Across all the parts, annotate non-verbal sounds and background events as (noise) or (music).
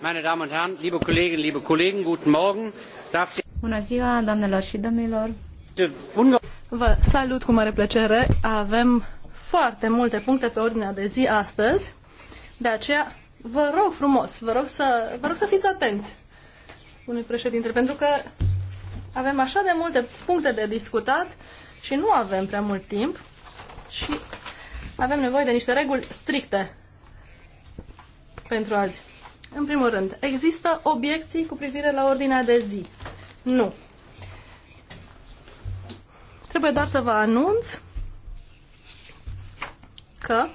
meine Damen und Herren, liebe Kolleginnen, liebe Kollegen, guten Morgen. Bună ziua, Vă salut cu mare plăcere. Avem foarte multe puncte pe ordinea de zi astăzi. De aceea, vă rog frumos, vă rog să, vă rog să fiți atenți, spune președinte, pentru că avem așa de multe puncte de discutat și nu avem prea mult timp și avem nevoie de niște reguli stricte pentru azi. În primul rând, există obiecții cu privire la ordinea de zi? Nu. Trebuie doar să vă anunț că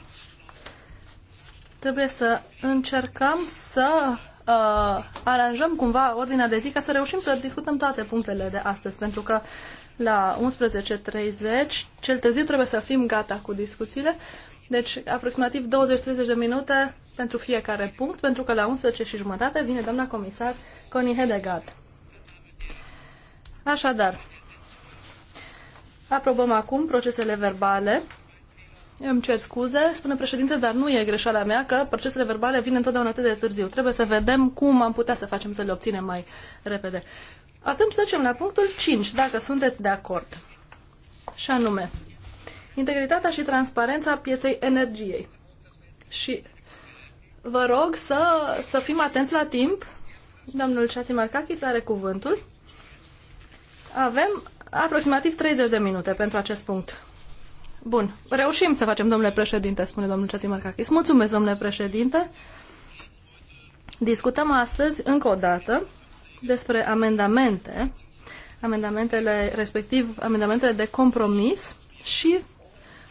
trebuie să încercăm să uh, aranjăm cumva ordinea de zi ca să reușim să discutăm toate punctele de astăzi, pentru că la 11.30 cel târziu trebuie să fim gata cu discuțiile, deci aproximativ 20-30 de minute pentru fiecare punct, pentru că la 11 și jumătate vine doamna comisar Connie Hedegaard. Așadar, aprobăm acum procesele verbale. Îmi cer scuze, spune președinte, dar nu e greșeala mea că procesele verbale vin întotdeauna atât de târziu. Trebuie să vedem cum am putea să facem să le obținem mai repede. Atunci trecem la punctul 5, dacă sunteți de acord. Și anume, integritatea și transparența pieței energiei. Și Vă rog să, să fim atenți la timp. Domnul Șații Marcachis are cuvântul. Avem aproximativ 30 de minute pentru acest punct. Bun. Reușim să facem, domnule președinte, spune domnul Ceații Marcachis. Mulțumesc, domnule președinte. Discutăm astăzi, încă o dată, despre amendamente, amendamentele respectiv, amendamentele de compromis și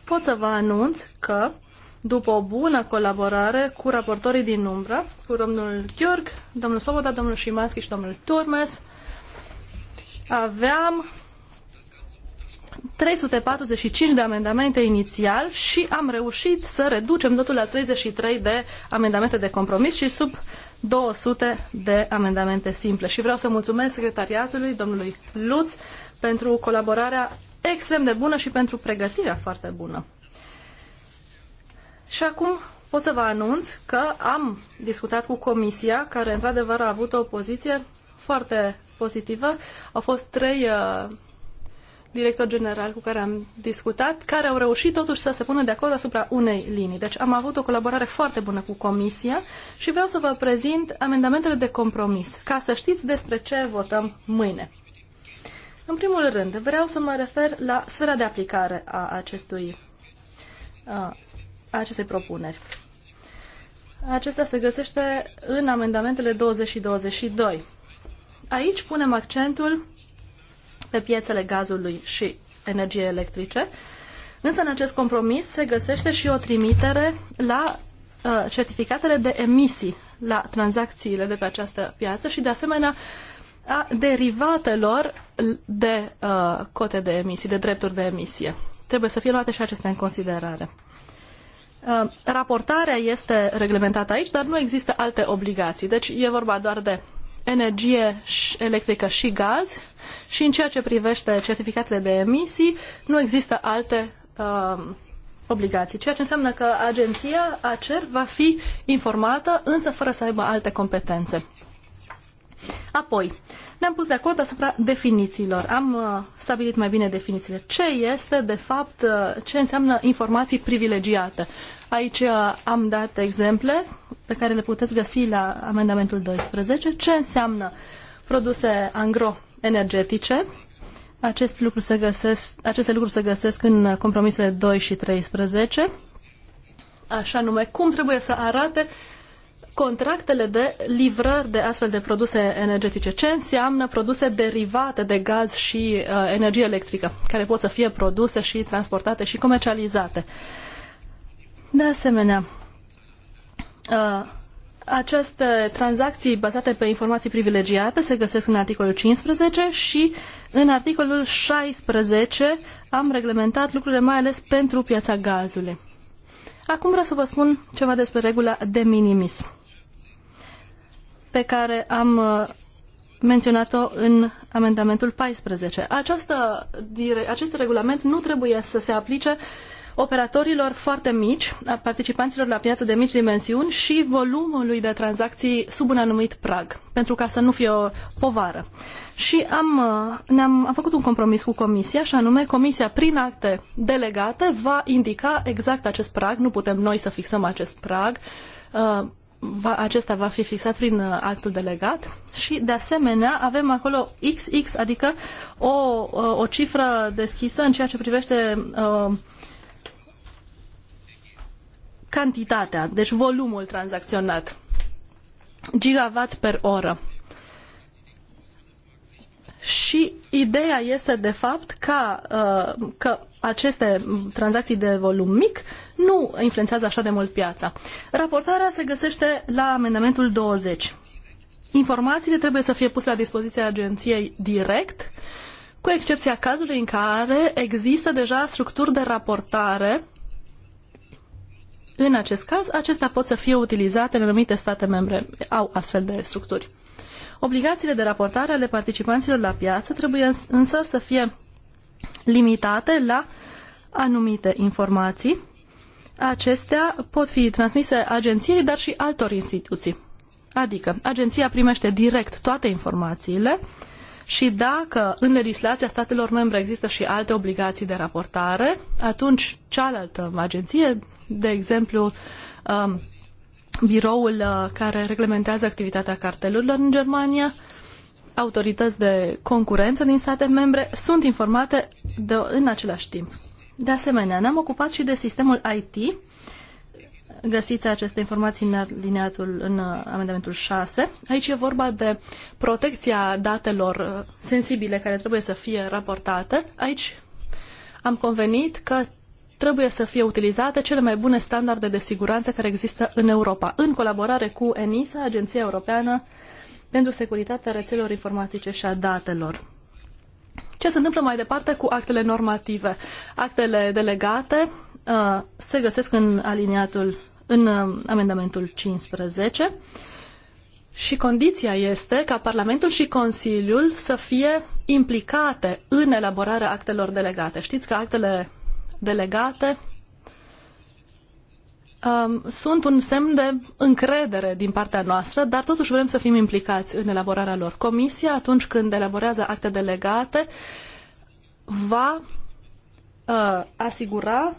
pot să vă anunț că după o bună colaborare cu raportorii din umbră, cu domnul Gheorg, domnul Soboda, domnul Șimanski și domnul Turmes, aveam 345 de amendamente inițial și am reușit să reducem totul la 33 de amendamente de compromis și sub 200 de amendamente simple. Și vreau să mulțumesc secretariatului, domnului Luț, pentru colaborarea extrem de bună și pentru pregătirea foarte bună. Și acum pot să vă anunț că am discutat cu comisia, care într-adevăr a avut o poziție foarte pozitivă. Au fost trei director uh, directori generali cu care am discutat, care au reușit totuși să se pună de acord asupra unei linii. Deci am avut o colaborare foarte bună cu comisia și vreau să vă prezint amendamentele de compromis, ca să știți despre ce votăm mâine. În primul rând, vreau să mă refer la sfera de aplicare a acestui uh, acestei propuneri. Acesta se găsește în amendamentele 20 și 22. Aici punem accentul pe piețele gazului și energiei electrice, însă în acest compromis se găsește și o trimitere la uh, certificatele de emisii, la tranzacțiile de pe această piață și de asemenea a derivatelor de uh, cote de emisii, de drepturi de emisie. Trebuie să fie luate și acestea în considerare. Uh, raportarea este reglementată aici, dar nu există alte obligații. Deci e vorba doar de energie electrică și gaz și în ceea ce privește certificatele de emisii nu există alte uh, obligații, ceea ce înseamnă că agenția ACER va fi informată, însă fără să aibă alte competențe. Apoi, ne-am pus de acord asupra definițiilor. Am uh, stabilit mai bine definițiile. Ce este, de fapt, uh, ce înseamnă informații privilegiate? Aici uh, am dat exemple pe care le puteți găsi la amendamentul 12. Ce înseamnă produse angro energetice? Acest lucru se găsesc, aceste lucruri se găsesc în compromisele 2 și 13, așa nume cum trebuie să arate uh, contractele de livrări de astfel de produse energetice. Ce înseamnă produse derivate de gaz și uh, energie electrică, care pot să fie produse și transportate și comercializate. De asemenea, uh, aceste tranzacții bazate pe informații privilegiate se găsesc în articolul 15 și în articolul 16 am reglementat lucrurile mai ales pentru piața gazului. Acum vreau să vă spun ceva despre regula de minimis pe care am uh, menționat-o în amendamentul 14. Această, acest regulament nu trebuie să se aplice operatorilor foarte mici, participanților la piață de mici dimensiuni și volumului de tranzacții sub un anumit prag, pentru ca să nu fie o povară. Și am, uh, ne-am, am făcut un compromis cu Comisia, și anume Comisia, prin acte delegate, va indica exact acest prag, nu putem noi să fixăm acest prag, uh, va, acesta va fi fixat prin uh, actul delegat și, de asemenea, avem acolo XX, adică o, uh, o, cifră deschisă în ceea ce privește uh, cantitatea, deci volumul tranzacționat, gigawatt per oră. Și ideea este, de fapt, ca, că aceste tranzacții de volum mic nu influențează așa de mult piața. Raportarea se găsește la amendamentul 20. Informațiile trebuie să fie puse la dispoziția agenției direct, cu excepția cazului în care există deja structuri de raportare. În acest caz, acestea pot să fie utilizate în anumite state membre, au astfel de structuri. Obligațiile de raportare ale participanților la piață trebuie însă să fie limitate la anumite informații acestea pot fi transmise agenției, dar și altor instituții. Adică, agenția primește direct toate informațiile și dacă în legislația statelor membre există și alte obligații de raportare, atunci cealaltă agenție, de exemplu, um, biroul uh, care reglementează activitatea cartelurilor în Germania, autorități de concurență din state membre sunt informate de, în același timp. De asemenea, ne-am ocupat și de sistemul IT. Găsiți aceste informații în, alineatul, în amendamentul 6. Aici e vorba de protecția datelor uh, sensibile care trebuie să fie raportate. Aici am convenit că trebuie să fie utilizate cele mai bune standarde de siguranță care există în Europa, în colaborare cu ENISA, Agenția Europeană pentru Securitatea Rețelelor Informatice și a Datelor. Ce se întâmplă mai departe cu actele normative? Actele delegate uh, se găsesc în aliniatul, în uh, amendamentul 15 și condiția este ca Parlamentul și Consiliul să fie implicate în elaborarea actelor delegate. Știți că actele delegate Um, sunt un semn de încredere din partea noastră, dar totuși vrem să fim implicați în elaborarea lor. Comisia, atunci când elaborează acte delegate, va uh, asigura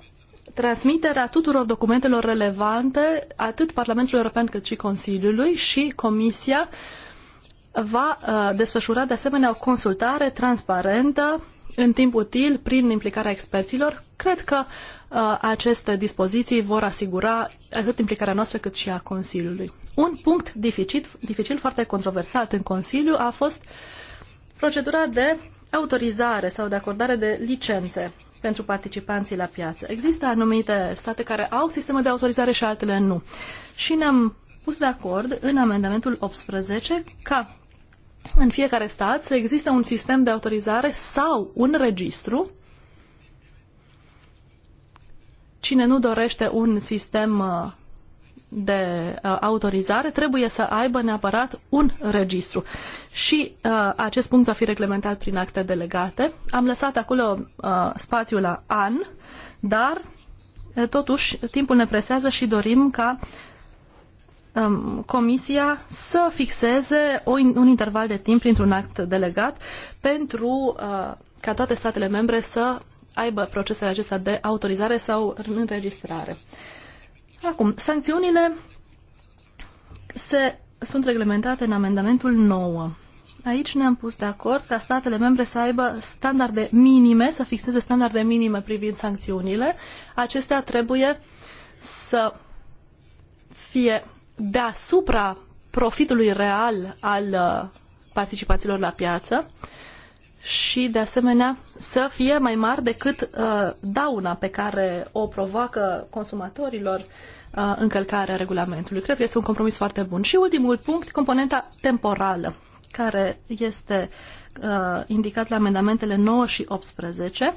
transmiterea tuturor documentelor relevante, atât Parlamentului European cât și Consiliului și Comisia va uh, desfășura de asemenea o consultare transparentă în timp util prin implicarea experților. Cred că uh, aceste dispoziții vor asigura atât implicarea noastră cât și a Consiliului. Un punct dificil, dificil foarte controversat în Consiliu a fost procedura de autorizare sau de acordare de licențe pentru participanții la piață. Există anumite state care au sisteme de autorizare și altele nu. Și ne-am pus de acord în amendamentul 18 ca în fiecare stat să existe un sistem de autorizare sau un registru. Cine nu dorește un sistem uh, de uh, autorizare trebuie să aibă neapărat un registru. Și uh, acest punct va fi reglementat prin acte delegate. Am lăsat acolo uh, spațiul la an, dar uh, totuși timpul ne presează și dorim ca uh, Um, comisia să fixeze un interval de timp printr-un act delegat pentru uh, ca toate statele membre să aibă procesele acestea de autorizare sau înregistrare. Acum, sancțiunile se, sunt reglementate în amendamentul 9. Aici ne-am pus de acord ca statele membre să aibă standarde minime, să fixeze standarde minime privind sancțiunile. Acestea trebuie să fie deasupra profitului real al uh, participațiilor la piață și, de asemenea, să fie mai mari decât uh, dauna pe care o provoacă consumatorilor uh, încălcarea regulamentului. Cred că este un compromis foarte bun. Și ultimul punct, componenta temporală, care este indicat la amendamentele 9 și 18.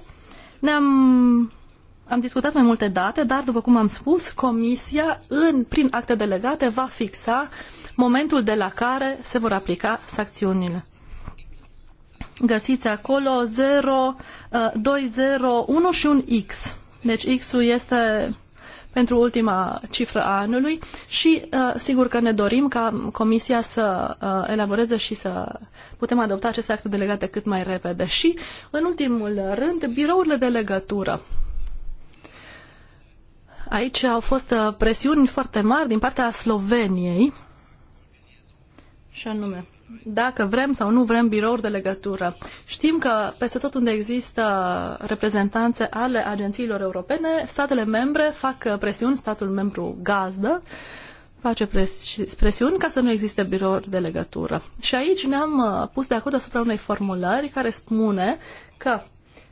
Ne-am am discutat mai multe date, dar, după cum am spus, Comisia, în, prin acte delegate, va fixa momentul de la care se vor aplica sancțiunile. Găsiți acolo 0201 uh, și un X. Deci X-ul este pentru ultima cifră a anului și uh, sigur că ne dorim ca Comisia să uh, elaboreze și să putem adopta aceste acte delegate cât mai repede. Și, în ultimul rând, birourile de legătură. Aici au fost uh, presiuni foarte mari din partea Sloveniei și anume, dacă vrem sau nu vrem birouri de legătură. Știm că peste tot unde există reprezentanțe ale agențiilor europene, statele membre fac uh, presiuni, statul membru gazdă face presiuni ca să nu existe birouri de legătură. Și aici ne-am uh, pus de acord asupra unei formulări care spune că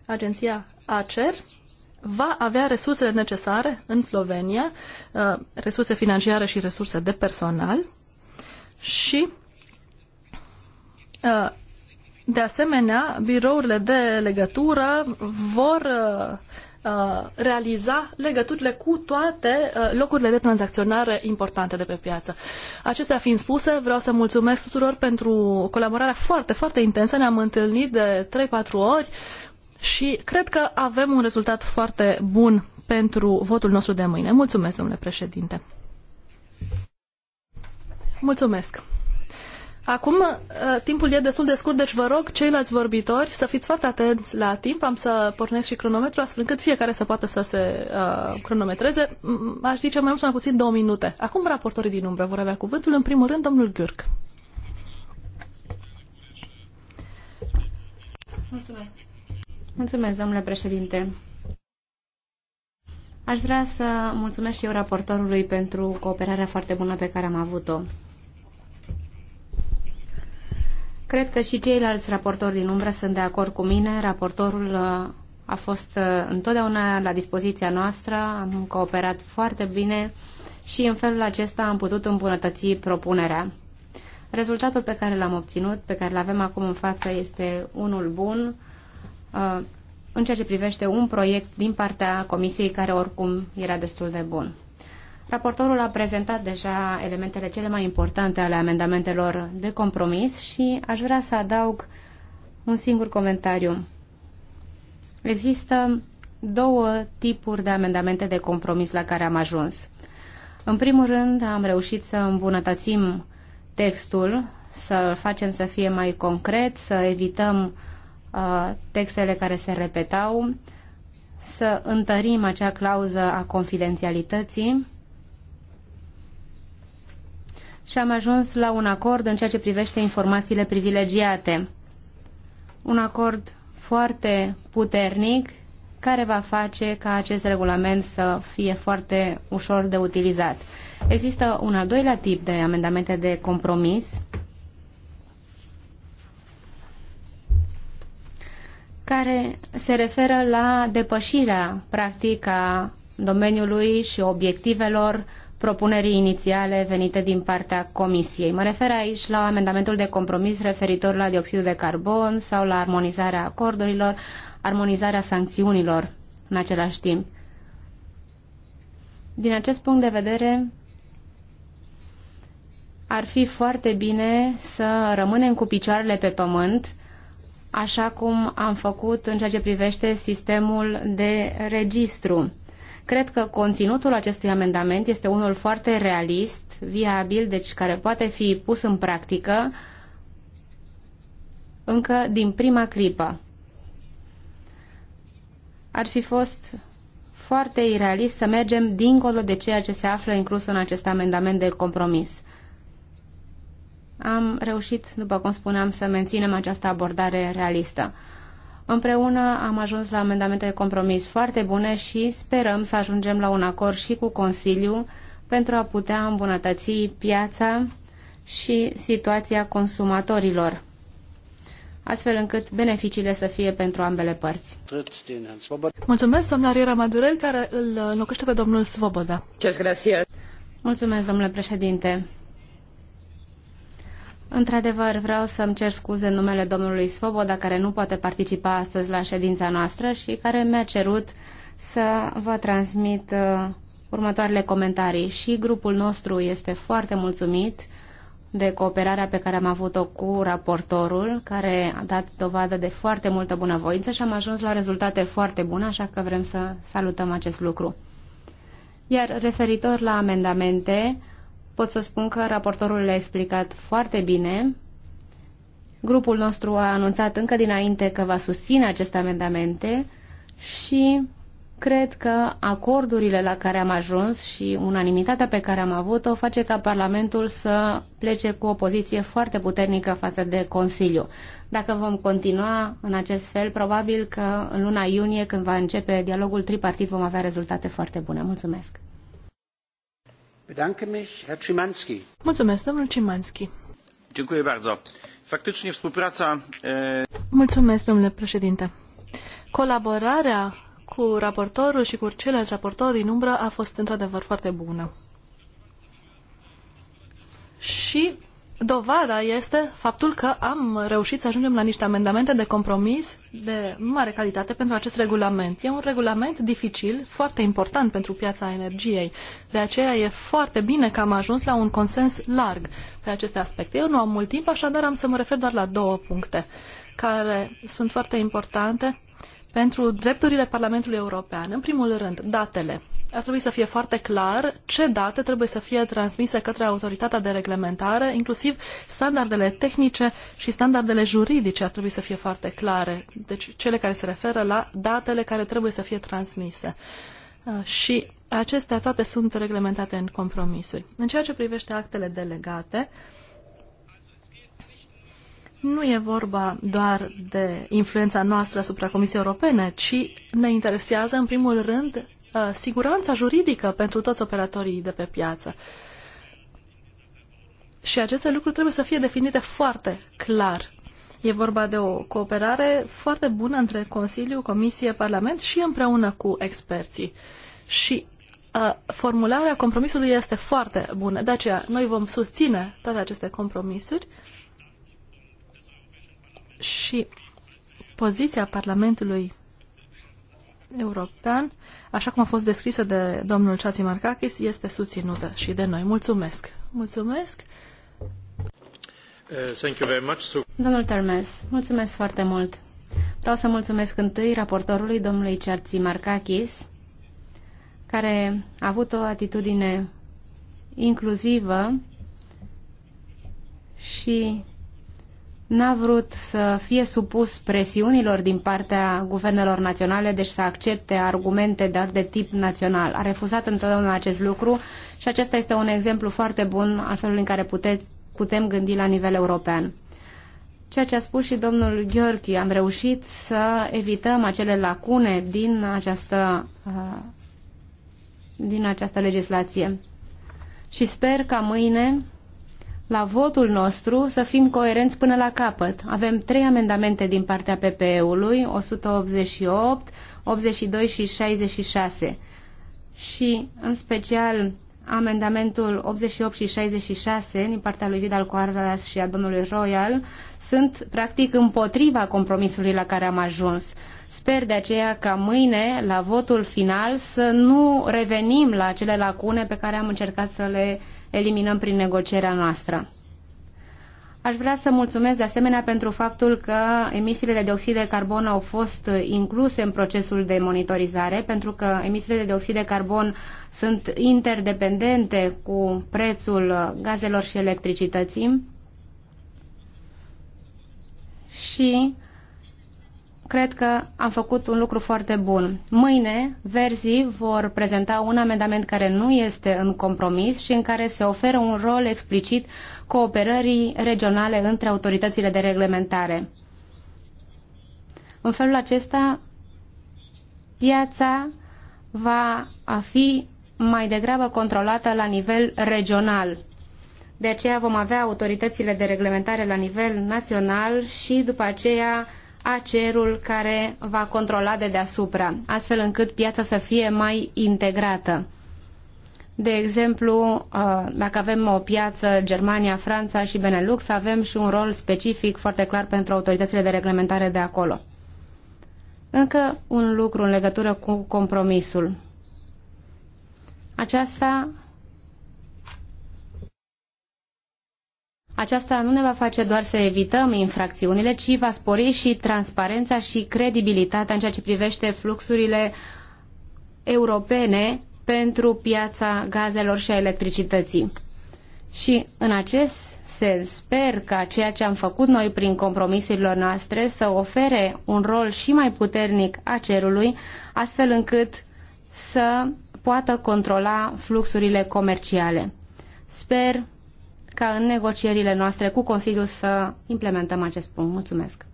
agenția ACER va avea resursele necesare în Slovenia, uh, resurse financiare și resurse de personal și uh, de asemenea, birourile de legătură vor uh, realiza legăturile cu toate locurile de tranzacționare importante de pe piață. Acestea fiind spuse, vreau să mulțumesc tuturor pentru colaborarea foarte, foarte intensă. Ne-am întâlnit de 3-4 ori și cred că avem un rezultat foarte bun pentru votul nostru de mâine. Mulțumesc, domnule președinte. Mulțumesc. Acum, uh, timpul e destul de scurt, deci vă rog ceilalți vorbitori să fiți foarte atenți la timp. Am să pornesc și cronometru, astfel încât fiecare să poată să se uh, cronometreze. Aș zice mai mult sau mai puțin două minute. Acum raportorii din umbră vor avea cuvântul. În primul rând, domnul Gürk. Mulțumesc. Mulțumesc, domnule președinte. Aș vrea să mulțumesc și eu raportorului pentru cooperarea foarte bună pe care am avut-o. Cred că și ceilalți raportori din umbră sunt de acord cu mine. Raportorul uh, a fost uh, întotdeauna la dispoziția noastră, am cooperat foarte bine și în felul acesta am putut îmbunătăți propunerea. Rezultatul pe care l-am obținut, pe care l avem acum în față, este unul bun Uh, în ceea ce privește un proiect din partea Comisiei care oricum era destul de bun. Raportorul a prezentat deja elementele cele mai importante ale amendamentelor de compromis și aș vrea să adaug un singur comentariu. Există două tipuri de amendamente de compromis la care am ajuns. În primul rând, am reușit să îmbunătățim textul, să-l facem să fie mai concret, să evităm uh, Uh, textele care se repetau, să întărim acea clauză a confidențialității și am ajuns la un acord în ceea ce privește informațiile privilegiate. Un acord foarte puternic care va face ca acest regulament să fie foarte ușor de utilizat. Există un al doilea tip de amendamente de compromis care se referă la depășirea practică a domeniului și obiectivelor propunerii inițiale venite din partea Comisiei. Mă refer aici la amendamentul de compromis referitor la dioxidul de carbon sau la armonizarea acordurilor, armonizarea sancțiunilor în același timp. Din acest punct de vedere, ar fi foarte bine să rămânem cu picioarele pe pământ așa cum am făcut în ceea ce privește sistemul de registru. Cred că conținutul acestui amendament este unul foarte realist, viabil, deci care poate fi pus în practică încă din prima clipă. Ar fi fost foarte irealist să mergem dincolo de ceea ce se află inclus în acest amendament de compromis am reușit, după cum spuneam, să menținem această abordare realistă. Împreună am ajuns la amendamente de compromis foarte bune și sperăm să ajungem la un acord și cu Consiliu pentru a putea îmbunătăți piața și situația consumatorilor, astfel încât beneficiile să fie pentru ambele părți. Mulțumesc, domnul Riera Madurel, care îl înlocuiește pe domnul Svoboda. Mulțumesc, domnule președinte. Într-adevăr, vreau să-mi cer scuze în numele domnului Svoboda, care nu poate participa astăzi la ședința noastră și care mi-a cerut să vă transmit uh, următoarele comentarii. Și grupul nostru este foarte mulțumit de cooperarea pe care am avut-o cu raportorul, care a dat dovadă de foarte multă bunăvoință și am ajuns la rezultate foarte bune, așa că vrem să salutăm acest lucru. Iar referitor la amendamente, pot să spun că raportorul le-a explicat foarte bine. Grupul nostru a anunțat încă dinainte că va susține aceste amendamente și cred că acordurile la care am ajuns și unanimitatea pe care am avut-o face ca Parlamentul să plece cu o poziție foarte puternică față de Consiliu. Dacă vom continua în acest fel, probabil că în luna iunie, când va începe dialogul tripartit, vom avea rezultate foarte bune. Mulțumesc! Mulțumesc, domnul Cimanski. Mulțumesc, domnule președinte. Colaborarea cu raportorul și cu ceilalți raportori din umbră a fost într-adevăr foarte bună. Și Dovada este faptul că am reușit să ajungem la niște amendamente de compromis de mare calitate pentru acest regulament. E un regulament dificil, foarte important pentru piața energiei. De aceea e foarte bine că am ajuns la un consens larg pe aceste aspecte. Eu nu am mult timp, așadar am să mă refer doar la două puncte care sunt foarte importante pentru drepturile Parlamentului European. În primul rând, datele ar trebui să fie foarte clar ce date trebuie să fie transmise către autoritatea de reglementare, inclusiv standardele tehnice și standardele juridice ar trebui să fie foarte clare, deci cele care se referă la datele care trebuie să fie transmise. Uh, și acestea toate sunt reglementate în compromisuri. În ceea ce privește actele delegate, nu e vorba doar de influența noastră asupra Comisiei Europene, ci ne interesează în primul rând Uh, siguranța juridică pentru toți operatorii de pe piață. Și aceste lucruri trebuie să fie definite foarte clar. E vorba de o cooperare foarte bună între Consiliu, Comisie, Parlament și împreună cu experții. Și uh, formularea compromisului este foarte bună. De aceea, noi vom susține toate aceste compromisuri și poziția Parlamentului european, așa cum a fost descrisă de domnul Ceați Markakis, este susținută și de noi. Mulțumesc! Mulțumesc! Uh, thank you very much. Domnul Termes, mulțumesc foarte mult! Vreau să mulțumesc întâi raportorului domnului Cerții Markakis, care a avut o atitudine inclusivă și n-a vrut să fie supus presiunilor din partea guvernelor naționale, deci să accepte argumente dar de tip național. A refuzat întotdeauna acest lucru și acesta este un exemplu foarte bun al felului în care puteți, putem gândi la nivel european. Ceea ce a spus și domnul Gheorghi, am reușit să evităm acele lacune din această, uh, din această legislație. Și sper ca mâine la votul nostru să fim coerenți până la capăt. Avem trei amendamente din partea PPE-ului, 188, 82 și 66. Și, în special, amendamentul 88 și 66 din partea lui Vidal Coardas și a domnului Royal sunt practic împotriva compromisului la care am ajuns. Sper de aceea ca mâine, la votul final, să nu revenim la acele lacune pe care am încercat să le eliminăm prin negocierea noastră. Aș vrea să mulțumesc de asemenea pentru faptul că emisiile de dioxid de carbon au fost incluse în procesul de monitorizare, pentru că emisiile de dioxid de carbon sunt interdependente cu prețul gazelor și electricității și cred că am făcut un lucru foarte bun. Mâine, verzii vor prezenta un amendament care nu este în compromis și în care se oferă un rol explicit cooperării regionale între autoritățile de reglementare. În felul acesta, piața va fi mai degrabă controlată la nivel regional. De aceea vom avea autoritățile de reglementare la nivel național și după aceea acerul care va controla de deasupra, astfel încât piața să fie mai integrată. De exemplu, uh, dacă avem o piață Germania, Franța și Benelux, avem și un rol specific foarte clar pentru autoritățile de reglementare de acolo. Încă un lucru în legătură cu compromisul. Aceasta Aceasta nu ne va face doar să evităm infracțiunile, ci va spori și transparența și credibilitatea în ceea ce privește fluxurile europene pentru piața gazelor și a electricității. Și în acest sens sper ca ceea ce am făcut noi prin compromisurile noastre să ofere un rol și mai puternic a cerului, astfel încât să poată controla fluxurile comerciale. Sper ca în negocierile noastre cu Consiliul să implementăm acest punct. Mulțumesc.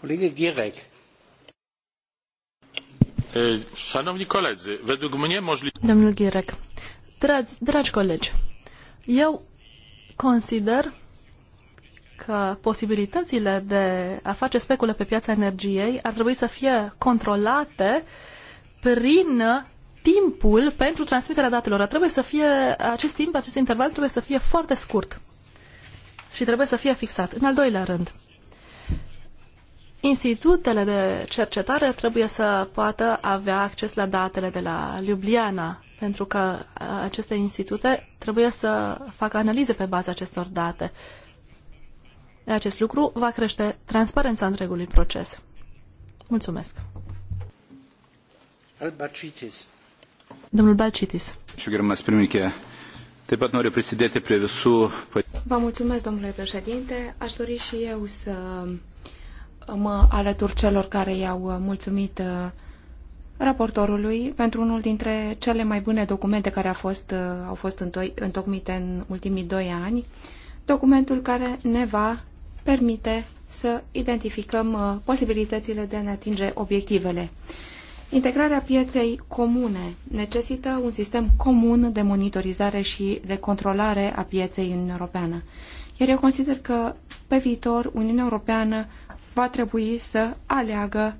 Colegă Ghirec. Szanowni koledzy, według mnie możliwe... Domnul Ghirec, dragi, dragi colegi, eu consider că posibilitățile de a face specule pe piața energiei ar trebui să fie controlate prin timpul pentru transmiterea datelor. Trebuie să fie, acest timp, acest interval trebuie să fie foarte scurt și trebuie să fie fixat. În al doilea rând, institutele de cercetare trebuie să poată avea acces la datele de la Ljubljana, pentru că uh, aceste institute trebuie să facă analize pe baza acestor date. Acest lucru va crește transparența întregului proces. Mulțumesc! Albacitis. Domnul Balcitis. Vă mulțumesc, domnule președinte. Aș dori și eu să uh, mă alătur celor care i-au uh, mulțumit uh, raportorului pentru unul dintre cele mai bune documente care a fost, au fost întocmite în ultimii doi ani, documentul care ne va permite să identificăm posibilitățile de a ne atinge obiectivele. Integrarea pieței comune necesită un sistem comun de monitorizare și de controlare a pieței în europeană. Iar eu consider că pe viitor Uniunea Europeană va trebui să aleagă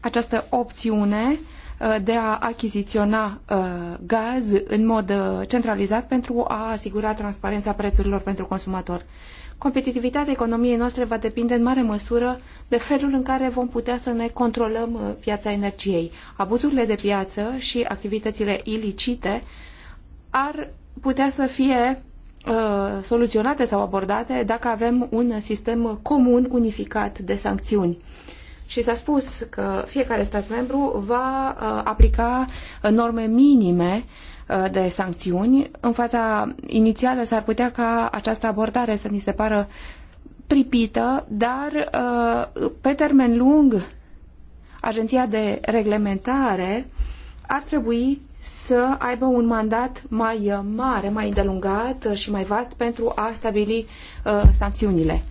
această opțiune Uh, de a achiziționa uh, gaz în mod uh, centralizat pentru a asigura transparența prețurilor pentru consumator. Competitivitatea economiei noastre va depinde în mare măsură de felul în care vom putea să ne controlăm piața energiei. Abuzurile de piață și activitățile ilicite ar putea să fie soluționate sau abordate dacă avem un sistem comun unificat de sancțiuni și s-a spus că fiecare stat membru va uh, aplica uh, norme minime uh, de sancțiuni. În fața inițială s-ar putea ca această abordare să ni se pară pripită, dar pe termen lung agenția de reglementare ar trebui să aibă un mandat mai mare, mai îndelungat și mai vast pentru a stabili sancțiunile.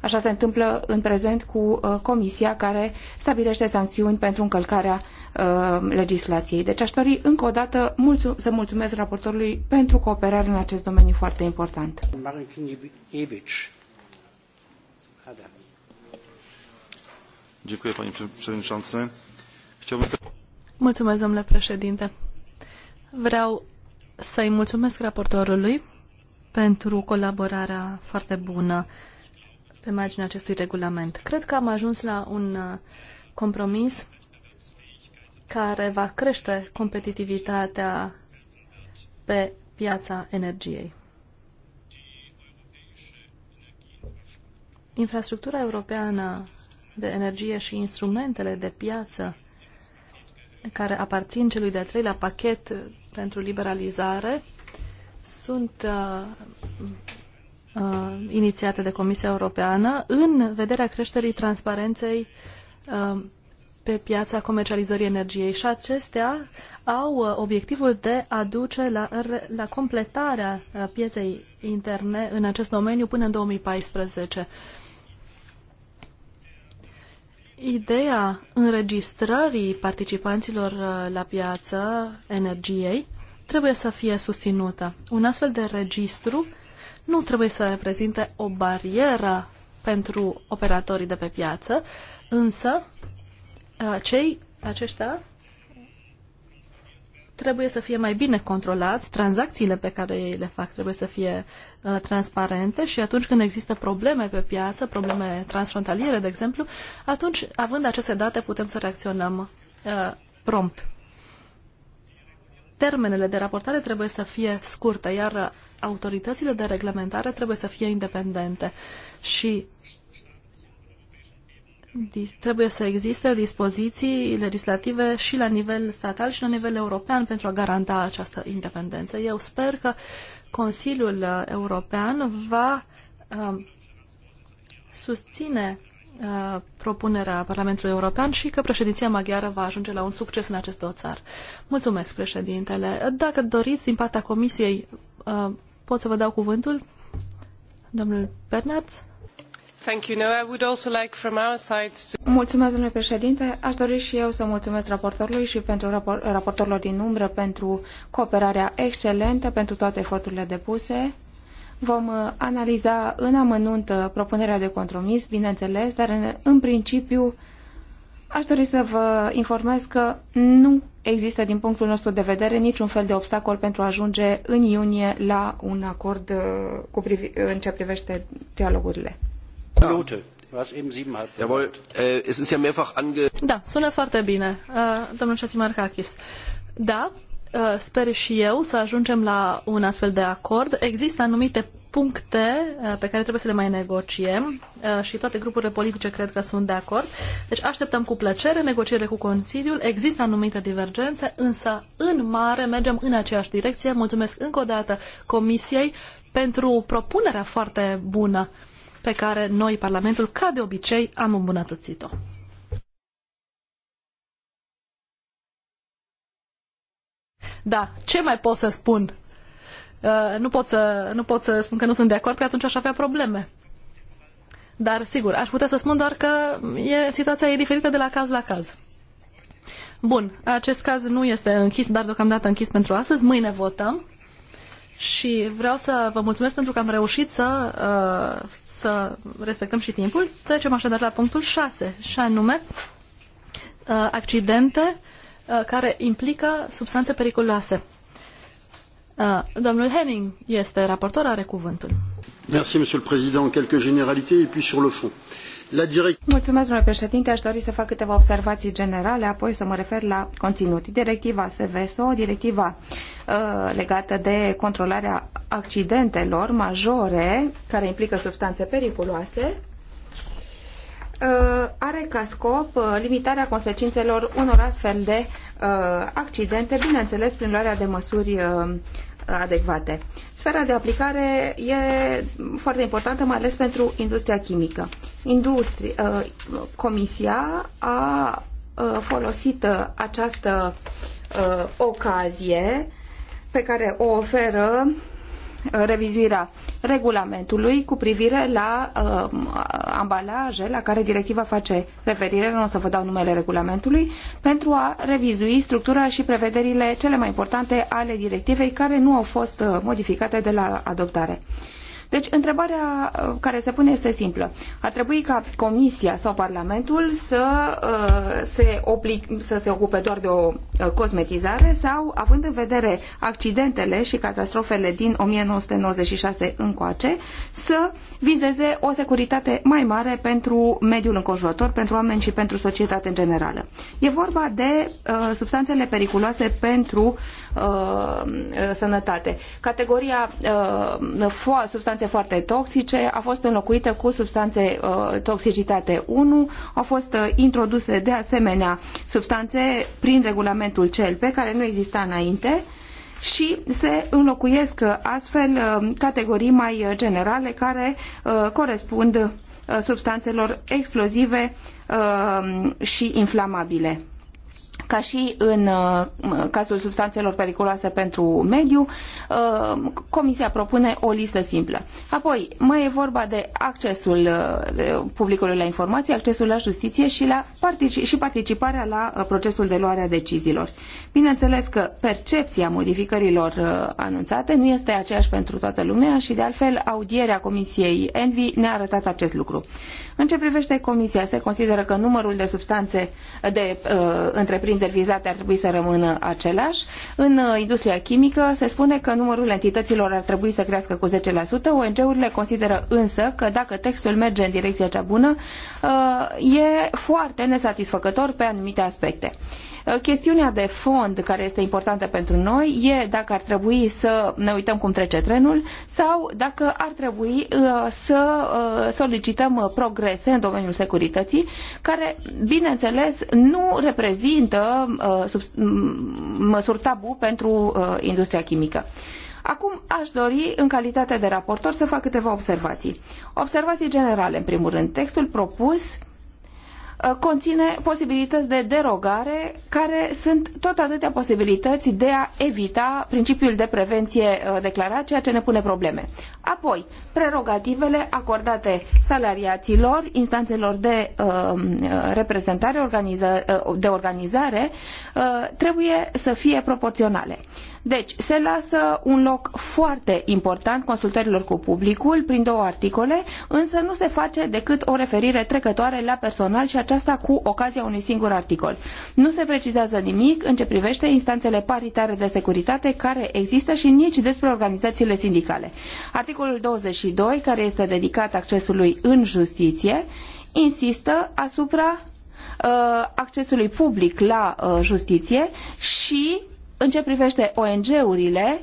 Așa se întâmplă în prezent cu uh, comisia care stabilește sancțiuni pentru încălcarea uh, legislației. Deci aș dori încă o dată să mulțumesc raportorului pentru cooperare în acest domeniu foarte important. Mulțumesc, domnule președinte. Vreau să-i mulțumesc raportorului pentru colaborarea foarte bună pe marginea acestui regulament. Cred că am ajuns la un uh, compromis care va crește competitivitatea pe piața energiei. Infrastructura europeană de energie și instrumentele de piață care aparțin celui de-al treilea pachet pentru liberalizare sunt uh, uh, inițiate de Comisia Europeană în vederea creșterii transparenței uh, pe piața comercializării energiei și acestea au uh, obiectivul de a duce la, la completarea uh, pieței interne în acest domeniu până în 2014. Ideea înregistrării participanților uh, la piață energiei trebuie să fie susținută. Un astfel de registru nu trebuie să reprezinte o barieră pentru operatorii de pe piață, însă cei aceștia trebuie să fie mai bine controlați, tranzacțiile pe care ei le fac trebuie să fie uh, transparente și atunci când există probleme pe piață, probleme transfrontaliere, de exemplu, atunci, având aceste date, putem să reacționăm uh, prompt termenele de raportare trebuie să fie scurte, iar autoritățile de reglementare trebuie să fie independente și trebuie să existe dispoziții legislative și la nivel statal și la nivel european pentru a garanta această independență. Eu sper că Consiliul European va um, susține Uh, propunerea Parlamentului European și că președinția maghiară va ajunge la un succes în acest dosar. Mulțumesc, președintele. Dacă doriți, din partea comisiei, uh, pot să vă dau cuvântul? Domnul Bernard? Thank you. No, I would also like from our side to... Mulțumesc, domnule președinte. Aș dori și eu să mulțumesc raportorului și pentru raportorilor din umbră pentru cooperarea excelentă, pentru toate eforturile depuse Vom uh, analiza în amănunt uh, propunerea de compromis, bineînțeles, dar în, în principiu aș dori să vă informez că nu există din punctul nostru de vedere niciun fel de obstacol pentru a ajunge în iunie la un acord uh, cu privi, în ce privește dialogurile. Da. Äh, da, sună foarte bine, äh, domnul Hachis. Da, Uh, sper și eu să ajungem la un astfel de acord. Există anumite puncte uh, pe care trebuie să le mai negociem uh, și toate grupurile politice cred că sunt de acord. Deci așteptăm cu plăcere negocierile cu Consiliul. Există anumite divergențe, însă în mare mergem în aceeași direcție. Mulțumesc încă o dată Comisiei pentru propunerea foarte bună pe care noi, Parlamentul, ca de obicei, am îmbunătățit-o. Da, ce mai pot să spun? Uh, nu, pot să, nu pot să spun că nu sunt de acord, că atunci aș avea probleme. Dar, sigur, aș putea să spun doar că e, situația e diferită de la caz la caz. Bun, acest caz nu este închis, dar deocamdată închis pentru astăzi. Mâine votăm și vreau să vă mulțumesc pentru că am reușit să, uh, să respectăm și timpul. Trecem așadar la punctul 6, și anume uh, accidente Uh, care implică substanțe periculoase. Uh, domnul Henning este raportor, are cuvântul. Merci, Monsieur le Président. Quelques généralités et puis sur le fond. La direct... Mulțumesc, domnule președinte. Aș dori să fac câteva observații generale, apoi să mă refer la conținut. Directiva SVSO, directiva uh, legată de controlarea accidentelor majore care implică substanțe periculoase, Uh, are ca scop uh, limitarea consecințelor unor astfel de uh, accidente, bineînțeles prin luarea de măsuri adecvate. Sfera de aplicare e foarte importantă, mai ales pentru industria chimică. Industrie, comisia a folosit această ocazie pe care o oferă revizuirea regulamentului cu privire la uh, ambalaje la care directiva face referire, nu o să vă dau numele regulamentului, pentru a revizui structura și prevederile cele mai importante ale directivei care nu au fost uh, modificate de la adoptare. Uh, deci, întrebarea uh, care se pune este simplă. Ar trebui ca Comisia sau Parlamentul să, uh, se, obli- să se ocupe doar de o uh, cosmetizare sau, având în vedere accidentele și catastrofele din 1996 încoace, să vizeze o securitate mai mare pentru mediul înconjurător, pentru oameni și pentru societate în generală. E vorba de uh, substanțele periculoase pentru uh, sănătate. Categoria uh, substanțe substanțe foarte toxice a fost înlocuită cu substanțe uh, toxicitate 1. Au fost uh, introduse de asemenea substanțe prin regulamentul CLP care nu exista înainte și se înlocuiesc uh, astfel uh, categorii mai uh, generale care corespund substanțelor explozive și inflamabile ca și în uh, cazul substanțelor periculoase pentru mediu, uh, Comisia propune o listă simplă. Apoi, mai e vorba de accesul uh, publicului la informații, accesul la justiție și, la și participarea la procesul de luare a deciziilor. Bineînțeles că percepția modificărilor anunțate nu este aceeași pentru toată lumea și, de altfel, audierea Comisiei Envi ne-a arătat acest lucru. În ce privește Comisia, se consideră că numărul de substanțe de uh, întreprinderi întreprinderi vizate ar trebui să rămână același. În uh, industria chimică se spune că numărul entităților ar trebui să crească cu 10%. ONG-urile consideră însă că dacă textul merge în direcția cea bună, uh, e foarte nesatisfăcător pe anumite aspecte. Uh, chestiunea de fond care este importantă pentru noi e dacă ar trebui să ne uităm cum trece trenul sau dacă ar trebui uh, să uh, solicităm progrese în domeniul securității, care, bineînțeles, nu reprezintă măsuri tabu pentru industria chimică. Acum aș dori, în calitate de raportor, să fac câteva observații. Observații generale, în primul rând. Textul propus uh, Uh, conține posibilități de derogare care sunt tot atâtea posibilități de a evita principiul de prevenție uh, declarat, ceea ce ne pune probleme. Apoi, prerogativele acordate salariaților, instanțelor de uh, reprezentare, organiza, uh, de organizare, uh, trebuie să fie proporționale. Deci, se lasă un loc foarte important consultărilor cu publicul prin două articole, însă nu se face decât o referire trecătoare la personal și a aceasta cu ocazia unui singur articol. Nu se precizează nimic în ce privește instanțele paritare de securitate care există și nici despre organizațiile sindicale. Articolul 22, care este dedicat accesului în justiție, insistă asupra uh, accesului public la uh, justiție și în ce privește ONG-urile,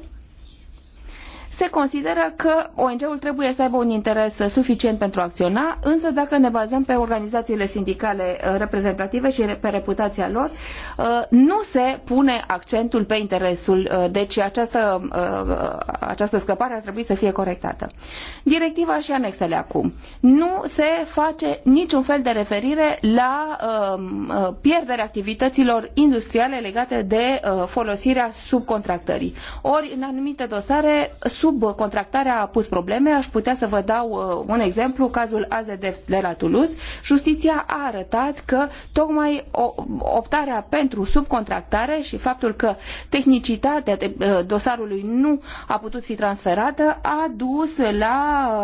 se consideră că ONG-ul trebuie să aibă un interes suficient pentru a acționa, însă dacă ne bazăm pe organizațiile sindicale uh, reprezentative și pe reputația lor, uh, nu se pune accentul pe interesul, uh, deci această, această scăpare ar trebui să fie corectată. Directiva și anexele acum. Nu se face niciun fel de referire la pierderea activităților industriale legate de folosirea subcontractării. Ori, în anumite dosare, sub subcontractarea a pus probleme. Aș putea să vă dau uh, un exemplu, cazul AZD de la Toulouse. Justiția a arătat că tocmai optarea pentru subcontractare și faptul că tehnicitatea uh, dosarului nu a putut fi transferată a dus la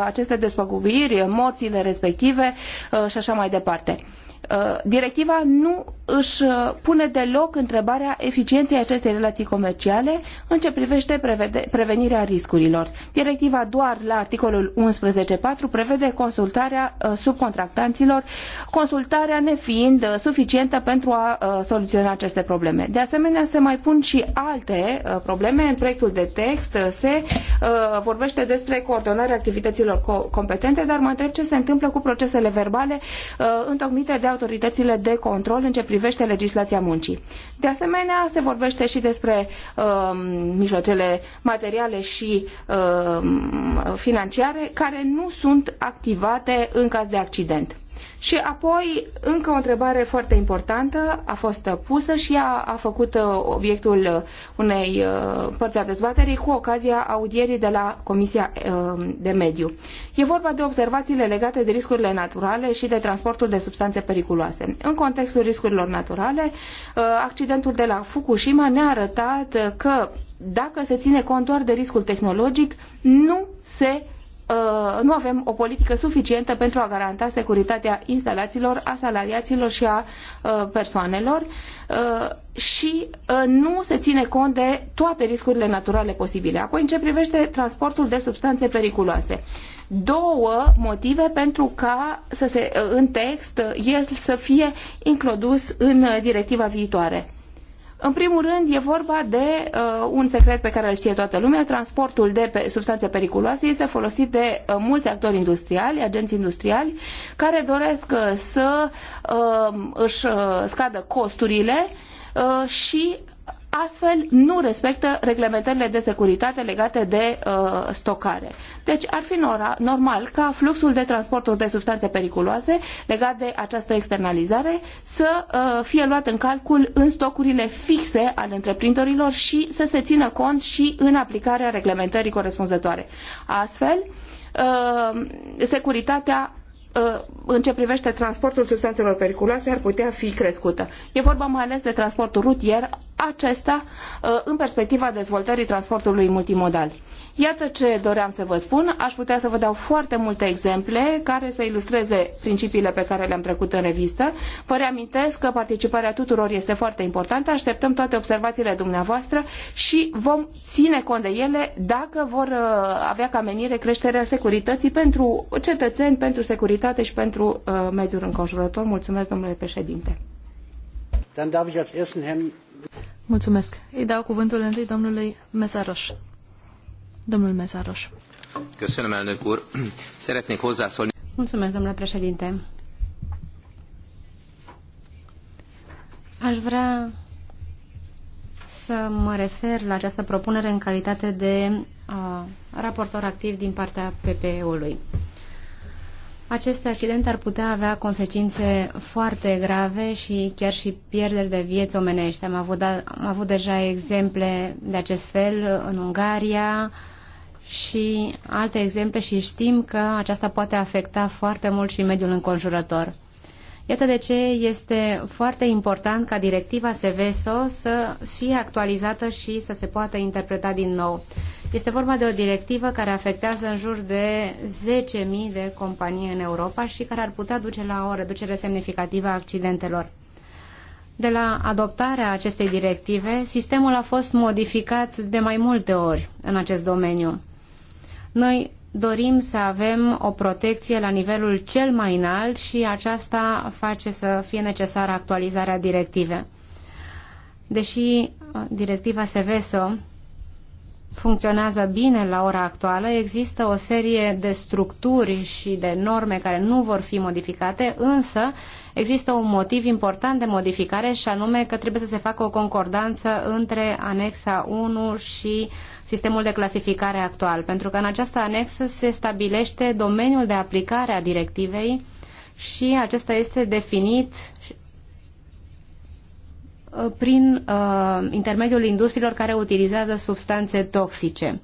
aceste despăgubiri, morțile respective uh, și așa mai departe. Uh, directiva nu își uh, pune deloc întrebarea eficienței acestei relații comerciale în ce privește prevenirea riscurilor. Directiva doar la articolul 11.4 prevede consultarea uh, subcontractanților, consultarea nefiind suficientă pentru a soluționa aceste probleme. De asemenea, se mai pun și alte probleme. În proiectul de text se vorbește despre coordonarea activităților competente, dar mă întreb ce se întâmplă cu procesele verbale întocmite de autoritățile de control în ce privește legislația muncii. De asemenea, se vorbește și despre uh, mijloacele materiale și uh, financiare care nu sunt activate în caz de accident. Și apoi, încă o întrebare foarte importantă a fost pusă și a, a făcut uh, obiectul unei uh, părți a dezbaterii cu ocazia audierii de la Comisia uh, de Mediu. E vorba de observațiile legate de riscurile naturale și de transportul de substanțe periculoase. În contextul riscurilor naturale, accidentul de la Fukushima ne-a arătat că dacă se ține cont doar de riscul tehnologic, nu se Uh, nu avem o politică suficientă pentru a garanta securitatea instalațiilor, a salariaților și a uh, persoanelor uh, și nu se ține cont de toate riscurile naturale posibile. Apoi, în ce privește transportul de substanțe periculoase două motive pentru ca să se, în text el să fie introdus în directiva viitoare. În primul rând, e vorba de uh, un secret pe care îl știe toată lumea. Transportul de pe substanțe periculoase este folosit de uh, mulți actori industriali, agenți industriali, care doresc uh, să uh, își uh, scadă costurile uh, și astfel nu respectă reglementările de securitate legate de uh, stocare. Deci ar fi normal ca fluxul de transporturi de substanțe periculoase legat de această externalizare să uh, fie luat în calcul în stocurile fixe ale întreprinderilor și să se țină cont și în aplicarea reglementării corespunzătoare. Astfel, uh, securitatea Uh, în ce privește transportul substanțelor periculoase ar putea fi crescută. E vorba mai ales de transportul rutier, acesta uh, în perspectiva dezvoltării transportului multimodal. Iată ce doream să vă spun. Aș putea să vă dau foarte multe exemple care să ilustreze principiile pe care le-am trecut în revistă. Vă reamintesc că participarea tuturor este foarte importantă. Așteptăm toate observațiile dumneavoastră și vom ține cont de ele dacă vor uh, avea ca menire creșterea securității pentru cetățeni, pentru securitate și pentru uh, mediul înconjurător. Mulțumesc, domnule președinte. Mulțumesc. Îi dau cuvântul întâi domnului Mesaroș. Domnul Mezaros. Köszönöm, elnök úr. Szeretnék hozzászólni. Mulțumesc, domnule președinte. Aș vrea să mă refer la această propunere în calitate de raportor activ din partea PPE-ului. Acest accident ar putea avea consecințe foarte grave și chiar și pierderi de vieți omenești. Am avut, da, am avut deja exemple de acest fel în Ungaria, uh, și alte exemple și știm că aceasta poate afecta foarte mult și mediul înconjurător. Iată de ce este foarte important ca directiva SEVESO să fie actualizată și să se poată interpreta din nou. Este vorba de o directivă care afectează în jur de 10.000 de companii în Europa și care ar putea duce la o reducere semnificativă a accidentelor. De la adoptarea acestei directive, sistemul a fost modificat de mai multe ori în acest domeniu. Noi dorim să avem o protecție la nivelul cel mai înalt și aceasta face să fie necesară actualizarea directivei. Deși uh, directiva SEVESO funcționează bine la ora actuală, există o serie de structuri și de norme care nu vor fi modificate, însă există un motiv important de modificare și anume că trebuie să se facă o concordanță între anexa 1 și uh, sistemul de clasificare actual, pentru că în această anexă se stabilește domeniul de aplicare a directivei și acesta este definit uh, prin uh, intermediul industriilor care utilizează substanțe toxice.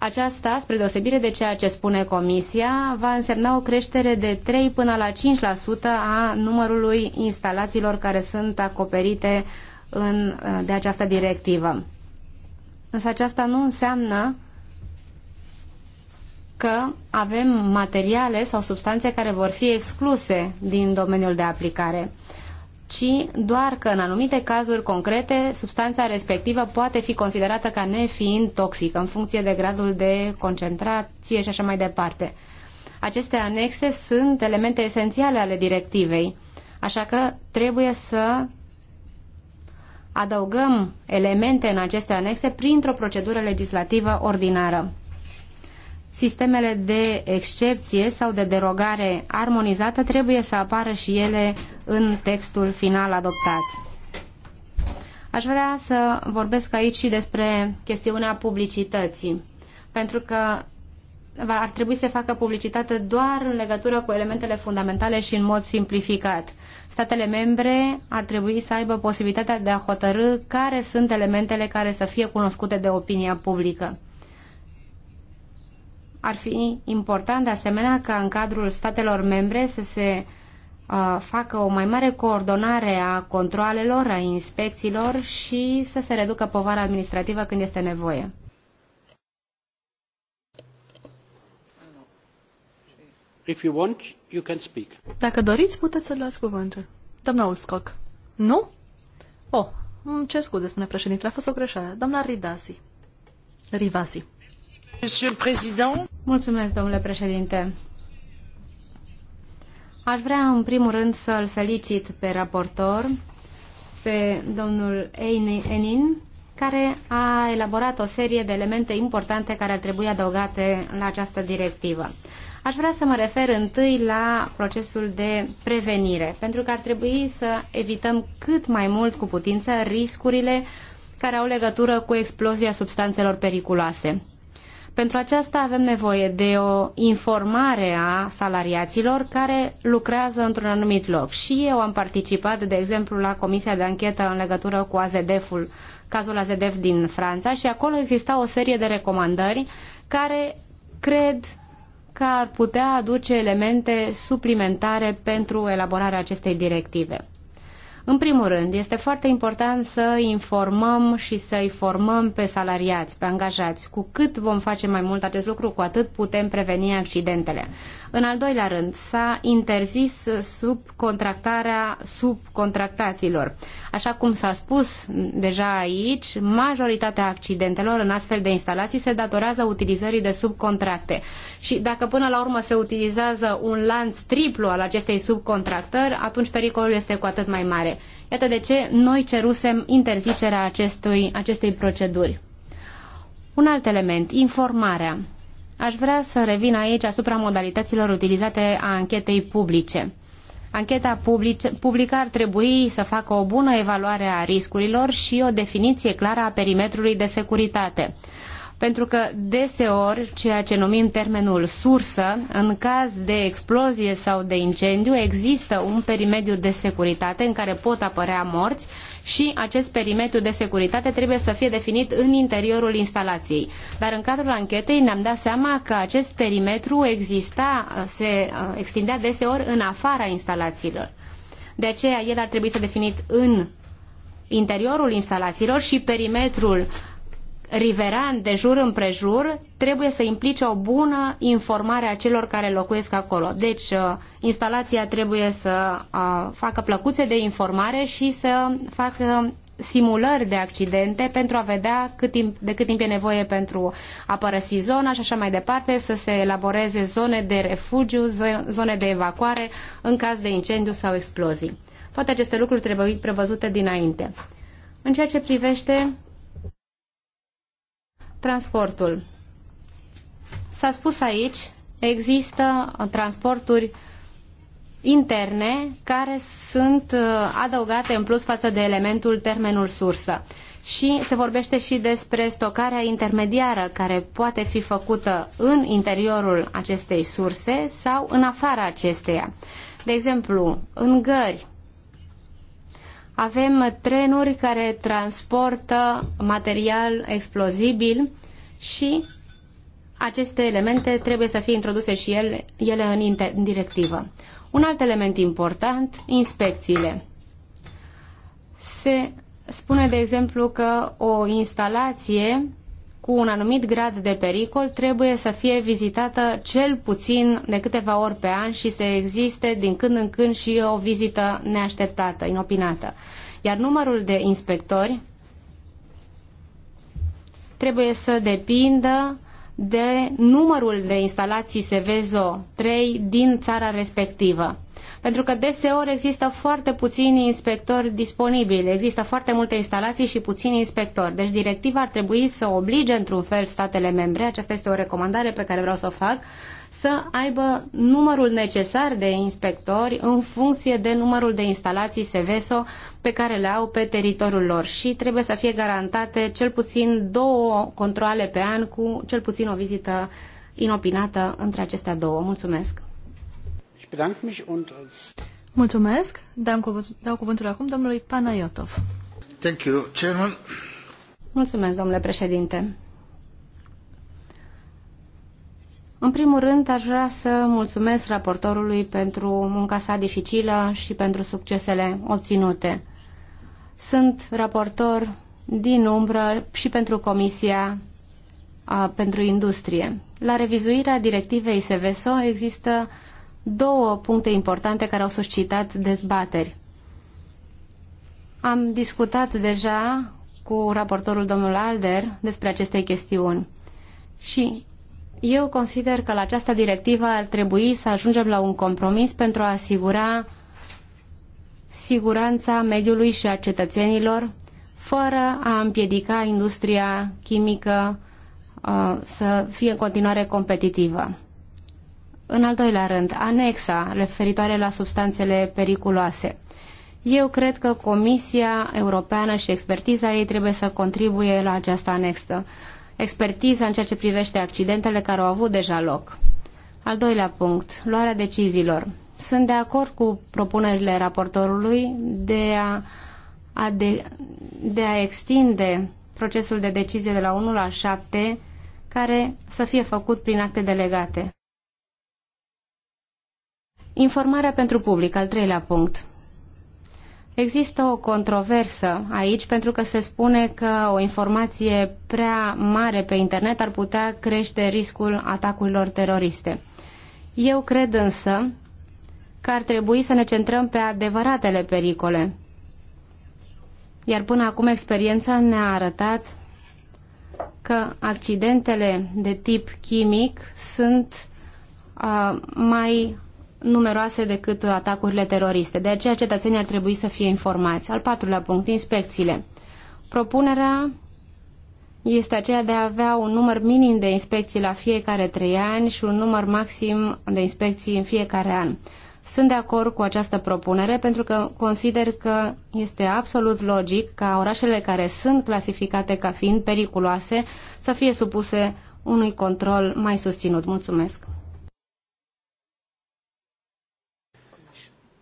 Aceasta, spre deosebire de ceea ce spune Comisia, va însemna o creștere de 3 până la 5% a numărului instalațiilor care sunt acoperite în, uh, de această directivă. Însă aceasta nu înseamnă că avem materiale sau substanțe care vor fi excluse din domeniul de aplicare, ci doar că în anumite cazuri concrete substanța respectivă poate fi considerată ca nefiind toxică în funcție de gradul de concentrație și așa mai departe. Aceste anexe sunt elemente esențiale ale directivei, așa că trebuie să adăugăm elemente în aceste anexe printr-o procedură legislativă ordinară. Sistemele de excepție sau de derogare armonizată trebuie să apară și ele în textul final adoptat. Aș vrea să vorbesc aici și despre chestiunea publicității, pentru că ar trebui să facă publicitate doar în legătură cu elementele fundamentale și în mod simplificat. Statele membre ar trebui să aibă posibilitatea de a hotărâ care sunt elementele care să fie cunoscute de opinia publică. Ar fi important, de asemenea, ca în cadrul statelor membre să se uh, facă o mai mare coordonare a controalelor, a inspecțiilor și să se reducă povara administrativă când este nevoie. If you want, you can speak. Dacă doriți, puteți să luați cuvântul. Doamna Uscoc. Nu? Oh, ce scuze, spune președintele, a fost o greșeală. Doamna Ridasi. Rivasi. Mulțumesc, domnule președinte. Aș vrea, în primul rând, să-l felicit pe raportor, pe domnul Enin, care a elaborat o serie de elemente importante care ar trebui adăugate la această directivă. Aș vrea să mă refer întâi la procesul de prevenire, pentru că ar trebui să evităm cât mai mult cu putință riscurile care au legătură cu explozia substanțelor periculoase. Pentru aceasta avem nevoie de o informare a salariaților care lucrează într-un anumit loc. Și eu am participat, de exemplu, la comisia de anchetă în legătură cu AZDF-ul, cazul AZDF din Franța și acolo exista o serie de recomandări care cred că ar putea aduce elemente suplimentare pentru elaborarea acestei directive. În primul rând, este foarte important să informăm și să îi formăm pe salariați, pe angajați. Cu cât vom face mai mult acest lucru, cu atât putem preveni accidentele. În al doilea rând, s-a interzis subcontractarea subcontractaților. Așa cum s-a spus deja aici, majoritatea accidentelor în astfel de instalații se datorează utilizării de subcontracte. Și dacă până la urmă se utilizează un lanț triplu al acestei subcontractări, atunci pericolul este cu atât mai mare. Iată de ce noi cerusem interzicerea acestui, acestei proceduri. Un alt element, informarea. Aș vrea să revin aici asupra modalităților utilizate a anchetei publice. Ancheta publică ar trebui să facă o bună evaluare a riscurilor și o definiție clară a perimetrului de securitate pentru că deseori ceea ce numim termenul sursă, în caz de explozie sau de incendiu, există un perimediu de securitate în care pot apărea morți și acest perimetru de securitate trebuie să fie definit în interiorul instalației. Dar în cadrul anchetei ne-am dat seama că acest perimetru exista, se uh, extindea deseori în afara instalațiilor. De aceea el ar trebui să definit în interiorul instalațiilor și perimetrul riveran de jur împrejur trebuie să implice o bună informare a celor care locuiesc acolo. Deci, uh, instalația trebuie să uh, facă plăcuțe de informare și să facă simulări de accidente pentru a vedea cât timp, de cât timp e nevoie pentru a părăsi zona și așa mai departe, să se elaboreze zone de refugiu, zone de evacuare în caz de incendiu sau explozii. Toate aceste lucruri trebuie prevăzute dinainte. În ceea ce privește transportul. S-a spus aici, există transporturi interne care sunt uh, adăugate în plus față de elementul termenul sursă. Și se vorbește și despre stocarea intermediară care poate fi făcută în interiorul acestei surse sau în afara acesteia. De exemplu, în gări, avem trenuri care transportă material explozibil și aceste elemente trebuie să fie introduse și ele, ele în, în directivă. Un alt element important, inspecțiile. Se spune, de exemplu, că o instalație cu un anumit grad de pericol trebuie să fie vizitată cel puțin de câteva ori pe an și să existe din când în când și o vizită neașteptată, inopinată. Iar numărul de inspectori trebuie să depindă de numărul de instalații Sevezo 3 din țara respectivă. Pentru că deseori există foarte puțini inspectori disponibili, există foarte multe instalații și puțini inspectori. Deci directiva ar trebui să oblige într-un fel statele membre, aceasta este o recomandare pe care vreau să o fac, să aibă numărul necesar de inspectori în funcție de numărul de instalații SEVESO pe care le au pe teritoriul lor și trebuie să fie garantate cel puțin două controle pe an cu cel puțin o vizită inopinată între acestea două. Mulțumesc! Mulțumesc! Dau, cuvântul acum domnului Panayotov. Thank you, Chairman. Mulțumesc, domnule președinte. În primul rând, aș vrea să mulțumesc raportorului pentru munca sa dificilă și pentru succesele obținute. Sunt raportor din umbră și pentru Comisia a, pentru Industrie. La revizuirea directivei SVSO există două puncte importante care au suscitat dezbateri. Am discutat deja cu raportorul domnul Alder despre aceste chestiuni. Și eu consider că la această directivă ar trebui să ajungem la un compromis pentru a asigura siguranța mediului și a cetățenilor, fără a împiedica industria chimică uh, să fie în continuare competitivă. În al doilea rând, anexa referitoare la substanțele periculoase. Eu cred că Comisia Europeană și expertiza ei trebuie să contribuie la această anexă expertiză în ceea ce privește accidentele care au avut deja loc. Al doilea punct, luarea deciziilor. Sunt de acord cu propunerile raportorului de a, a de, de a extinde procesul de decizie de la 1 la 7, care să fie făcut prin acte delegate. Informarea pentru public, al treilea punct. Există o controversă aici pentru că se spune că o informație prea mare pe internet ar putea crește riscul atacurilor teroriste. Eu cred însă că ar trebui să ne centrăm pe adevăratele pericole. Iar până acum experiența ne-a arătat că accidentele de tip chimic sunt uh, mai numeroase decât atacurile teroriste. De aceea cetățenii ar trebui să fie informați. Al patrulea punct, inspecțiile. Propunerea este aceea de a avea un număr minim de inspecții la fiecare trei ani și un număr maxim de inspecții în fiecare an. Sunt de acord cu această propunere pentru că consider că este absolut logic ca orașele care sunt clasificate ca fiind periculoase să fie supuse unui control mai susținut. Mulțumesc!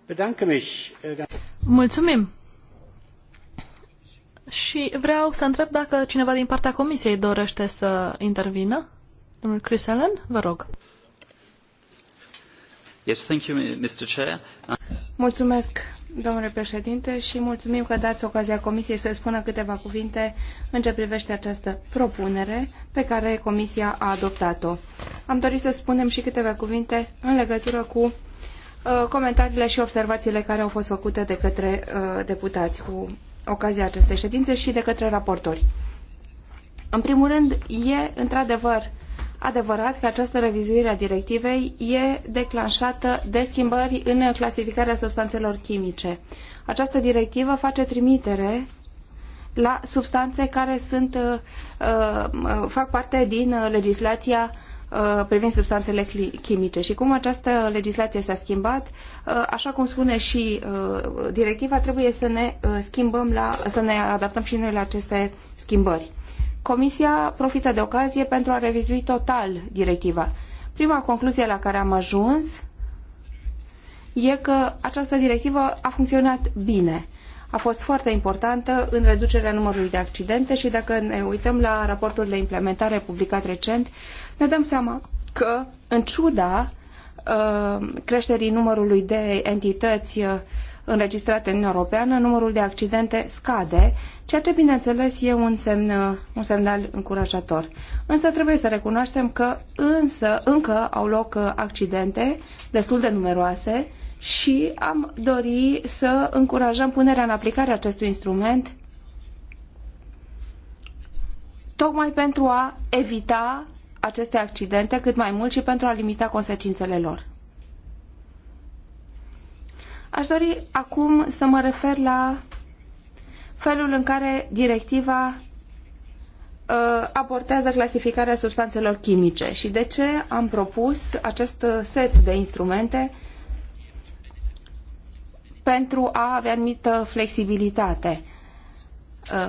Äh, mulțumim! Și vreau să întreb dacă cineva din partea comisiei dorește să intervină. Domnul Chris Allen, vă rog. mulumesc Mulțumesc, domnule președinte, și mulțumim că dai ocazia comisiei să spună câteva cuvinte în ceea ce privește această propunere pe care comisia a adoptat-o. Am dori să spunem și câteva cuvinte în legătură cu Uh, comentariile și observațiile care au fost făcute de către uh, deputați cu ocazia acestei ședințe și de către raportori. În primul rând, e într-adevăr adevărat că această revizuire a directivei e declanșată de schimbări în clasificarea substanțelor chimice. Această directivă face trimitere la substanțe care sunt, uh, fac parte din legislația Uh, privind substanțele chimice și cum această legislație s-a schimbat, uh, așa cum spune și uh, directiva, trebuie să ne schimbăm la, să ne adaptăm și noi la aceste schimbări. Comisia profită de ocazie pentru a revizui total directiva. Prima concluzie la care am ajuns e că această directivă a funcționat bine a fost foarte importantă în reducerea numărului de accidente și dacă ne uităm la raportul de implementare publicat recent, ne dăm seama că, în ciuda uh, creșterii numărului de entități uh, înregistrate în Europeană, numărul de accidente scade, ceea ce, bineînțeles, e un, semn, un semnal încurajator. Însă trebuie să recunoaștem că însă încă au loc uh, accidente destul de numeroase și am dori să încurajăm punerea în aplicare a acestui instrument tocmai pentru a evita aceste accidente cât mai mult și pentru a limita consecințele lor. Aș dori acum să mă refer la felul în care directiva uh, abordează clasificarea substanțelor chimice și de ce am propus acest set de instrumente pentru a avea anumită flexibilitate.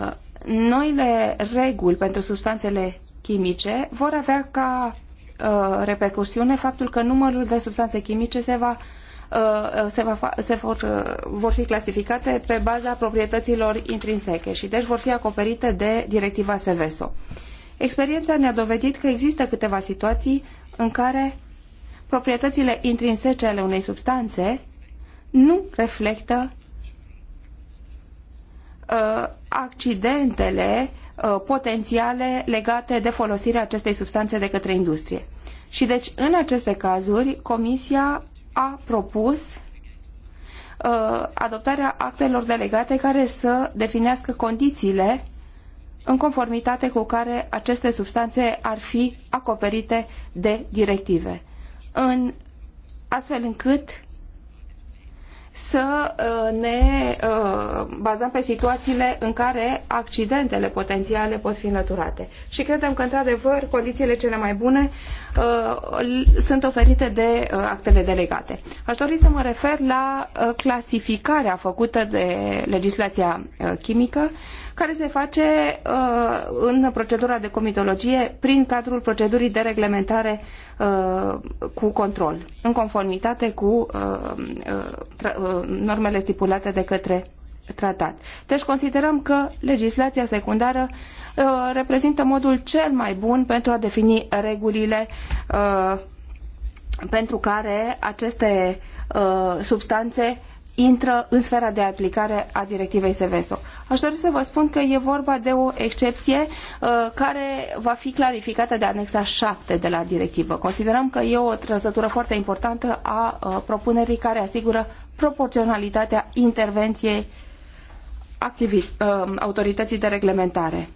Uh, noile reguli pentru substanțele chimice vor avea ca uh, repercusiune faptul că numărul de substanțe chimice se va uh, se, va, se vor, uh, vor fi clasificate pe baza proprietăților intrinseche și deci vor fi acoperite de directiva Seveso. Experiența ne-a dovedit că există câteva situații în care proprietățile intrinsece ale unei substanțe nu reflectă uh, accidentele Uh, potențiale legate de folosirea acestei substanțe de către industrie. Și deci, în aceste cazuri, Comisia a propus uh, adoptarea actelor delegate care să definească condițiile în conformitate cu care aceste substanțe ar fi acoperite de directive, în, astfel încât să uh, ne uh, bazăm pe situațiile în care accidentele potențiale pot fi înlăturate. Și credem că, într-adevăr, condițiile cele mai bune uh, sunt oferite de actele delegate. Aș dori să mă refer la clasificarea făcută de legislația chimică care se face uh, în procedura de comitologie prin cadrul procedurii de reglementare uh, cu control, în conformitate cu uh, normele stipulate de către tratat. Deci considerăm că legislația secundară uh, reprezintă modul cel mai bun pentru a defini regulile uh, pentru care aceste uh, substanțe intră în sfera de aplicare a directivei SEVESO. Aș dori să vă spun că e vorba de o excepție uh, care va fi clarificată de anexa 7 de la directivă. Considerăm că e o trăsătură foarte importantă a uh, propunerii care asigură proporționalitatea intervenției activi, uh, autorității de reglementare.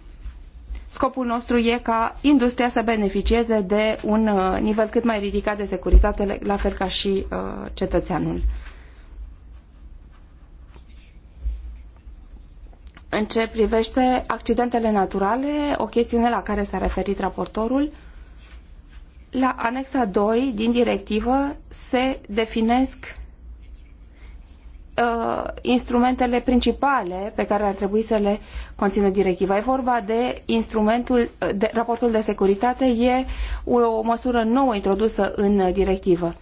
Scopul nostru e ca industria să beneficieze de un uh, nivel cât mai ridicat de securitate, la fel ca și uh, cetățeanul. În ce privește accidentele naturale, o chestiune la care s-a referit raportorul, la anexa 2 din directivă se definesc uh, instrumentele principale pe care ar trebui să le conțină directiva. E vorba de instrumentul, uh, de, raportul de securitate, e o măsură nouă introdusă în directivă. Uh,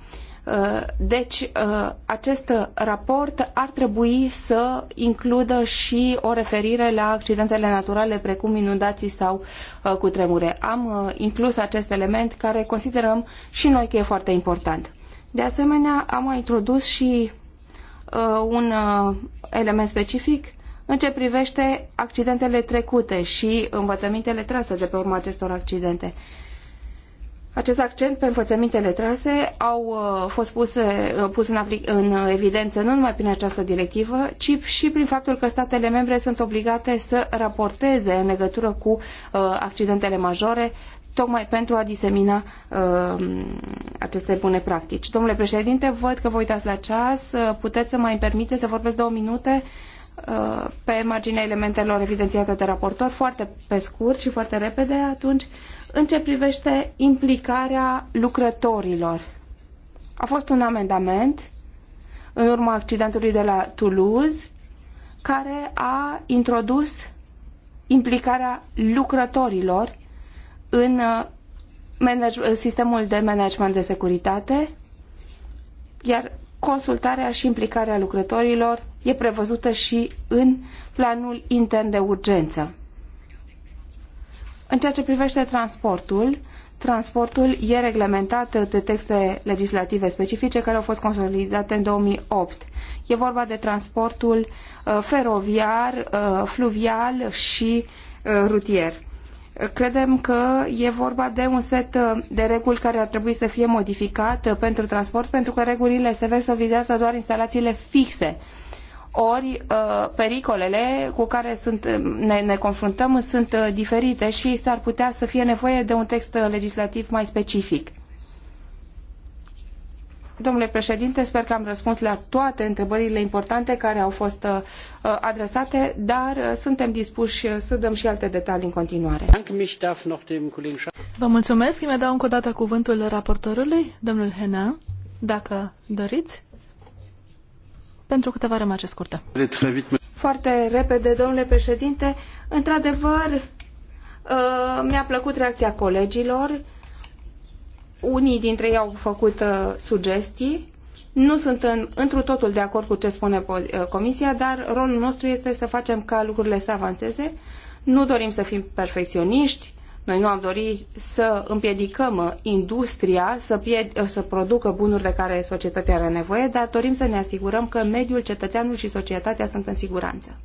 Uh, deci, uh, acest raport ar trebui să includă și o referire la accidentele naturale precum inundații sau uh, cutremure. Am inclus acest element care considerăm și noi că e foarte important. De asemenea, am mai introdus și un element specific în ce privește accidentele trecute și învățămintele trase de pe urma acestor accidente. Acest accent pe învățămintele trase au uh, fost puse, uh, pus în, în evidență nu numai prin această directivă, ci și prin faptul că statele membre sunt obligate să raporteze în legătură cu uh, accidentele majore tocmai pentru a disemina uh, aceste bune practici. Domnule președinte, văd că vă uitați la ceas. Puteți să mai îmi permite să vorbesc două minute pe marginea elementelor evidențiate de raportor, foarte pe scurt și foarte repede atunci. Uh, în ce privește implicarea lucrătorilor. A fost un amendament în urma accidentului de la Toulouse care a introdus implicarea lucrătorilor în uh, uh, sistemul de management de securitate, iar consultarea și implicarea lucrătorilor e prevăzută și în planul intern de urgență. În ceea ce privește transportul, transportul e reglementat de texte legislative specifice care au fost consolidate în 2008. E vorba de transportul uh, feroviar, uh, fluvial și uh, rutier. Credem că e vorba de un set de reguli care ar trebui să fie modificat pentru transport, pentru că regulile SEVESO vizează doar instalațiile fixe ori uh, pericolele cu care sunt, ne, ne confruntăm sunt uh, diferite și s-ar putea să fie nevoie de un text uh, legislativ mai specific. Domnule președinte, sper că am răspuns la toate întrebările importante care au fost adresate, dar suntem dispuși să dăm și alte detalii în continuare. Vă mulțumesc. Îmi dau încă o dată cuvântul raportorului, domnul Hena, dacă doriți pentru câteva rămace scurte. Foarte repede, domnule președinte. Într-adevăr, uh, mi-a plăcut reacția colegilor. Unii dintre ei au făcut uh, sugestii. Nu sunt în, întru totul de acord cu ce spune uh, Comisia, dar rolul nostru este să facem ca lucrurile să avanseze. Nu dorim să fim perfecționiști, noi nu am dorit să împiedicăm industria să, să producă bunuri de care societatea are nevoie, dar dorim să ne asigurăm că mediul, cetățeanul și societatea sunt în siguranță.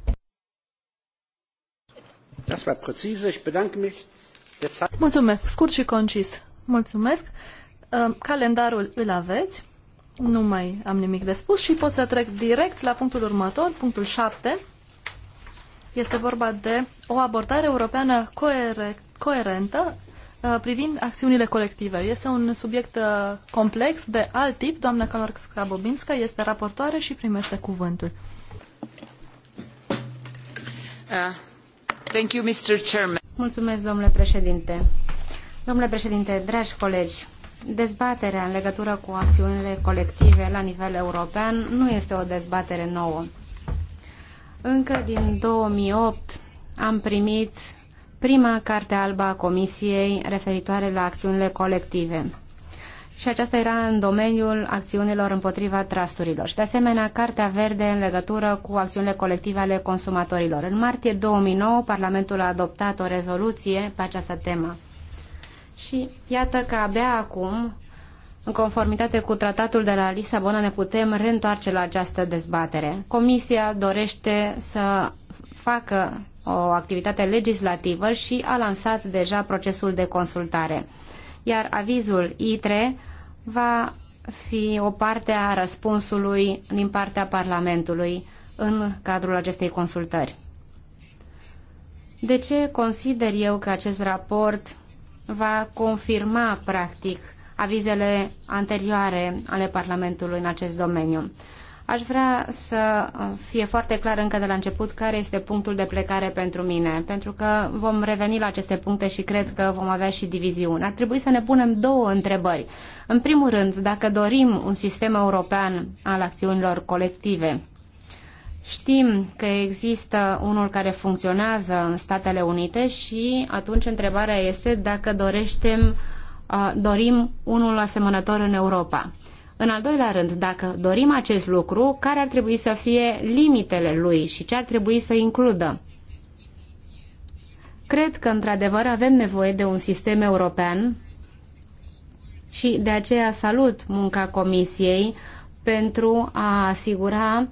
Mulțumesc, scurt și concis. Mulțumesc. Ehm, calendarul îl aveți. Nu mai am nimic de spus și pot să trec direct la punctul următor, punctul 7. Este vorba de o abordare europeană coerent coerentă uh, privind acțiunile colective. Este un subiect uh, complex de alt tip. Doamna Kalorska-Bobinska este raportoare și primește cuvântul. Uh, thank you, Mr. Chairman. Mulțumesc, domnule președinte. Domnule președinte, dragi colegi, dezbaterea în legătură cu acțiunile colective la nivel european nu este o dezbatere nouă. Încă din 2008 am primit prima carte albă a Comisiei referitoare la acțiunile colective. Și aceasta era în domeniul acțiunilor împotriva trusturilor. Și de asemenea, Cartea Verde în legătură cu acțiunile colective ale consumatorilor. În martie 2009, Parlamentul a adoptat o rezoluție pe această temă. Și iată că abia acum, în conformitate cu tratatul de la Lisabona, ne putem reîntoarce la această dezbatere. Comisia dorește să facă o activitate legislativă și a lansat deja procesul de consultare. Iar avizul ITRE va fi o parte a răspunsului din partea Parlamentului în cadrul acestei consultări. De ce consider eu că acest raport va confirma, practic, avizele anterioare ale Parlamentului în acest domeniu? Aș vrea să fie foarte clar încă de la început care este punctul de plecare pentru mine, pentru că vom reveni la aceste puncte și cred că vom avea și diviziuni. Ar trebui să ne punem două întrebări. În primul rând, dacă dorim un sistem european al acțiunilor colective, Știm că există unul care funcționează în Statele Unite și atunci întrebarea este dacă doreștem, uh, dorim unul asemănător în Europa. În al doilea rând, dacă dorim acest lucru, care ar trebui să fie limitele lui și ce ar trebui să includă? Cred că, într-adevăr, avem nevoie de un sistem european și de aceea salut munca Comisiei pentru a asigura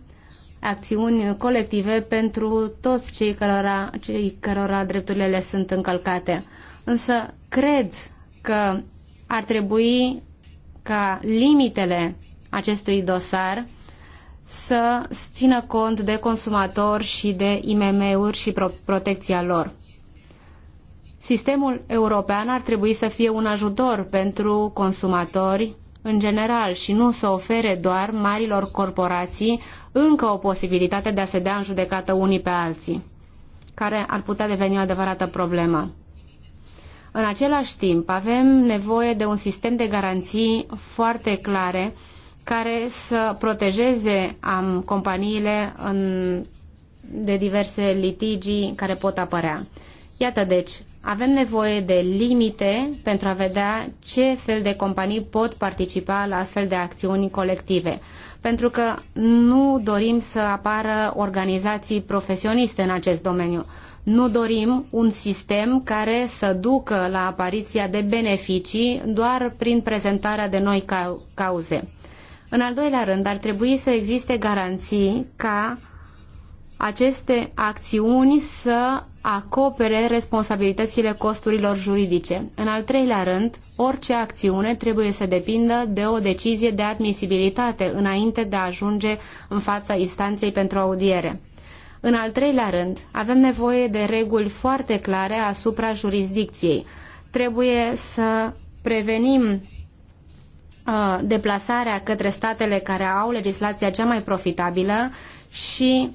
acțiuni colective pentru toți cei cărora, cei cărora drepturile le sunt încălcate. Însă cred că ar trebui ca limitele acestui dosar să țină cont de consumator și de IMM-uri și protecția lor. Sistemul european ar trebui să fie un ajutor pentru consumatori în general și nu să ofere doar marilor corporații încă o posibilitate de a se dea în judecată unii pe alții, care ar putea deveni o adevărată problemă. În același timp, avem nevoie de un sistem de garanții foarte clare care să protejeze am, companiile în, de diverse litigii care pot apărea. Iată deci, avem nevoie de limite pentru a vedea ce fel de companii pot participa la astfel de acțiuni colective. Pentru că nu dorim să apară organizații profesioniste în acest domeniu. Nu dorim un sistem care să ducă la apariția de beneficii doar prin prezentarea de noi cauze. În al doilea rând, ar trebui să existe garanții ca aceste acțiuni să acopere responsabilitățile costurilor juridice. În al treilea rând, orice acțiune trebuie să depindă de o decizie de admisibilitate înainte de a ajunge în fața instanței pentru audiere. În al treilea rând, avem nevoie de reguli foarte clare asupra jurisdicției. Trebuie să prevenim uh, deplasarea către statele care au legislația cea mai profitabilă și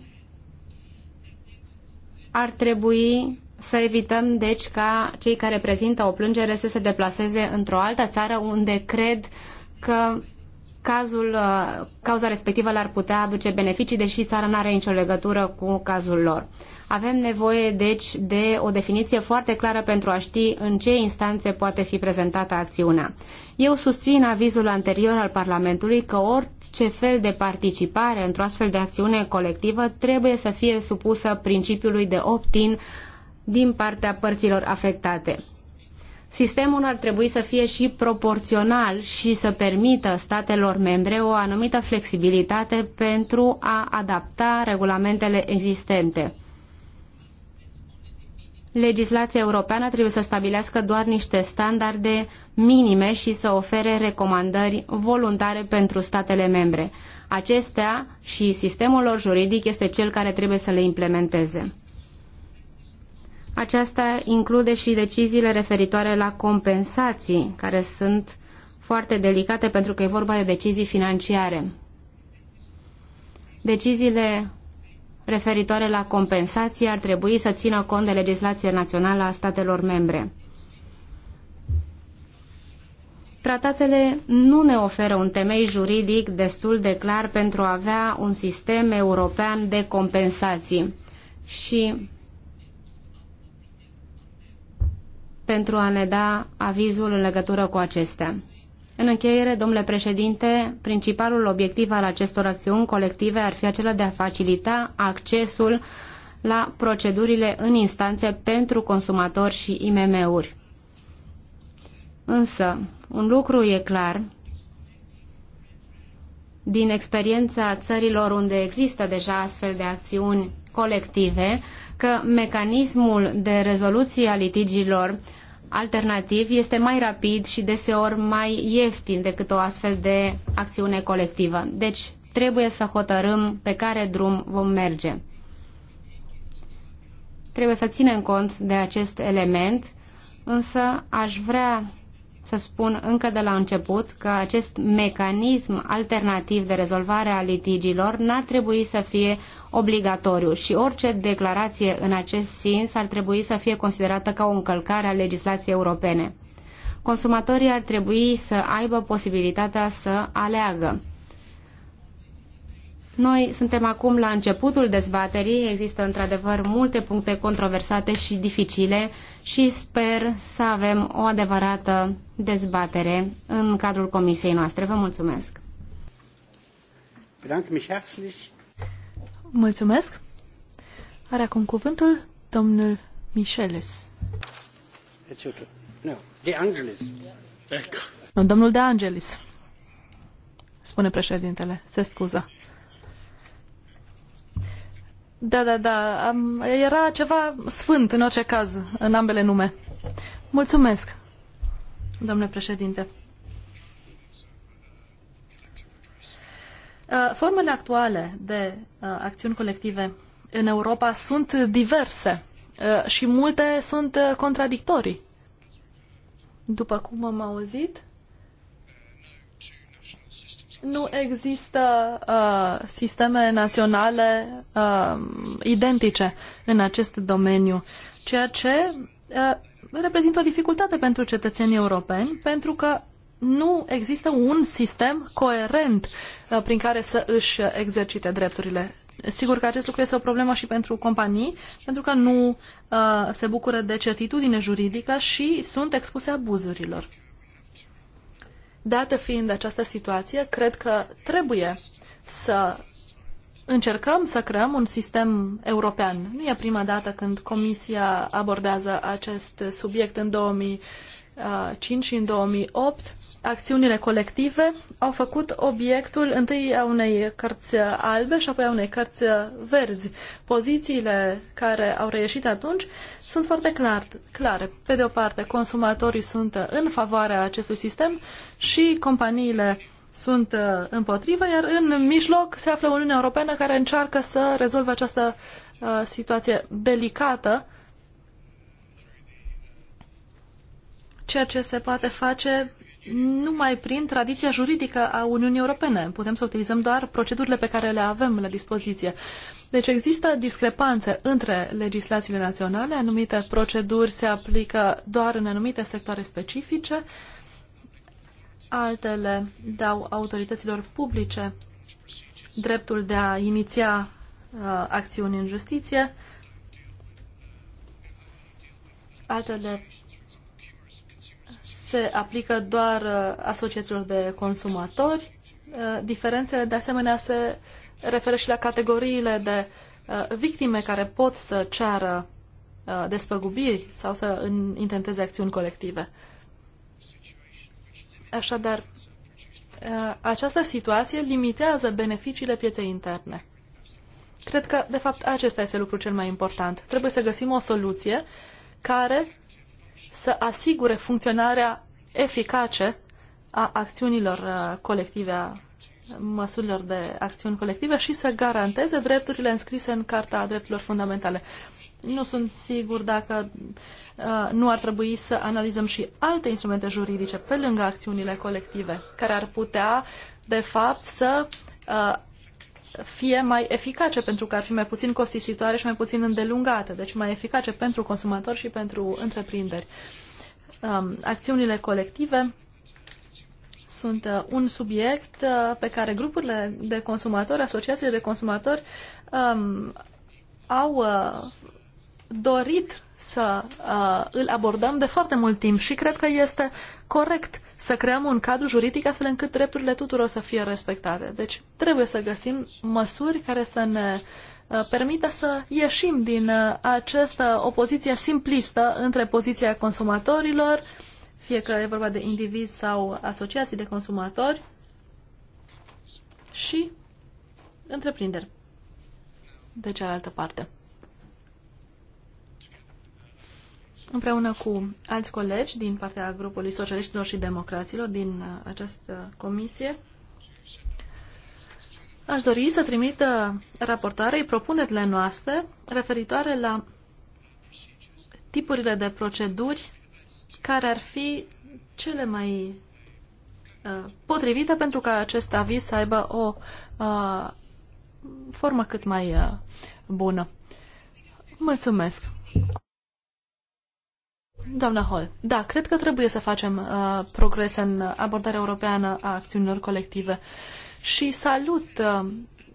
ar trebui să evităm, deci, ca cei care prezintă o plângere să se deplaseze într-o altă țară unde cred că cazul, uh, cauza respectivă le-ar putea aduce beneficii, deși țara nu are nicio legătură cu cazul lor. Avem nevoie, deci, de o definiție foarte clară pentru a ști în ce instanțe poate fi prezentată acțiunea. Eu susțin avizul anterior al Parlamentului că orice fel de participare într-o astfel de acțiune colectivă trebuie să fie supusă principiului de opt-in din partea părților afectate. Sistemul ar trebui să fie și proporțional și să permită statelor membre o anumită flexibilitate pentru a adapta regulamentele existente. Legislația europeană trebuie să stabilească doar niște standarde minime și să ofere recomandări voluntare pentru statele membre. Acestea și sistemul lor juridic este cel care trebuie să le implementeze. Aceasta include și deciziile referitoare la compensații, care sunt foarte delicate pentru că e vorba de decizii financiare. Deciziile referitoare la compensații ar trebui să țină cont de legislația națională a statelor membre. Tratatele nu ne oferă un temei juridic destul de clar pentru a avea un sistem european de compensații și pentru a ne da avizul în legătură cu acestea. În încheiere, domnule președinte, principalul obiectiv al acestor acțiuni colective ar fi acela de a facilita accesul la procedurile în instanțe pentru consumatori și IMM-uri. Însă, un lucru e clar, din experiența țărilor unde există deja astfel de acțiuni colective, că mecanismul de rezoluție a litigiilor alternativ este mai rapid și deseori mai ieftin decât o astfel de acțiune colectivă. Deci trebuie să hotărâm pe care drum vom merge. Trebuie să ținem cont de acest element, însă aș vrea să spun încă de la început că acest mecanism alternativ de rezolvare a litigiilor n-ar trebui să fie obligatoriu și orice declarație în acest sens ar trebui să fie considerată ca o încălcare a legislației europene. Consumatorii ar trebui să aibă posibilitatea să aleagă. Noi suntem acum la începutul dezbaterii, există într-adevăr multe puncte controversate și dificile și sper să avem o adevărată dezbatere în cadrul comisiei noastre. Vă mulțumesc! Mulțumesc! Are acum cuvântul domnul Micheles. de Angelis. Domnul de Angelis, spune președintele, se scuză. Da, da, da. Am, era ceva sfânt în orice caz, în ambele nume. Mulțumesc, domnule președinte. Uh, formele actuale de uh, acțiuni colective în Europa sunt diverse uh, și multe sunt contradictorii. După cum am auzit, nu există uh, sisteme naționale uh, identice în acest domeniu, ceea ce uh, reprezintă o dificultate pentru cetățenii europeni, pentru că nu există un sistem coerent uh, prin care să își exercite drepturile. Sigur că acest lucru este o problemă și pentru companii, pentru că nu uh, se bucură de certitudine juridică și sunt expuse abuzurilor. Dată fiind această situație, cred că trebuie să încercăm să creăm un sistem european. Nu e prima dată când Comisia abordează acest subiect în 2000. 2005 uh, și în 2008, acțiunile colective au făcut obiectul întâi a unei cărți albe și apoi a unei cărți verzi. Pozițiile care au reieșit atunci sunt foarte clar, clare. Pe de o parte, consumatorii sunt în favoarea acestui sistem și companiile sunt uh, împotrivă, iar în mijloc se află Uniunea Europeană care încearcă să rezolve această uh, situație delicată ceea ce se poate face numai prin tradiția juridică a Uniunii Europene. Putem să utilizăm doar procedurile pe care le avem la dispoziție. Deci există discrepanțe între legislațiile naționale, anumite proceduri se aplică doar în anumite sectoare specifice, altele dau autorităților publice dreptul de a iniția uh, acțiuni în justiție, altele se aplică doar uh, asociațiilor de consumatori. Uh, diferențele, de asemenea, se referă și la categoriile de uh, victime care pot să ceară despăgubiri sau să intenteze acțiuni colective. Așadar, această situație limitează beneficiile pieței interne. Cred că, de fapt, acesta este lucrul cel mai important. Trebuie să găsim o soluție care să asigure funcționarea eficace a acțiunilor uh, colective, a măsurilor de acțiuni colective și să garanteze drepturile înscrise în Carta a Drepturilor Fundamentale. Nu sunt sigur dacă uh, nu ar trebui să analizăm și alte instrumente juridice pe lângă acțiunile colective, care ar putea, de fapt, să uh, fie mai eficace pentru că ar fi mai puțin costisitoare și mai puțin îndelungate, deci mai eficace pentru consumatori și pentru întreprinderi. Um, acțiunile colective sunt uh, un subiect uh, pe care grupurile de consumatori, asociațiile de consumatori um, au uh, dorit să îl abordăm de foarte mult timp și cred că este corect să creăm un cadru juridic astfel încât drepturile tuturor să fie respectate. Deci trebuie să găsim măsuri care să ne uh, permită să ieșim din uh, această opoziție simplistă între poziția consumatorilor, fie că e vorba de indivizi sau asociații de consumatori, și întreprinderi. De cealaltă parte. împreună cu alți colegi din partea grupului socialiștilor și democraților din uh, această comisie, aș dori să trimit raportarei propunerile noastre referitoare la tipurile de proceduri care ar fi cele mai uh, potrivite pentru ca acest aviz să aibă o uh, formă cât mai bună. Mulțumesc! Doamna Hall, da, cred că trebuie să facem uh, progres în abordarea europeană a acțiunilor colective și salut uh,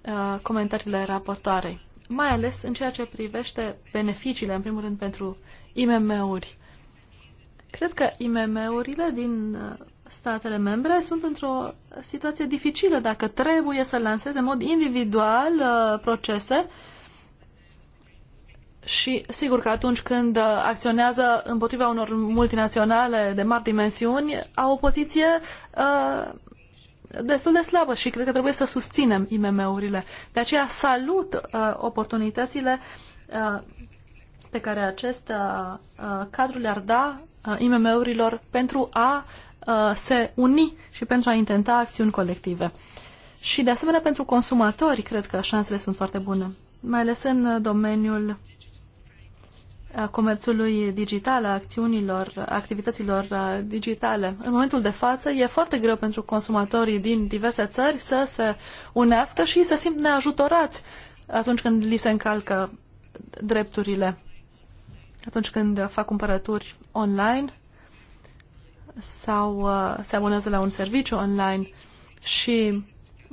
uh, comentariile raportoarei, mai ales în ceea ce privește beneficiile, în primul rând, pentru IMM-uri. Cred că IMM-urile din uh, statele membre sunt într-o situație dificilă dacă trebuie să lanseze în mod individual uh, procese uh, și sigur că atunci când uh, acționează împotriva unor multinaționale de mari dimensiuni, au o poziție uh, destul de slabă și cred că trebuie să susținem IMM-urile. De aceea salut uh, oportunitățile uh, pe care acest uh, uh cadru le-ar da uh, IMM-urilor pentru a uh, se uni și pentru a intenta acțiuni colective. Și de asemenea pentru consumatori, cred că șansele sunt foarte bune, mai ales în uh, domeniul uh, a comerțului digital, a acțiunilor, a activităților digitale. În momentul de față e foarte greu pentru consumatorii din diverse țări să se unească și să simt neajutorați atunci când li se încalcă drepturile. Atunci când fac cumpărături online sau se abonează la un serviciu online și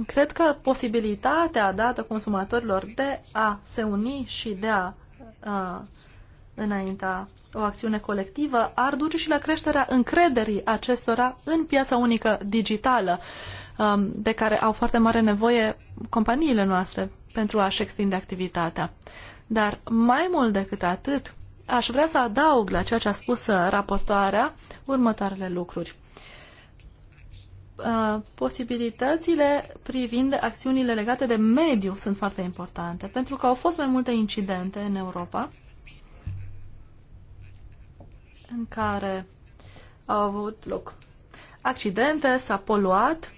cred că posibilitatea dată consumatorilor de a se uni și de a uh, înainta o acțiune colectivă ar duce și la creșterea încrederii acestora în piața unică digitală, um, de care au foarte mare nevoie companiile noastre pentru a-și extinde activitatea. Dar mai mult decât atât, aș vrea să adaug la ceea ce a spus raportoarea următoarele lucruri. Uh, posibilitățile privind acțiunile legate de mediu sunt foarte importante, pentru că au fost mai multe incidente în Europa în care au avut loc accidente, s-a poluat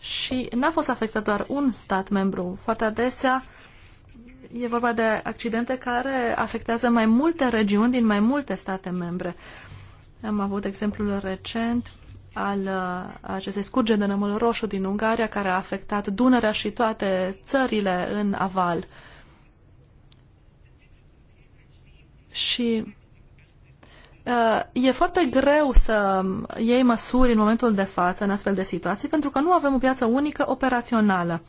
și n-a fost afectat doar un stat membru. Foarte adesea e vorba de accidente care afectează mai multe regiuni din mai multe state membre. Am avut exemplul recent al uh, acestei scurge de nămol roșu din Ungaria, care a afectat Dunărea și toate țările în aval. Și Uh, e foarte greu să iei măsuri în momentul de față în astfel de situații pentru că nu avem o piață unică operațională.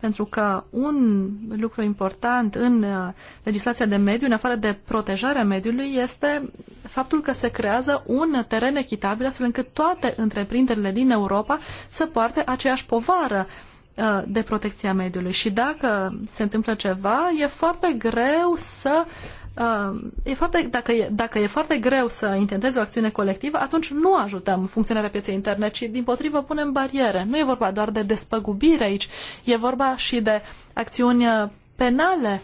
Pentru că un lucru important în uh, legislația de mediu, în afară de protejarea mediului, este faptul că se creează un teren echitabil astfel încât toate întreprinderile din Europa să poarte aceeași povară uh, de protecția mediului. Și dacă se întâmplă ceva, e foarte greu să Um, e foarte, dacă, e, dacă e foarte greu să intenteze o acțiune colectivă, atunci nu ajutăm funcționarea pieței interne, ci din potrivă punem bariere. Nu e vorba doar de despăgubire aici, e vorba și de acțiuni uh, penale,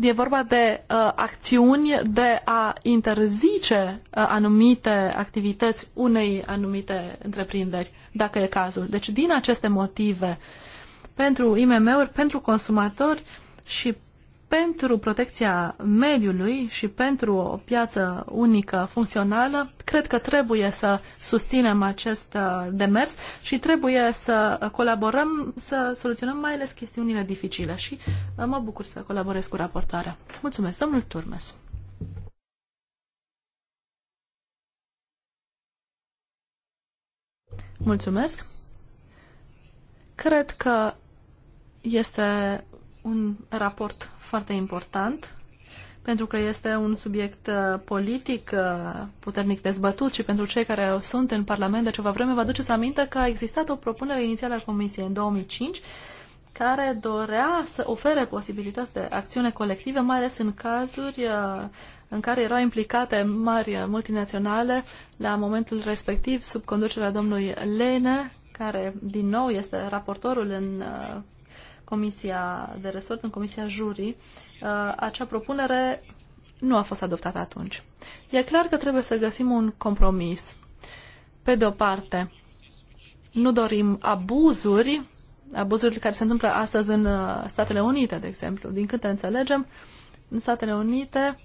e vorba de uh, acțiuni de a interzice uh, anumite activități unei anumite întreprinderi, dacă e cazul. Deci din aceste motive, pentru IMM-uri, pentru consumatori și pentru protecția mediului și pentru o piață unică funcțională, cred că trebuie să susținem acest uh, demers și trebuie să colaborăm, să soluționăm mai ales chestiunile dificile și uh, mă bucur să colaborez cu raportarea. Mulțumesc, domnul Turmes. Mulțumesc. Cred că este un raport foarte important, pentru că este un subiect uh, politic uh, puternic dezbătut și pentru cei care sunt în Parlament de ceva vreme, vă aduceți aminte că a existat o propunere inițială a Comisiei în 2005 care dorea să ofere posibilități de acțiune colective, mai ales în cazuri uh, în care erau implicate mari multinaționale la momentul respectiv sub conducerea domnului Lene, care din nou este raportorul în Comisia de Resort, în Comisia Jurii, uh, acea propunere nu a fost adoptată atunci. E clar că trebuie să găsim un compromis. Pe de o parte, nu dorim abuzuri, abuzuri care se întâmplă astăzi în uh, Statele Unite, de exemplu. Din câte înțelegem, în Statele Unite,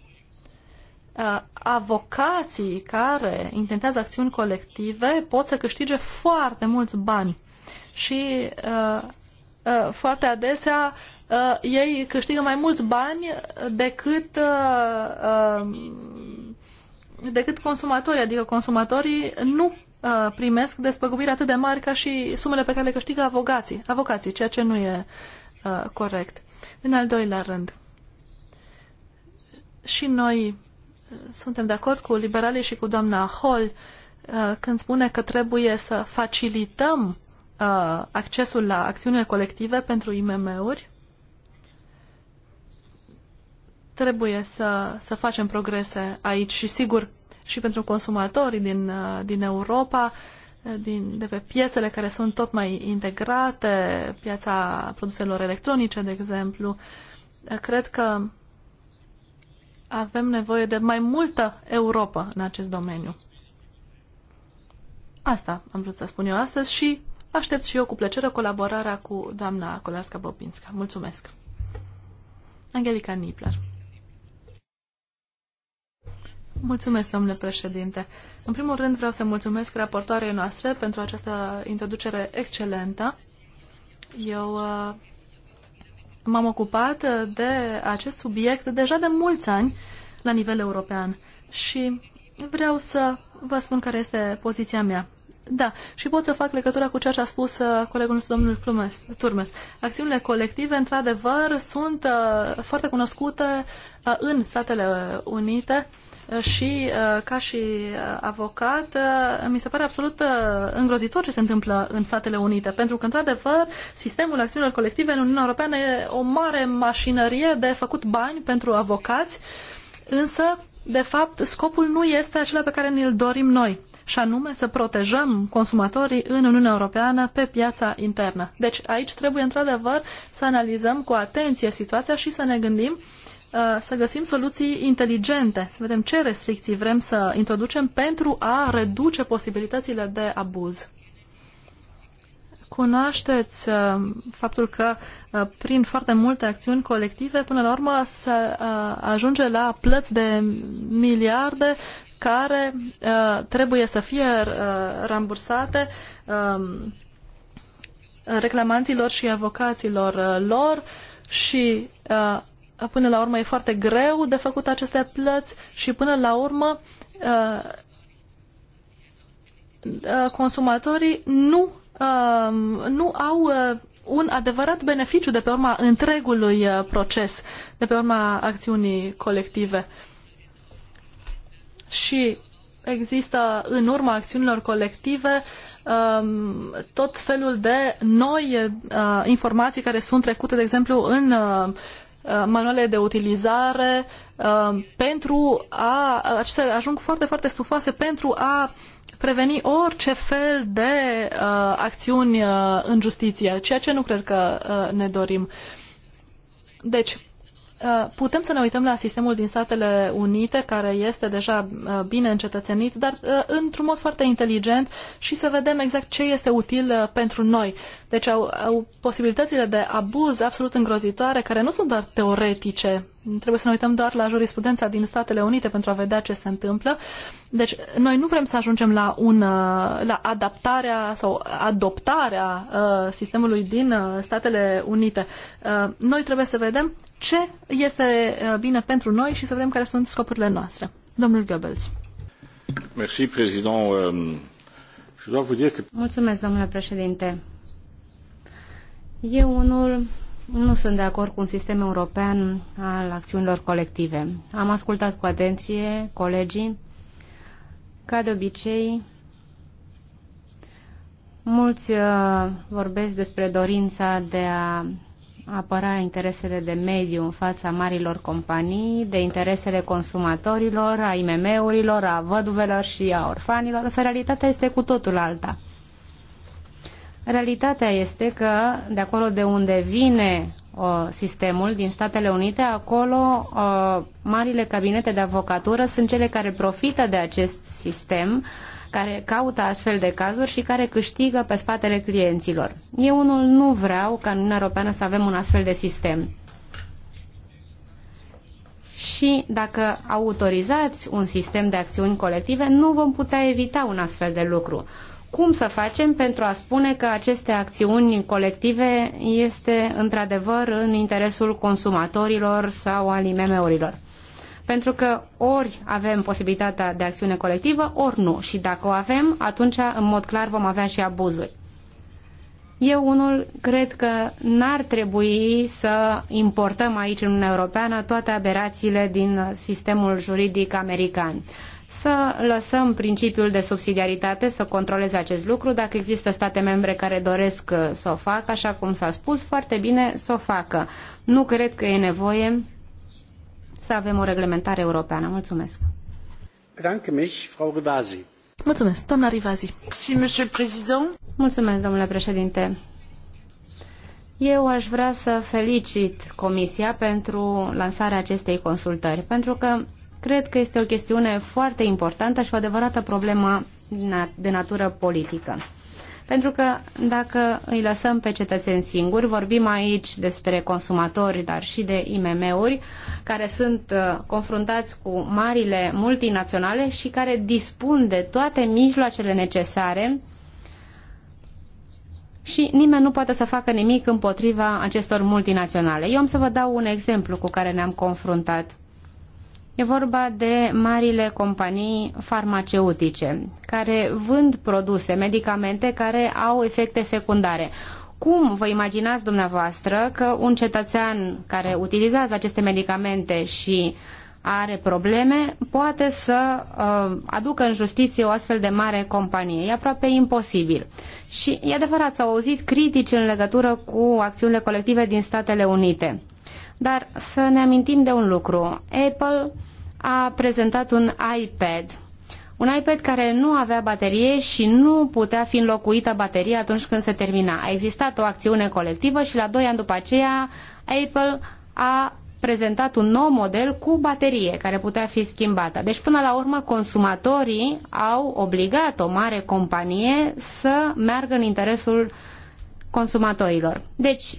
uh, avocații care intentează acțiuni colective pot să câștige foarte mulți bani. Și Uh, foarte adesea uh, ei câștigă mai mulți bani decât, uh, uh, decât consumatorii, adică consumatorii nu uh, primesc despăgubiri atât de mari ca și sumele pe care le câștigă avocații, avocații ceea ce nu e uh, corect. În al doilea rând, și noi uh, suntem de acord cu liberalii și cu doamna Hall uh, când spune că trebuie să facilităm uh, uh, accesul la acțiunile colective pentru IMM-uri, trebuie să, să facem progrese aici și sigur și pentru consumatorii din, uh, din Europa, uh, din, de pe piețele care sunt tot mai integrate, piața produselor electronice, de exemplu. Uh, cred că avem nevoie de mai multă Europa în acest domeniu. Asta am vrut să spun eu astăzi și Aștept și eu cu plăcere colaborarea cu doamna Colasca Bobinska. Mulțumesc! Angelica Nipler. Mulțumesc, domnule președinte. În primul rând vreau să mulțumesc raportoarei noastre pentru această introducere excelentă. Eu uh, m-am ocupat de acest subiect deja de mulți ani la nivel european și vreau să vă spun care este poziția mea. Da, și pot să fac legătura cu ceea ce a spus uh, colegul nostru, domnul Plumes, Turmes. Acțiunile colective, într-adevăr, sunt uh, foarte cunoscute uh, în Statele Unite uh, și uh, ca și uh, avocat mi se pare absolut îngrozitor ce se întâmplă în Statele Unite, pentru că, într-adevăr, sistemul acțiunilor colective în Uniunea Europeană e o mare mașinărie de făcut bani pentru avocați, însă, de fapt, scopul nu este acela pe care ni-l dorim noi și anume să protejăm consumatorii în Uniunea Europeană pe piața internă. Deci aici trebuie într-adevăr să analizăm cu atenție situația și să ne gândim uh, să găsim soluții inteligente, să vedem ce restricții vrem să introducem pentru a reduce posibilitățile de abuz. Cunoașteți uh, faptul că uh, prin foarte multe acțiuni colective, până la urmă, se ajunge la plăți de miliarde care uh, trebuie să fie uh, rambursate uh, reclamanților și avocaților uh, lor și uh, până la urmă e foarte greu de făcut aceste plăți și până la urmă uh, uh consumatorii nu, uh, nu au uh, un adevărat beneficiu de pe urma întregului uh, proces, de pe urma acțiunii colective. Uh, și există în urma acțiunilor colective um, tot felul de noi uh, informații care sunt trecute, de exemplu, în uh, uh, manualele de utilizare pentru a, acestea ajung foarte, foarte stufoase pentru a preveni orice fel de acțiuni în justiție, ceea ce nu cred că ne dorim. Deci, Uh, putem să ne uităm la sistemul din Statele Unite, care este deja uh, bine încetățenit, dar uh, într-un mod foarte inteligent și să vedem exact ce este util pentru noi. Deci au, au posibilitățile de abuz absolut îngrozitoare, care nu sunt doar teoretice. Trebuie să ne uităm doar la jurisprudența din Statele Unite pentru a vedea ce se întâmplă. Deci noi nu vrem să ajungem la, un, la adaptarea sau adoptarea sistemului din Statele Unite. Noi trebuie să vedem ce este uh, bine pentru noi și să vedem care sunt scopurile noastre. Domnul Goebbels. Merci, président. Euh, je dois vous dire que... Mulțumesc, domnule președinte. Eu unul nu sunt de acord cu un sistem european al acțiunilor colective. Am ascultat cu atenție colegii. Ca de obicei, mulți uh, vorbesc despre dorința de a apăra interesele de mediu în fața marilor companii, de interesele consumatorilor, a IMM-urilor, a văduvelor și a orfanilor, însă realitatea este cu totul alta. Realitatea este că de acolo de unde vine o, sistemul din Statele Unite, acolo o, marile cabinete de avocatură sunt cele care profită de acest sistem uh, care caută astfel de cazuri și care câștigă pe spatele clienților. Eu unul nu vreau ca în Uniunea Europeană să avem un astfel de sistem. Și dacă autorizați un sistem de acțiuni colective, nu vom putea evita un astfel de lucru. Cum să facem pentru a spune că aceste acțiuni colective este într-adevăr în interesul consumatorilor sau al IMM-urilor? Pentru că ori avem posibilitatea de acțiune colectivă, ori nu. Și dacă o avem, atunci, în mod clar, vom avea și abuzuri. Eu unul cred că n-ar trebui să importăm aici în Uniunea Europeană toate aberațiile din sistemul juridic american. Să lăsăm principiul de subsidiaritate să controleze acest lucru. Dacă există state membre care doresc uh, să o facă, așa cum s-a spus, foarte bine să o facă. Nu cred că e nevoie să avem o reglementare europeană. Mulțumesc! Mulțumesc, doamna Rivasi. Mulțumesc, domnule președinte. Eu aș vrea să felicit Comisia pentru lansarea acestei consultări, pentru că cred că este o chestiune foarte importantă și o adevărată problemă de natură politică. Pentru că dacă îi lăsăm pe cetățeni singuri, vorbim aici despre consumatori, dar și de IMM-uri, care sunt uh, confruntați cu marile multinaționale și care dispun de toate mijloacele necesare și nimeni nu poate să facă nimic împotriva acestor multinaționale. Eu am să vă dau un exemplu cu care ne-am confruntat. E vorba de marile companii farmaceutice care vând produse, medicamente care au efecte secundare. Cum vă imaginați dumneavoastră că un cetățean care utilizează aceste medicamente și are probleme, poate să uh, aducă în justiție o astfel de mare companie. E aproape imposibil. Și e adevărat, s-au auzit critici în legătură cu acțiunile colective din Statele Unite. Dar să ne amintim de un lucru. Apple a prezentat un iPad un iPad care nu avea baterie și nu putea fi înlocuită bateria atunci când se termina. A existat o acțiune colectivă și la doi ani după aceea Apple a prezentat un nou model cu baterie care putea fi schimbată. Deci până la urmă consumatorii au obligat o mare companie să meargă în interesul consumatorilor. Deci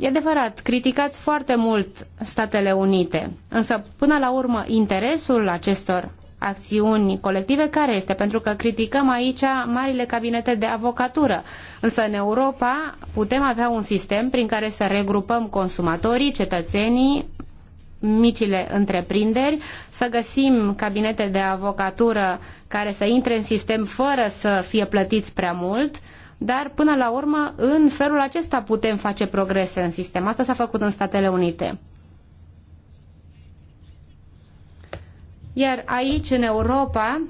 E adevărat, criticați foarte mult Statele Unite, însă până la urmă interesul acestor acțiuni colective care este? Pentru că criticăm aici marile cabinete de avocatură. Însă în Europa putem avea un sistem prin care să regrupăm consumatorii, cetățenii, micile întreprinderi, să găsim cabinete de avocatură care să intre în sistem fără să fie plătiți prea mult, uh, dar până la urmă în felul acesta putem face progrese în sistem. Asta s-a făcut în Statele Unite. Iar aici, în Europa,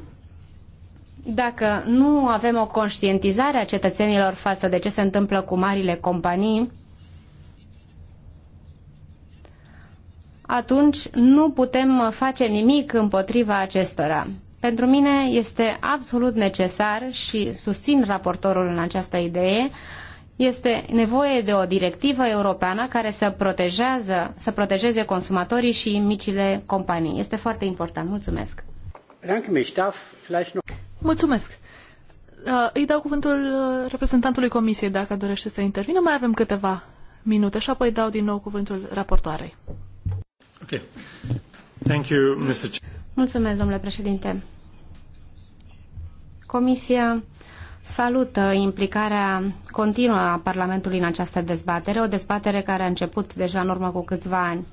dacă nu avem o conștientizare a cetățenilor față de ce se întâmplă cu marile companii, atunci nu putem face nimic împotriva acestora. Pentru mine este absolut necesar și susțin raportorul în această idee, este nevoie de o directivă europeană care să, protejează, să protejeze consumatorii și micile companii. Este foarte important. Mulțumesc! Mulțumesc! Uh, îi dau cuvântul uh, reprezentantului Comisiei dacă dorește să intervină. Mai avem câteva minute și apoi dau din nou cuvântul raportoarei. Ok. Thank you, Mr. Mulțumesc, domnule președinte. Comisia salută implicarea continuă a Parlamentului în această dezbatere, o dezbatere care a început deja în urmă cu câțiva ani.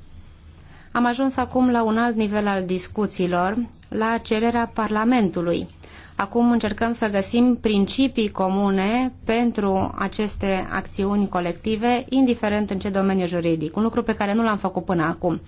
Am ajuns acum la un alt nivel al discuțiilor, la cererea Parlamentului. Acum încercăm să găsim principii comune pentru aceste acțiuni colective, indiferent în ce domeniu juridic, un lucru pe care nu l-am făcut până acum.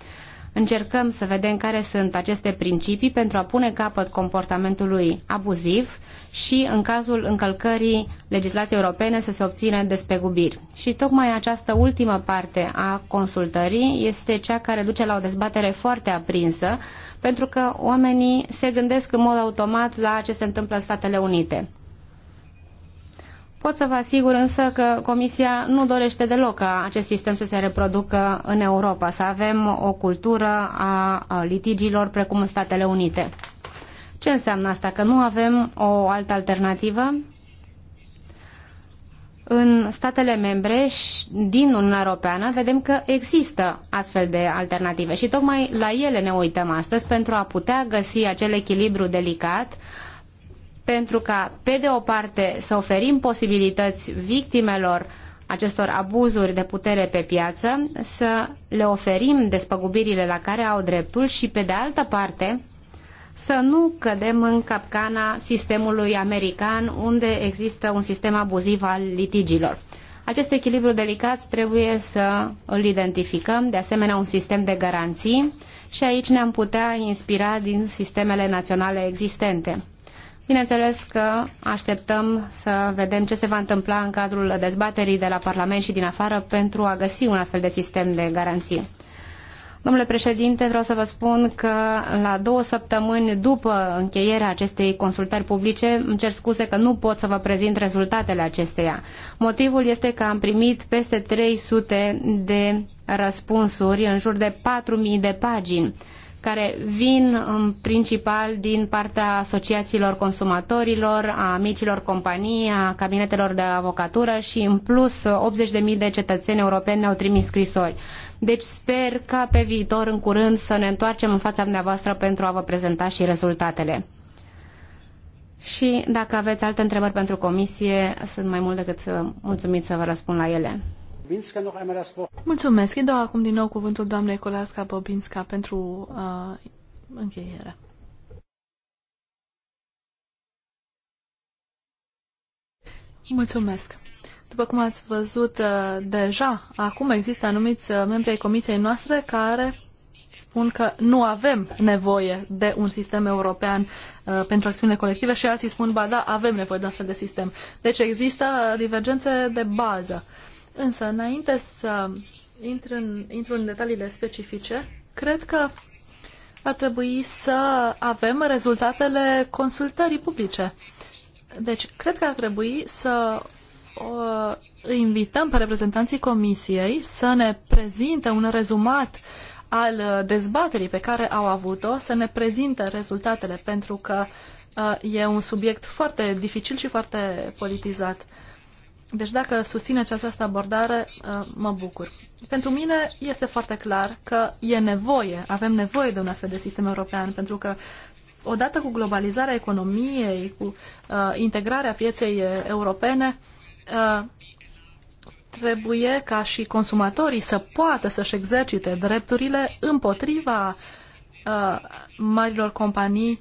Încercăm să vedem care sunt aceste principii pentru a pune capăt comportamentului abuziv și în cazul încălcării legislației europene să se obțină despegubiri. Și tocmai această ultimă parte a consultării este cea care duce la o dezbatere foarte aprinsă pentru că oamenii se gândesc în mod automat la ce se întâmplă în Statele Unite. Pot să vă asigur însă că Comisia nu dorește deloc ca acest sistem să se reproducă în Europa, să avem o cultură a litigiilor precum în Statele Unite. Ce înseamnă asta? Că nu avem o altă alternativă? În statele membre din Uniunea Europeană vedem că există astfel de alternative și tocmai la ele ne uităm astăzi pentru a putea găsi acel echilibru delicat pentru ca, pe de o parte, să oferim posibilități victimelor acestor abuzuri de putere pe piață, să le oferim despăgubirile la care au dreptul și, pe de altă parte, să nu cădem în capcana sistemului american, unde există un sistem abuziv al litigiilor. Acest echilibru delicat trebuie să îl identificăm, de asemenea un sistem de garanții și aici ne-am putea inspira din sistemele naționale existente. Bineînțeles că așteptăm să vedem ce se va întâmpla în cadrul dezbaterii de la Parlament și din afară pentru a găsi un astfel de sistem de garanții. Domnule președinte, vreau să vă spun că la două săptămâni după încheierea acestei consultări publice, îmi cer scuze că nu pot să vă prezint rezultatele acesteia. Motivul este că am primit peste 300 de răspunsuri în jur de 4.000 de pagini care vin în principal din partea asociațiilor consumatorilor, a micilor companii, a cabinetelor de avocatură și în plus 80.000 de cetățeni europeni ne-au trimis scrisori. Deci sper ca pe viitor, în curând, să ne întoarcem în fața dumneavoastră pentru a vă prezenta și rezultatele. Și dacă aveți alte întrebări pentru comisie, sunt mai mult decât mulțumit să vă răspund la ele. Mulțumesc. Îi dau acum din nou cuvântul doamnei Colasca Bobinska pentru uh, încheiere. Mulțumesc. După cum ați văzut uh, deja, acum există anumiți uh, membri ai comisiei noastre care spun că nu avem nevoie de un sistem european uh, pentru acțiunile colective și alții spun, ba da, avem nevoie de un astfel de sistem. Deci există divergențe de bază. Uh, Însă, înainte să intru în, intru în detaliile specifice, cred că ar trebui să avem rezultatele consultării publice. Deci, cred că ar trebui să uh, invităm pe reprezentanții Comisiei să ne prezinte un rezumat al dezbaterii pe care au avut-o, să ne prezinte rezultatele, pentru că uh, e un subiect foarte dificil și foarte politizat. Uh, deci dacă susțineți această abordare, uh, mă bucur. Pentru mine este foarte clar că e nevoie, avem nevoie de un astfel de sistem european, pentru că odată cu globalizarea economiei, cu uh, integrarea pieței uh, europene, uh, trebuie ca și consumatorii să poată să-și exercite drepturile împotriva uh, marilor companii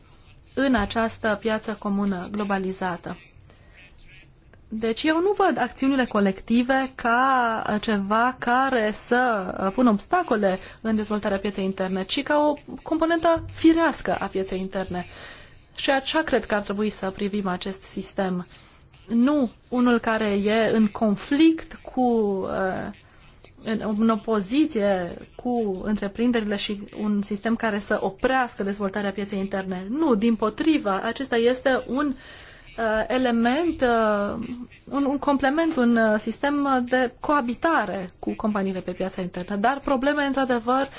în această piață comună globalizată. Deci eu nu văd acțiunile colective ca ceva care să pună obstacole în dezvoltarea pieței interne, ci ca o componentă firească a pieței interne. Și așa cred că ar trebui să privim acest sistem. Nu unul care e în conflict cu uh, în opoziție cu întreprinderile și un sistem care să oprească dezvoltarea pieței interne. Nu, din potriva, acesta este un uh, Uh, element, uh, un, un complement, un uh, sistem de coabitare cu companiile pe piața internă. Dar probleme, într-adevăr,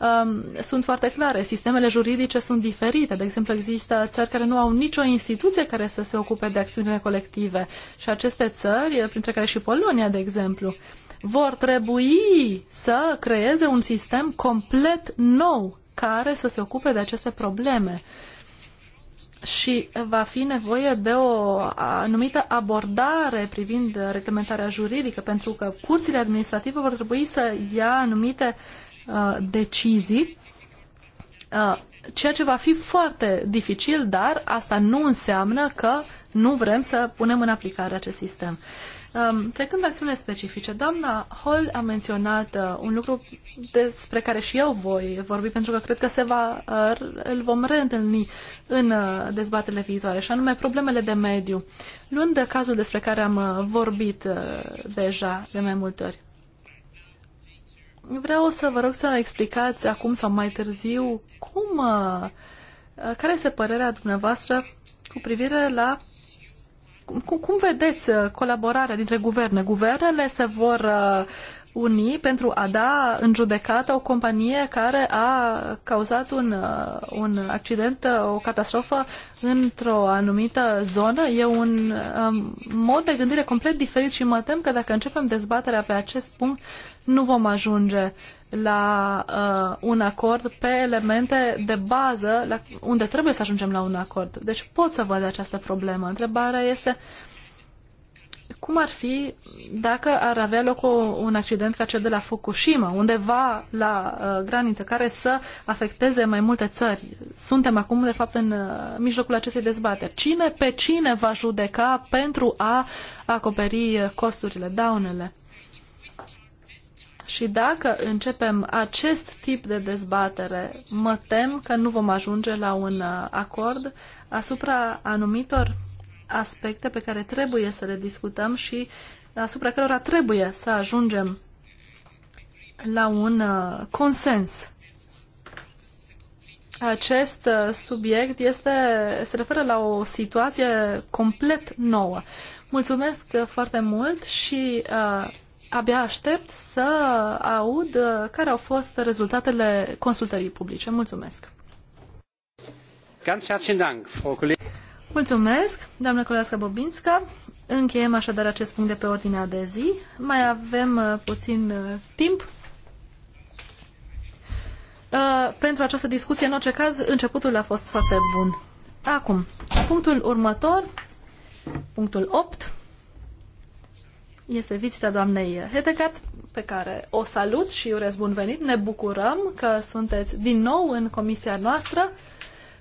um, sunt foarte clare. Sistemele juridice sunt diferite. De exemplu, există țări care nu au nicio instituție care să se ocupe de acțiunile colective. Și aceste țări, printre care și Polonia, de exemplu, vor trebui să creeze un sistem complet nou care să se ocupe de aceste probleme. Uh, și va fi nevoie de o anumită abordare privind reglementarea juridică, pentru că curțile administrative vor trebui să ia anumite uh, decizii, uh, ceea ce va fi foarte dificil, dar asta nu înseamnă că nu vrem să punem în aplicare acest sistem. Um, trecând la acțiune specifice, doamna Hall a menționat uh, un lucru despre care și eu voi vorbi, pentru că cred că se va, uh, îl vom reîntâlni în uh, dezbatele viitoare, și anume problemele de mediu. Luând de cazul despre care am uh, vorbit uh, deja de mai multe ori. Vreau să vă rog să explicați acum sau mai târziu cum, uh, uh care este părerea dumneavoastră cu privire la cum, cum vedeți uh, colaborarea dintre guverne? Guvernele se vor uh, unii pentru a da în judecată o companie care a cauzat un, uh, un accident, uh, o catastrofă într-o anumită zonă. E un um, mod de gândire complet diferit și mă tem că dacă începem dezbaterea pe acest punct, nu vom ajunge la uh, un acord pe elemente de bază la, unde trebuie să ajungem la un acord. Deci pot să văd această problemă. Întrebarea este uh, cum ar fi dacă ar avea loc o, un accident ca cel de la Fukushima, undeva la uh, graniță, care să afecteze mai multe țări? Suntem acum, de fapt, în uh, mijlocul acestei dezbateri. Cine pe cine va judeca pentru a acoperi uh, costurile, daunele? Și dacă începem acest tip de dezbatere, mă tem că nu vom ajunge la un uh, acord asupra anumitor aspecte pe care trebuie să le discutăm și asupra cărora trebuie să ajungem la un uh, consens. Acest uh, subiect este, se referă la o situație complet nouă. Mulțumesc uh, foarte mult și uh, abia aștept să aud uh, care au fost rezultatele consultării publice. Mulțumesc! Ganz herzlichen Dank, Frau Kollegin. Mulțumesc, doamnă Colească Bobinska. Încheiem așadar acest punct de pe ordinea de zi. Mai avem uh, puțin uh, timp uh, pentru această discuție. În orice caz, începutul a fost foarte bun. Acum, punctul următor, punctul 8, este vizita doamnei Hedegaard, pe care o salut și urez bun venit. Ne bucurăm că sunteți din nou în comisia noastră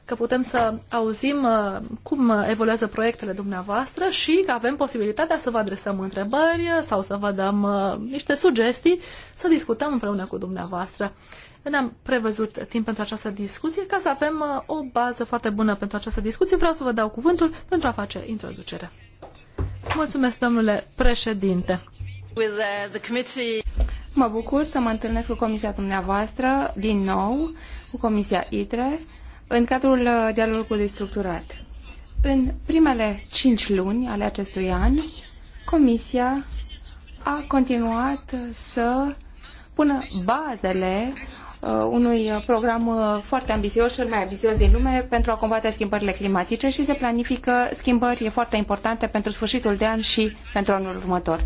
că putem să auzim uh, cum evoluează proiectele dumneavoastră și că avem posibilitatea să vă adresăm întrebări sau să vă dăm uh, niște sugestii, să discutăm împreună cu dumneavoastră. Ne-am prevăzut timp pentru această discuție ca să avem uh, o bază foarte bună pentru această discuție. Vreau să vă dau cuvântul pentru a face introducerea. Mulțumesc, domnule președinte. Mă bucur să mă întâlnesc cu comisia dumneavoastră din nou, cu comisia ITRE în cadrul uh, dialogului structurat. În primele cinci luni ale acestui an, Comisia a continuat să pună bazele uh, unui program uh, foarte ambițios, cel mai ambițios din lume, pentru a combate schimbările climatice și se planifică schimbări foarte importante pentru sfârșitul de an și pentru anul următor.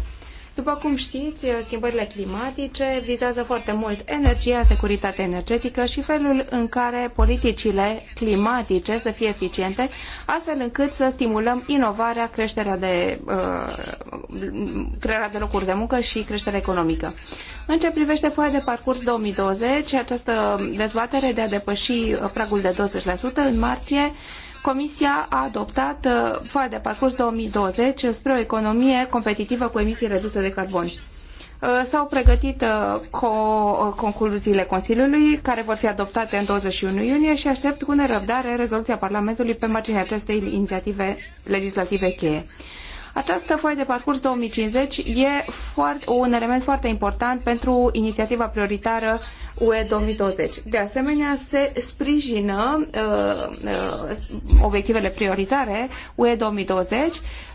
După cum știți, schimbările climatice vizează foarte mult energia, securitatea energetică și felul în care politicile climatice să fie eficiente, astfel încât să stimulăm inovarea, creșterea de, uh, crearea de locuri de muncă și creșterea economică. În ce privește foaia de parcurs 2020, această dezbatere de a depăși pragul de 20% în martie Comisia a adoptat uh, foaia de parcurs 2020 spre o economie competitivă cu emisii reduse de carbon. Uh, s-au pregătit uh, co- concluziile Consiliului, care vor fi adoptate în 21 iunie și aștept cu nerăbdare rezoluția Parlamentului pe marginea acestei inițiative legislative cheie. Această foaie de parcurs 2050 e foarte, un element foarte important pentru inițiativa prioritară UE 2020. De asemenea, se sprijină uh, uh obiectivele prioritare UE 2020.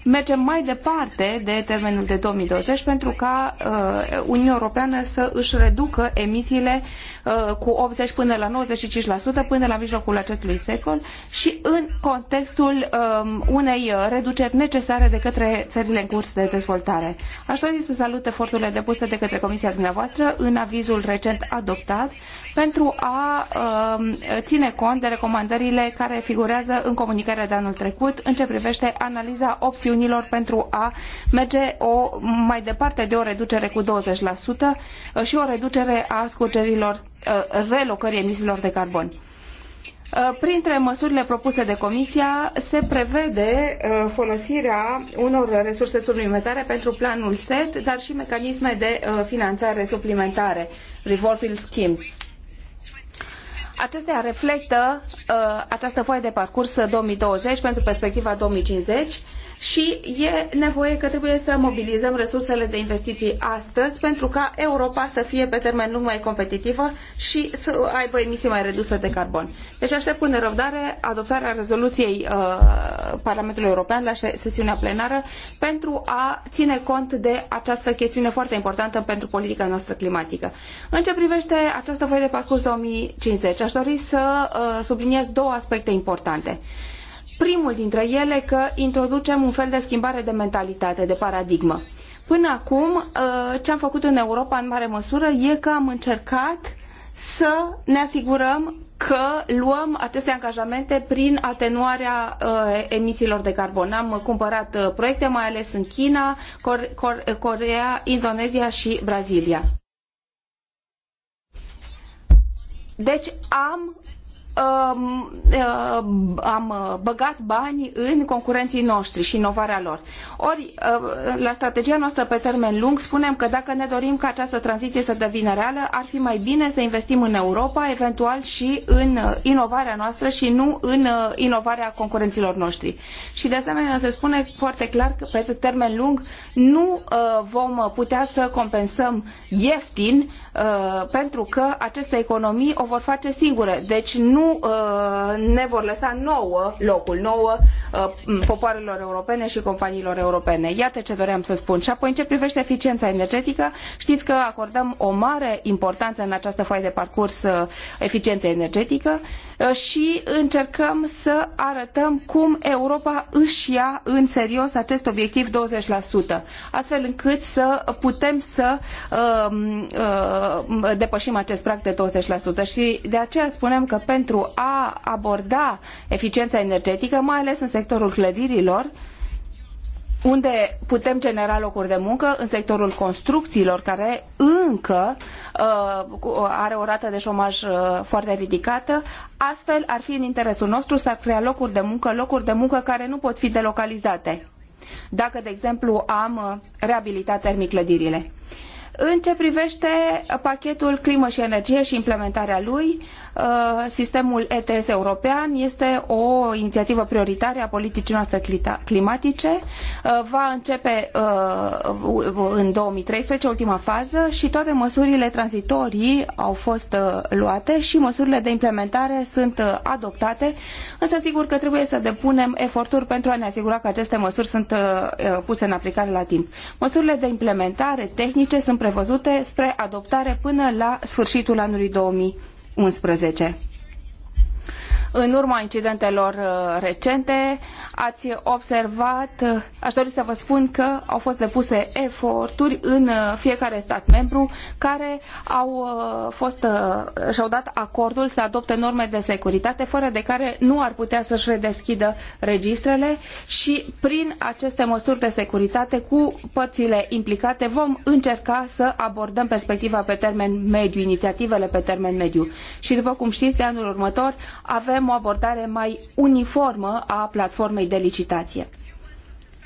Mergem mai departe de termenul de 2020 pentru ca uh, Uniunea Europeană să își reducă emisiile uh, cu 80 până la 95% până la mijlocul acestui secol și în contextul um, unei reduceri necesare de către țările în curs de dezvoltare. Aș dori să salut eforturile depuse de către Comisia dumneavoastră în avizul recent adoptat stat pentru a um, ține cont de recomandările care figurează în comunicarea de anul trecut în ce privește analiza opțiunilor pentru a merge o, mai departe de o reducere cu 20% uh, și o reducere a scurgerilor uh, relocării emisiilor de carbon. Uh, printre măsurile propuse de Comisia se prevede uh, folosirea unor resurse suplimentare pentru planul SET, dar și mecanisme de uh, finanțare suplimentare, revolving schemes. Acestea reflectă această foaie de parcurs 2020 pentru perspectiva 2050 și e nevoie că trebuie să mobilizăm resursele de investiții astăzi pentru ca Europa să fie pe termen lung mai competitivă și să aibă emisii mai reduse de carbon. Deci aștept cu nerăbdare adoptarea rezoluției uh, Parlamentului European la sesiunea plenară pentru a ține cont de această chestiune foarte importantă pentru politica noastră climatică. În ce privește această foaie de parcurs 2050, aș dori să uh, subliniez două aspecte importante primul dintre ele că introducem un fel de schimbare de mentalitate, de paradigmă. Până acum, uh, ce am făcut în Europa în mare măsură e că am încercat să ne asigurăm că luăm aceste angajamente prin atenuarea uh, emisiilor de carbon. Am cumpărat uh, proiecte, mai ales în China, Coreea, Indonezia și Brazilia. Deci am Um, uh, am uh, băgat bani în concurenții noștri și inovarea lor. Ori, uh, la strategia noastră pe termen lung, spunem că dacă ne dorim ca această tranziție să devină reală, ar fi mai bine să investim în Europa, eventual și în inovarea noastră și nu în inovarea concurenților noștri. Și de asemenea se spune foarte clar că pe termen lung nu vom putea să compensăm ieftin pentru că aceste economii o vor face singure. Deci nu Uh, ne vor lăsa nouă locul, nouă uh, popoarelor europene și companiilor europene. Iată ce doream să spun. Și apoi, în ce privește eficiența energetică, știți că acordăm o mare importanță în această foaie de parcurs uh, eficiență energetică. Uh, Uh, și încercăm să arătăm cum Europa își ia în serios acest obiectiv 20%, astfel încât să putem să um, uh, depășim acest prag de 20%. Și de aceea spunem că pentru a aborda eficiența energetică, mai ales în sectorul clădirilor, unde putem genera locuri de muncă în sectorul construcțiilor, care încă uh, are o rată de șomaj uh, foarte ridicată. Astfel, ar fi în interesul nostru să ar crea locuri de muncă, locuri de muncă care nu pot fi delocalizate. Dacă, de exemplu, am uh, reabilitat termic clădirile. În ce privește pachetul climă și energie și implementarea lui, uh, Uh, sistemul ETS european este o inițiativă prioritară a politicii noastre climatice. Uh, va începe uh, în 2013 ultima fază și toate măsurile tranzitorii au fost luate și măsurile de implementare sunt adoptate, însă sigur că trebuie să depunem eforturi pentru a ne asigura că aceste măsuri sunt puse în aplicare la timp. Măsurile de implementare tehnice sunt prevăzute spre adoptare până la sfârșitul anului 2000 unsprezece în urma incidentelor uh, recente ați observat, uh, aș dori să vă spun că au fost depuse eforturi în uh, fiecare stat membru care au fost și-au dat acordul să adopte norme de securitate fără de care nu ar putea să-și redeschidă registrele și prin aceste măsuri de securitate cu părțile implicate vom încerca să abordăm perspectiva pe termen mediu, inițiativele pe termen mediu. Și după cum știți, de anul următor avem avem o abordare mai uniformă a platformei de licitație.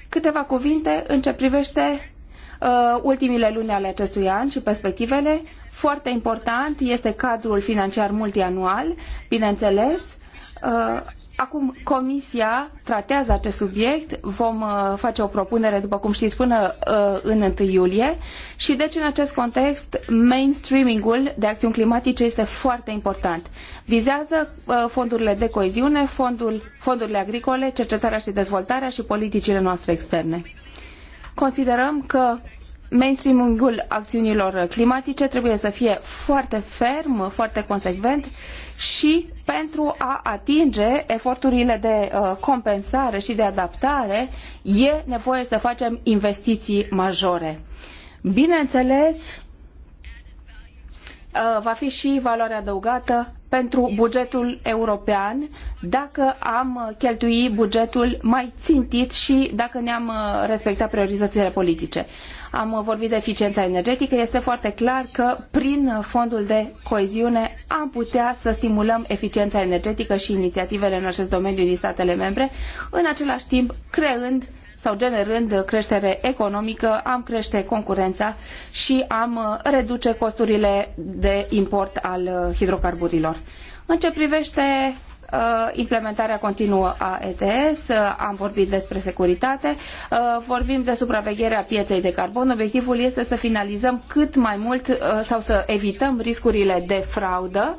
Câteva cuvinte în ce privește uh, ultimile luni ale acestui an și perspectivele. Foarte important este cadrul financiar multianual, bineînțeles, uh, Acum Comisia tratează acest subiect, vom uh, face o propunere, după cum știți, până uh, în 1 iulie și deci în acest context mainstreaming-ul de acțiuni climatice este foarte important. Vizează uh, fondurile de coeziune, fondul, fondurile agricole, cercetarea și dezvoltarea și politicile noastre externe. Considerăm că mainstreamingul acțiunilor climatice trebuie să fie foarte ferm, foarte consecvent și pentru a atinge eforturile de uh, compensare și de adaptare e nevoie să facem investiții majore. Bineînțeles, uh, va fi și valoarea adăugată pentru bugetul european dacă am cheltui bugetul mai țintit și dacă ne-am uh, respectat prioritățile politice. Am vorbit de eficiența energetică, este foarte clar că prin fondul de coeziune am putea să stimulăm eficiența energetică și inițiativele în acest domeniu din statele membre, în același timp creând sau generând creștere economică, am crește concurența și am uh, reduce costurile de import al uh, hidrocarburilor. În ce privește uh, implementarea continuă a ETS, am vorbit despre securitate, vorbim de supravegherea pieței de carbon. Obiectivul este să finalizăm cât mai mult sau să evităm riscurile de fraudă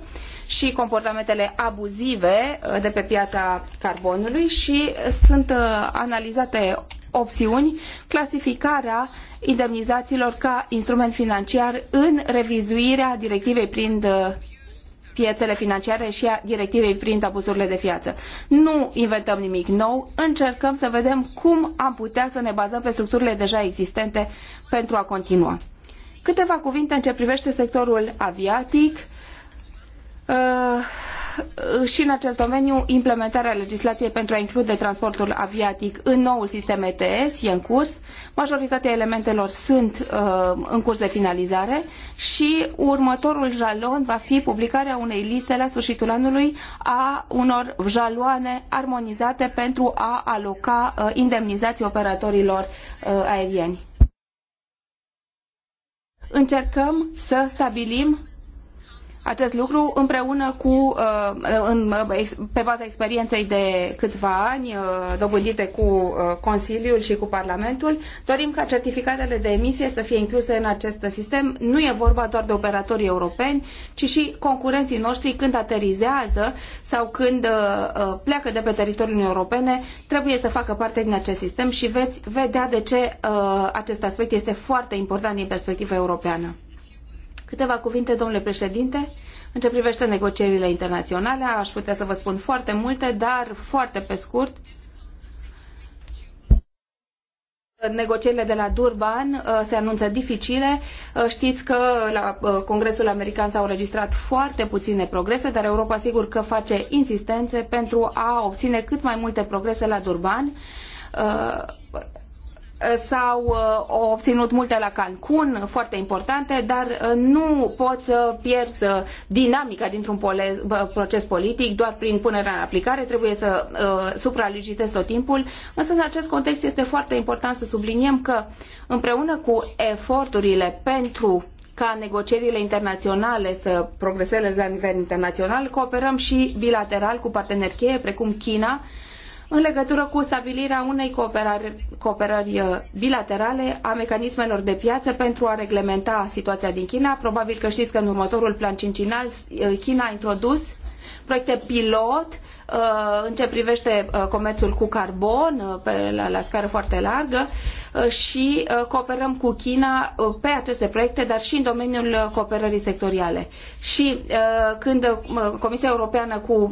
și comportamentele abuzive uh, de pe piața carbonului și uh, sunt uh, analizate opțiuni clasificarea indemnizațiilor ca instrument financiar în revizuirea directivei privind piețele financiare și a directivei privind abuzurile de piață. Nu inventăm nimic nou, încercăm să vedem cum am putea să ne bazăm pe structurile deja existente pentru a continua. Câteva cuvinte în ce privește sectorul aviatic. Uh, și în acest domeniu implementarea legislației pentru a include transportul aviatic în noul sistem ETS e în curs. Majoritatea elementelor sunt uh, în curs de finalizare și următorul jalon va fi publicarea unei liste la sfârșitul anului a unor jaloane armonizate pentru a aloca uh, indemnizații operatorilor uh, aerieni. Încercăm să stabilim acest lucru împreună cu, uh, pe baza experienței de câțiva ani uh, dobândite cu uh, Consiliul și cu Parlamentul, dorim ca certificatele de emisie să fie incluse în acest sistem. Nu e vorba doar de operatorii europeni, ci și concurenții noștri când aterizează sau când pleacă de pe teritoriul Uniunii Europene, trebuie să facă parte din acest sistem și veți vedea de ce acest aspect este foarte important din perspectiva europeană. Câteva cuvinte, domnule președinte. În ce privește negocierile internaționale, aș putea să vă spun foarte multe, dar foarte pe scurt. Negocierile de la Durban uh, se anunță dificile. Uh, știți că la uh, Congresul American s-au înregistrat foarte puține progrese, dar Europa sigur că face insistențe pentru a obține cât mai multe progrese la Durban S-au uh, obținut multe la Cancun, foarte importante, dar uh, nu poți să pierzi uh, dinamica dintr-un proces politic doar prin punerea în aplicare, trebuie să supralicitezi tot timpul, însă în acest context este foarte important să subliniem că împreună cu eforturile pentru ca negocierile internaționale să progreseze la nivel internațional, cooperăm și bilateral cu parteneri cheie, precum China, în legătură cu stabilirea unei cooperări, cooperări uh, bilaterale a mecanismelor de piață pentru a reglementa situația din China. Probabil că știți că în următorul plan cincinal uh, China a introdus proiecte pilot uh, în ce privește comerțul cu carbon pe, la, la scară foarte largă și cooperăm cu China pe aceste proiecte, dar și în domeniul cooperării sectoriale. Și când Comisia Europeană cu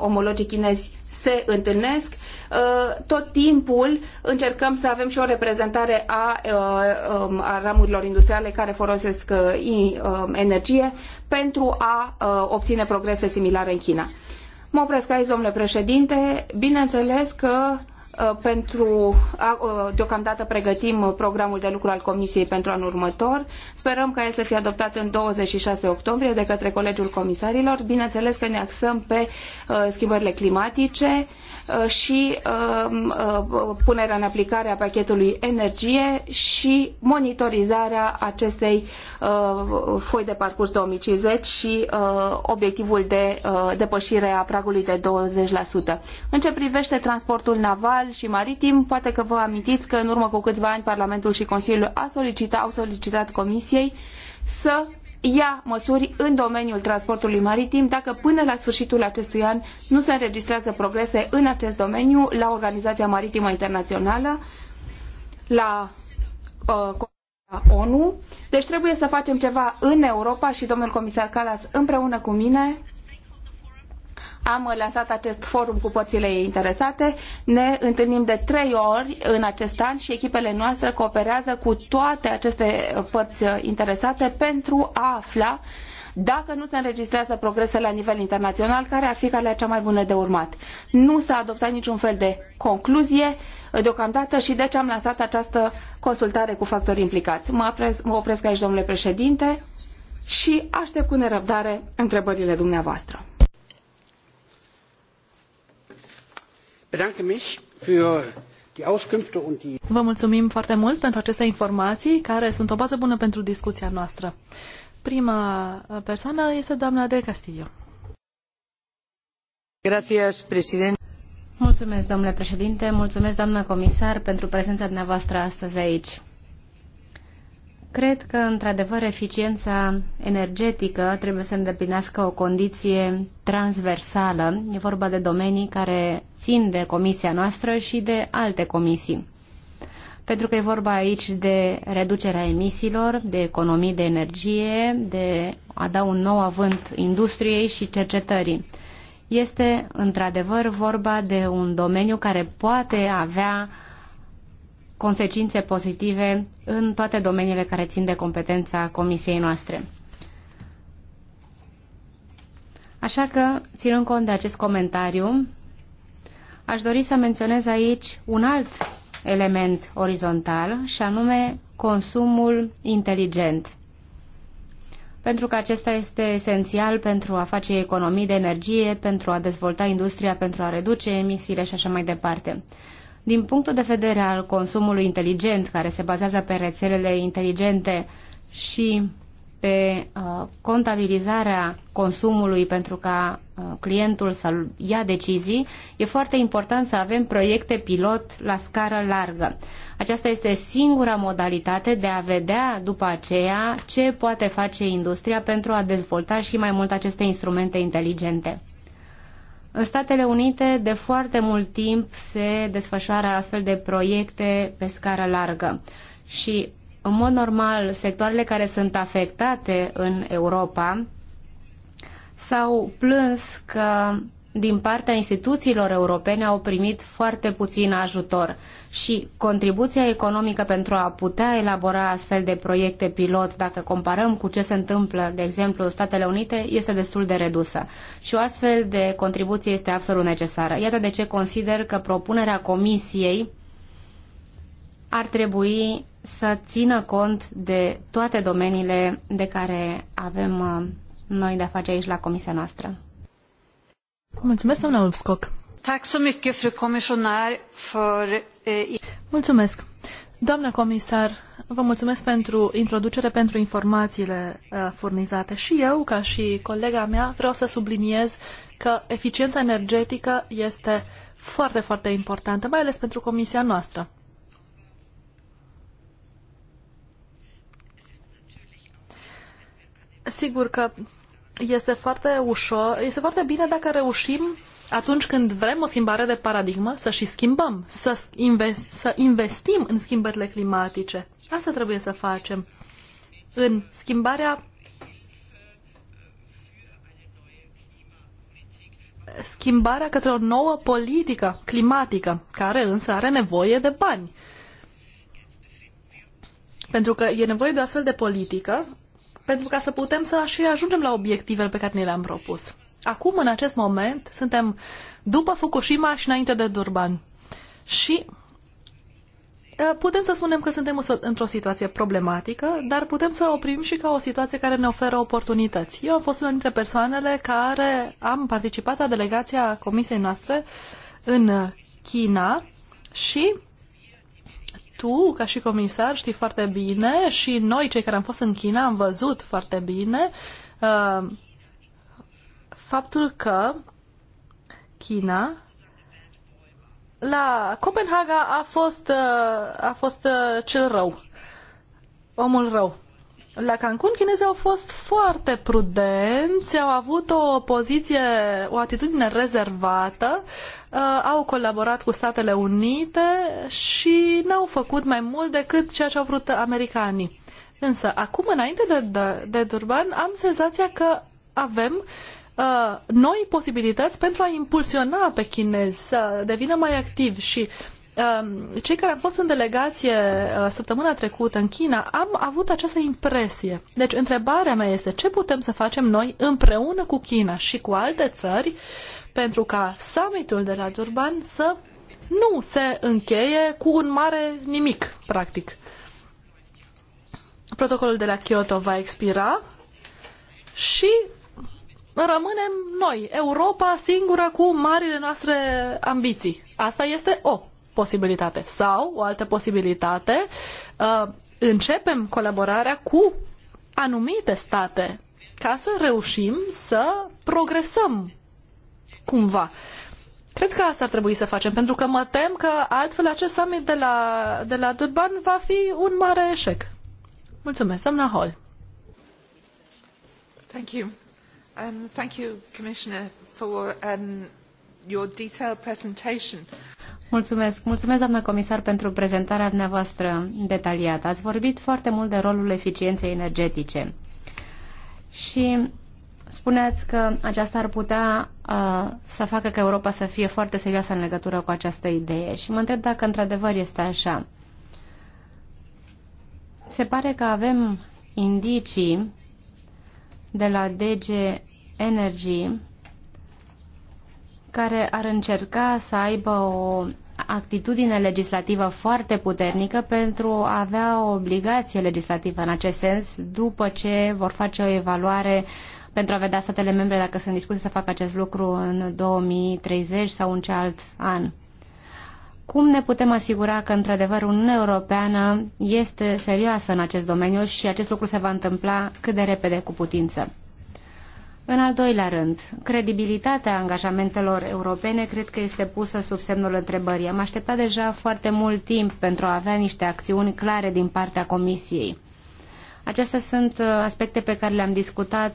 omologii chinezi se întâlnesc. Uh, tot timpul încercăm să avem și o reprezentare a, uh, um, a ramurilor industriale care folosesc uh, um, energie pentru a obține progrese similare în China. Mă opresc aici, domnule președinte. Bineînțeles că Uh, pentru, uh, uh, deocamdată pregătim programul de lucru al Comisiei pentru anul următor. Sperăm ca el să fie adoptat în 26 octombrie de către Colegiul Comisarilor. Bineînțeles că ne axăm pe schimbările climatice și punerea în aplicare a pachetului energie și monitorizarea acestei foi de parcurs 2050 și obiectivul de depășire a pragului de 20%. În ce privește transportul naval, naval și maritim, poate că vă amintiți că în urmă cu câțiva ani Parlamentul și Consiliul a solicitat, au solicitat Comisiei să ia măsuri în domeniul transportului maritim dacă până la sfârșitul acestui an nu se înregistrează progrese în acest domeniu la Organizația Maritimă Internațională, la uh, ONU. Deci trebuie să facem ceva în Europa și domnul comisar Kallas împreună cu mine am lansat acest forum cu părțile interesate. Ne întâlnim de trei ori în acest an și echipele noastre cooperează cu toate aceste părți interesate pentru a afla dacă nu se înregistrează progrese la nivel internațional, care ar fi calea cea mai bună de urmat. Nu s-a adoptat niciun fel de concluzie deocamdată și deci am lansat această consultare cu factorii implicați. Mă, apresc, mă opresc aici, domnule președinte, și aștept cu nerăbdare întrebările dumneavoastră. Vă mulțumim foarte mult pentru aceste informații, care sunt o bază bună pentru discuția noastră. Prima persoană este doamna Del Castillo. Gracias, presidente. Mulțumesc, domnule președinte, mulțumesc, doamnă comisar, pentru prezența dumneavoastră astăzi aici. Cred că, într-adevăr, eficiența energetică trebuie să îndeplinească o condiție transversală. E vorba de domenii care țin de comisia noastră și de alte comisii. Pentru că e vorba aici de reducerea emisiilor, de economii de energie, de a da un nou avânt industriei și cercetării. Este, într-adevăr, vorba de un domeniu care poate avea consecințe pozitive în toate domeniile care țin de competența comisiei noastre. Așa că, ținând cont de acest comentariu, aș dori să menționez aici un alt element orizontal și anume consumul inteligent. Pentru că acesta este esențial pentru a face economii de energie, pentru a dezvolta industria, pentru a reduce emisiile și așa mai departe. Din punctul de vedere al consumului inteligent, care se bazează pe rețelele inteligente și pe uh, contabilizarea consumului pentru ca uh, clientul să ia decizii, e foarte important să avem proiecte pilot la scară largă. Aceasta este singura modalitate de a vedea după aceea ce poate face industria pentru a dezvolta și mai mult aceste instrumente inteligente. În Statele Unite de foarte mult timp se desfășoară astfel de proiecte pe scară largă și în mod normal sectoarele care sunt afectate în Europa s-au plâns că din partea instituțiilor europene au primit foarte puțin ajutor și contribuția economică pentru a putea elabora astfel de proiecte pilot, dacă comparăm cu ce se întâmplă, de exemplu, în Statele Unite, este destul de redusă. Și o astfel de contribuție este absolut necesară. Iată de ce consider că propunerea Comisiei ar trebui să țină cont de toate domeniile de care avem uh, noi de a face aici la comisia noastră. Mulțumesc, doamna Ulfskog. Eh, mulțumesc. Doamna comisar, vă mulțumesc pentru introducere, pentru informațiile eh, furnizate. Și eu, ca și colega mea, vreau să subliniez că eficiența energetică este foarte, foarte importantă, mai ales pentru comisia noastră. Sigur că este foarte ușor, este foarte bine dacă reușim atunci când vrem o schimbare de paradigmă să și schimbăm, să, invest, să investim în schimbările climatice. Asta trebuie să facem. În schimbarea schimbarea către o nouă politică climatică, care însă are nevoie de bani. Pentru că e nevoie de o astfel de politică pentru ca să putem să și ajungem la obiectivele pe care ne le-am propus. Acum, în acest moment, suntem după Fukushima și înainte de Durban. Și putem să spunem că suntem într-o situație problematică, dar putem să o primim și ca o situație care ne oferă oportunități. Eu am fost una dintre persoanele care am participat la delegația comisiei noastre în China și tu, ca și comisar, știi foarte bine și noi, cei care am fost în China, am văzut foarte bine uh, faptul că China la Copenhaga a fost, uh, a fost uh, cel rău, omul rău la Cancun, chinezii au fost foarte prudenți, au avut o poziție, o atitudine rezervată, uh, au colaborat cu Statele Unite și n-au făcut mai mult decât ceea ce au vrut americanii. Însă, acum, înainte de, de, de Durban, am senzația că avem uh, noi posibilități pentru a impulsiona pe chinezi să devină mai activi și uh, Um, cei care am fost în delegație uh, săptămâna trecută în China, am avut această impresie. Deci, întrebarea mea este ce putem să facem noi împreună cu China și cu alte țări pentru ca summitul de la Durban să nu se încheie cu un mare nimic, practic. Protocolul de la Kyoto va expira și rămânem noi, Europa singură cu marile noastre ambiții. Asta este o posibilitate. Sau, o altă posibilitate, uh, începem colaborarea cu anumite state ca să reușim să progresăm cumva. Cred că asta ar trebui să facem, pentru că mă tem că altfel acest summit de la, de la Durban va fi un mare eșec. Mulțumesc, doamna Hall. Thank you. Um, thank you, Commissioner, for um, your detailed presentation. Mulțumesc. Mulțumesc, doamnă comisar, pentru prezentarea dumneavoastră detaliată. Ați vorbit foarte mult de rolul eficienței energetice și spuneați că aceasta ar putea uh, să facă ca Europa să fie foarte serioasă în legătură cu această idee și mă întreb dacă într-adevăr este așa. Se pare că avem indicii de la DG Energy care ar încerca să aibă o actitudine legislativă foarte puternică pentru a avea o obligație legislativă în acest sens după ce vor face o evaluare pentru a vedea statele membre dacă sunt dispuse să facă acest lucru în 2030 sau în ce alt an. Cum ne putem asigura că, într-adevăr, Uniunea Europeană este serioasă în acest domeniu și acest lucru se va întâmpla cât de repede cu putință? În al doilea rând, credibilitatea angajamentelor europene cred că este pusă sub semnul întrebării. Am așteptat deja foarte mult timp pentru a avea niște acțiuni clare din partea Comisiei. Acestea sunt uh, aspecte pe care le-am discutat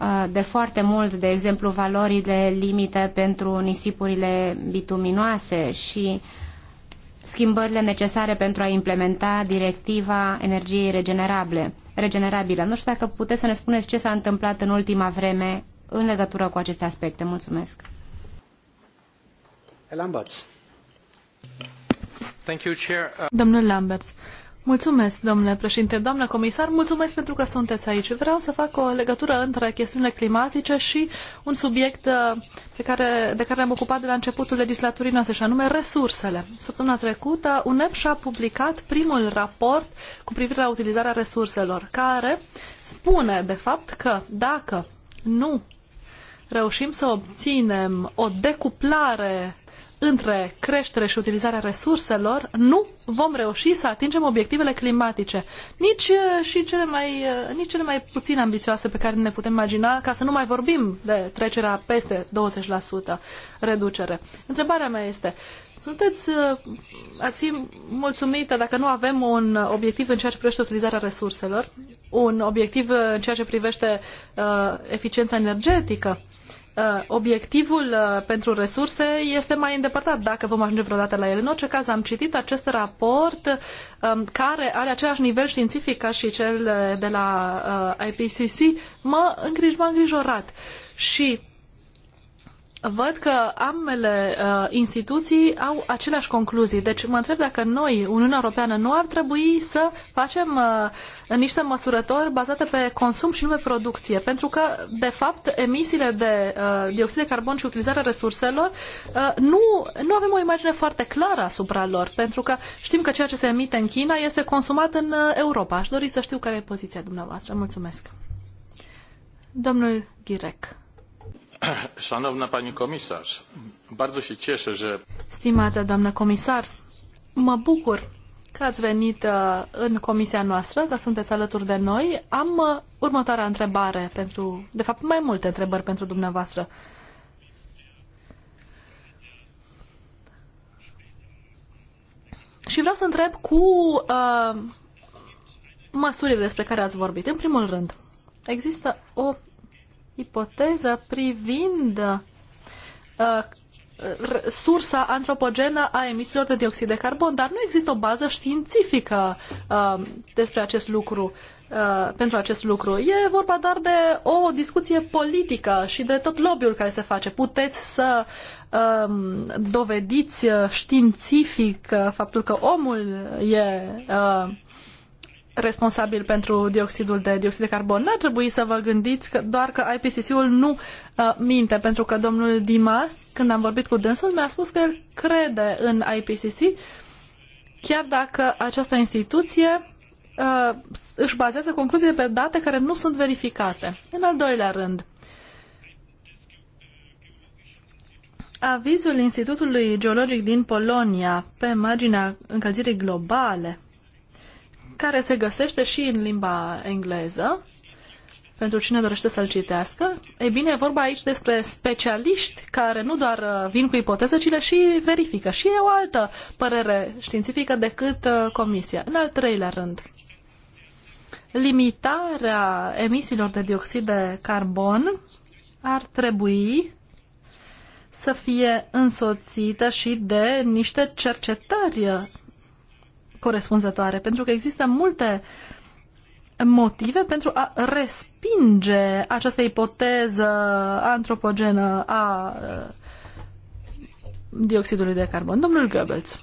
uh, de foarte mult, de exemplu valorile limite pentru nisipurile bituminoase și uh, schimbările necesare pentru a implementa directiva energiei regenerabile. regenerabilă. Nu știu dacă puteți să ne spuneți ce s-a întâmplat în ultima vreme în legătură cu aceste aspecte. Mulțumesc. Lamberts. Thank you, Chair. Domnul Lamberts, Mulțumesc, domnule președinte, doamnă comisar, mulțumesc pentru că sunteți aici. Vreau să fac o legătură între chestiunile climatice și un subiect uh, pe care, de care am ocupat de la începutul legislaturii noastre, și anume resursele. Săptămâna trecută, UNEP și-a publicat primul raport cu privire la utilizarea resurselor, care spune, de fapt, că dacă nu reușim să obținem o decuplare între creștere și utilizarea resurselor, nu vom reuși să atingem obiectivele climatice, nici, uh, și cele mai, uh, nici cele mai puțin ambițioase pe care ne putem imagina, ca să nu mai vorbim de trecerea peste 20% reducere. Întrebarea mea este, sunteți, uh, ați fi mulțumită dacă nu avem un obiectiv în ceea ce privește utilizarea resurselor, un obiectiv în ceea ce privește uh, eficiența energetică, Uh, obiectivul uh, pentru resurse este mai îndepărtat dacă vom ajunge vreodată la el. În orice caz, am citit acest raport um, care are același nivel științific ca și cel uh, de la IPCC. Mă îngrijorat și văd că ambele uh, instituții au aceleași concluzii. Deci mă întreb dacă noi, Uniunea Europeană, nu ar trebui să facem uh, niște măsurători bazate pe consum și nu pe producție. Pentru că, de fapt, emisiile de uh, dioxid de carbon și utilizarea resurselor uh, nu, nu avem o imagine foarte clară asupra lor. Pentru că știm că ceea ce se emite în China este consumat în uh, Europa. Aș dori să știu care e poziția dumneavoastră. Mulțumesc. Domnul Ghirec. (clears throat) Szanowna pani komisarz, bardzo się cieszę, że... Stimată doamnă comisar, mă bucur că ați venit uh, în comisia noastră, că sunteți alături de noi. Am uh, următoarea întrebare pentru, de fapt mai multe întrebări pentru dumneavoastră. Și vreau să întreb cu uh, măsurile despre care ați vorbit. În primul rând, există o ipoteză privind uh, sursa antropogenă a emisiilor de dioxid de carbon, dar nu există o bază științifică uh, despre acest lucru, uh, pentru acest lucru. E vorba doar de o discuție politică și de tot lobby-ul care se face. Puteți să um, dovediți științific faptul că omul e responsabil pentru dioxidul de dioxid de carbon. N-ar trebui să vă gândiți că doar că IPCC-ul nu uh, minte, pentru că domnul Dimas, când am vorbit cu dânsul, mi-a spus că el crede în IPCC, chiar dacă această instituție uh, își bazează concluziile pe date care nu sunt verificate. În al doilea rând, avizul Institutului Geologic din Polonia pe marginea încălzirii globale care se găsește și în limba engleză, pentru cine dorește să-l citească. E bine, e vorba aici despre specialiști care nu doar uh, vin cu ipoteză, ci le și verifică. Și e o altă părere științifică decât uh, comisia. În al treilea rând, limitarea emisiilor de dioxid de carbon ar trebui să fie însoțită și de niște cercetări corespunzătoare, pentru că există multe motive pentru a respinge această ipoteză antropogenă a eh, dioxidului de carbon. Domnul Goebbels,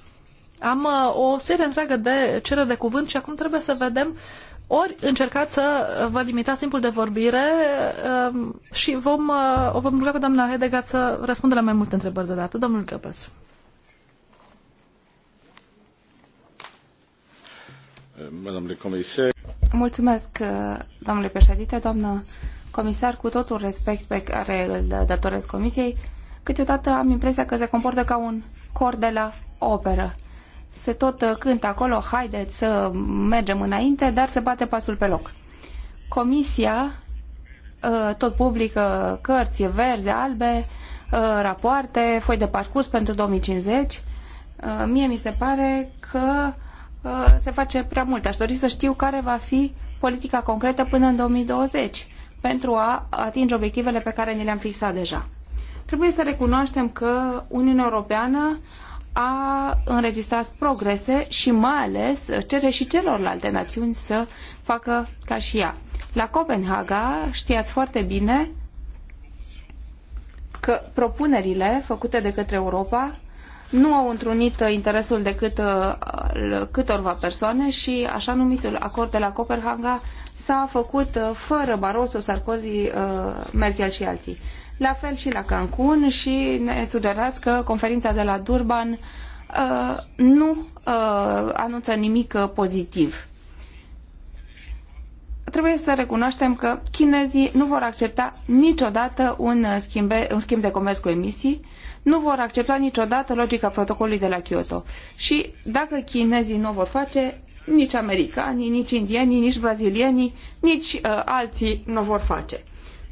am eh, o serie întreagă de cereri de cuvânt și acum trebuie să vedem ori încercați să vă limitați timpul de vorbire eh, și vom, o vom ruga pe doamna Hedegaard să răspundă la mai multe întrebări deodată. Domnul Goebbels. Mulțumesc, uh, domnule președinte, doamnă comisar, cu totul respect pe care îl datorez comisiei, câteodată am impresia că se comportă ca un cor de la operă. Se tot uh, cântă acolo, haideți să mergem înainte, dar se bate pasul pe loc. Comisia uh, tot publică cărți verzi, albe, rapoarte, foi de parcurs pentru 2050. Mie mi se pare că Uh, se face prea mult. Aș dori să știu care va fi politica concretă până în 2020 pentru a atinge obiectivele pe care ni le-am fixat deja. Trebuie să recunoaștem că Uniunea Europeană a înregistrat progrese și mai ales cere și celorlalte națiuni să facă ca și ea. La Copenhaga știați foarte bine că propunerile făcute de către Europa nu au întrunit uh, interesul decât uh, câtorva persoane și așa numitul acord de la Copenhaga s-a făcut uh, fără Barroso, Sarkozy, Merkel și alții. La fel și la Cancun și ne sugerați că conferința de la Durban nu anunță nimic pozitiv trebuie să recunoaștem că chinezii nu vor accepta niciodată un, uh, schimbe, un schimb de comerț cu emisii, nu vor accepta niciodată logica protocolului de la Kyoto. Și dacă chinezii nu o vor face, nici americanii, nici indienii, nici brazilienii, nici uh, alții nu o vor face.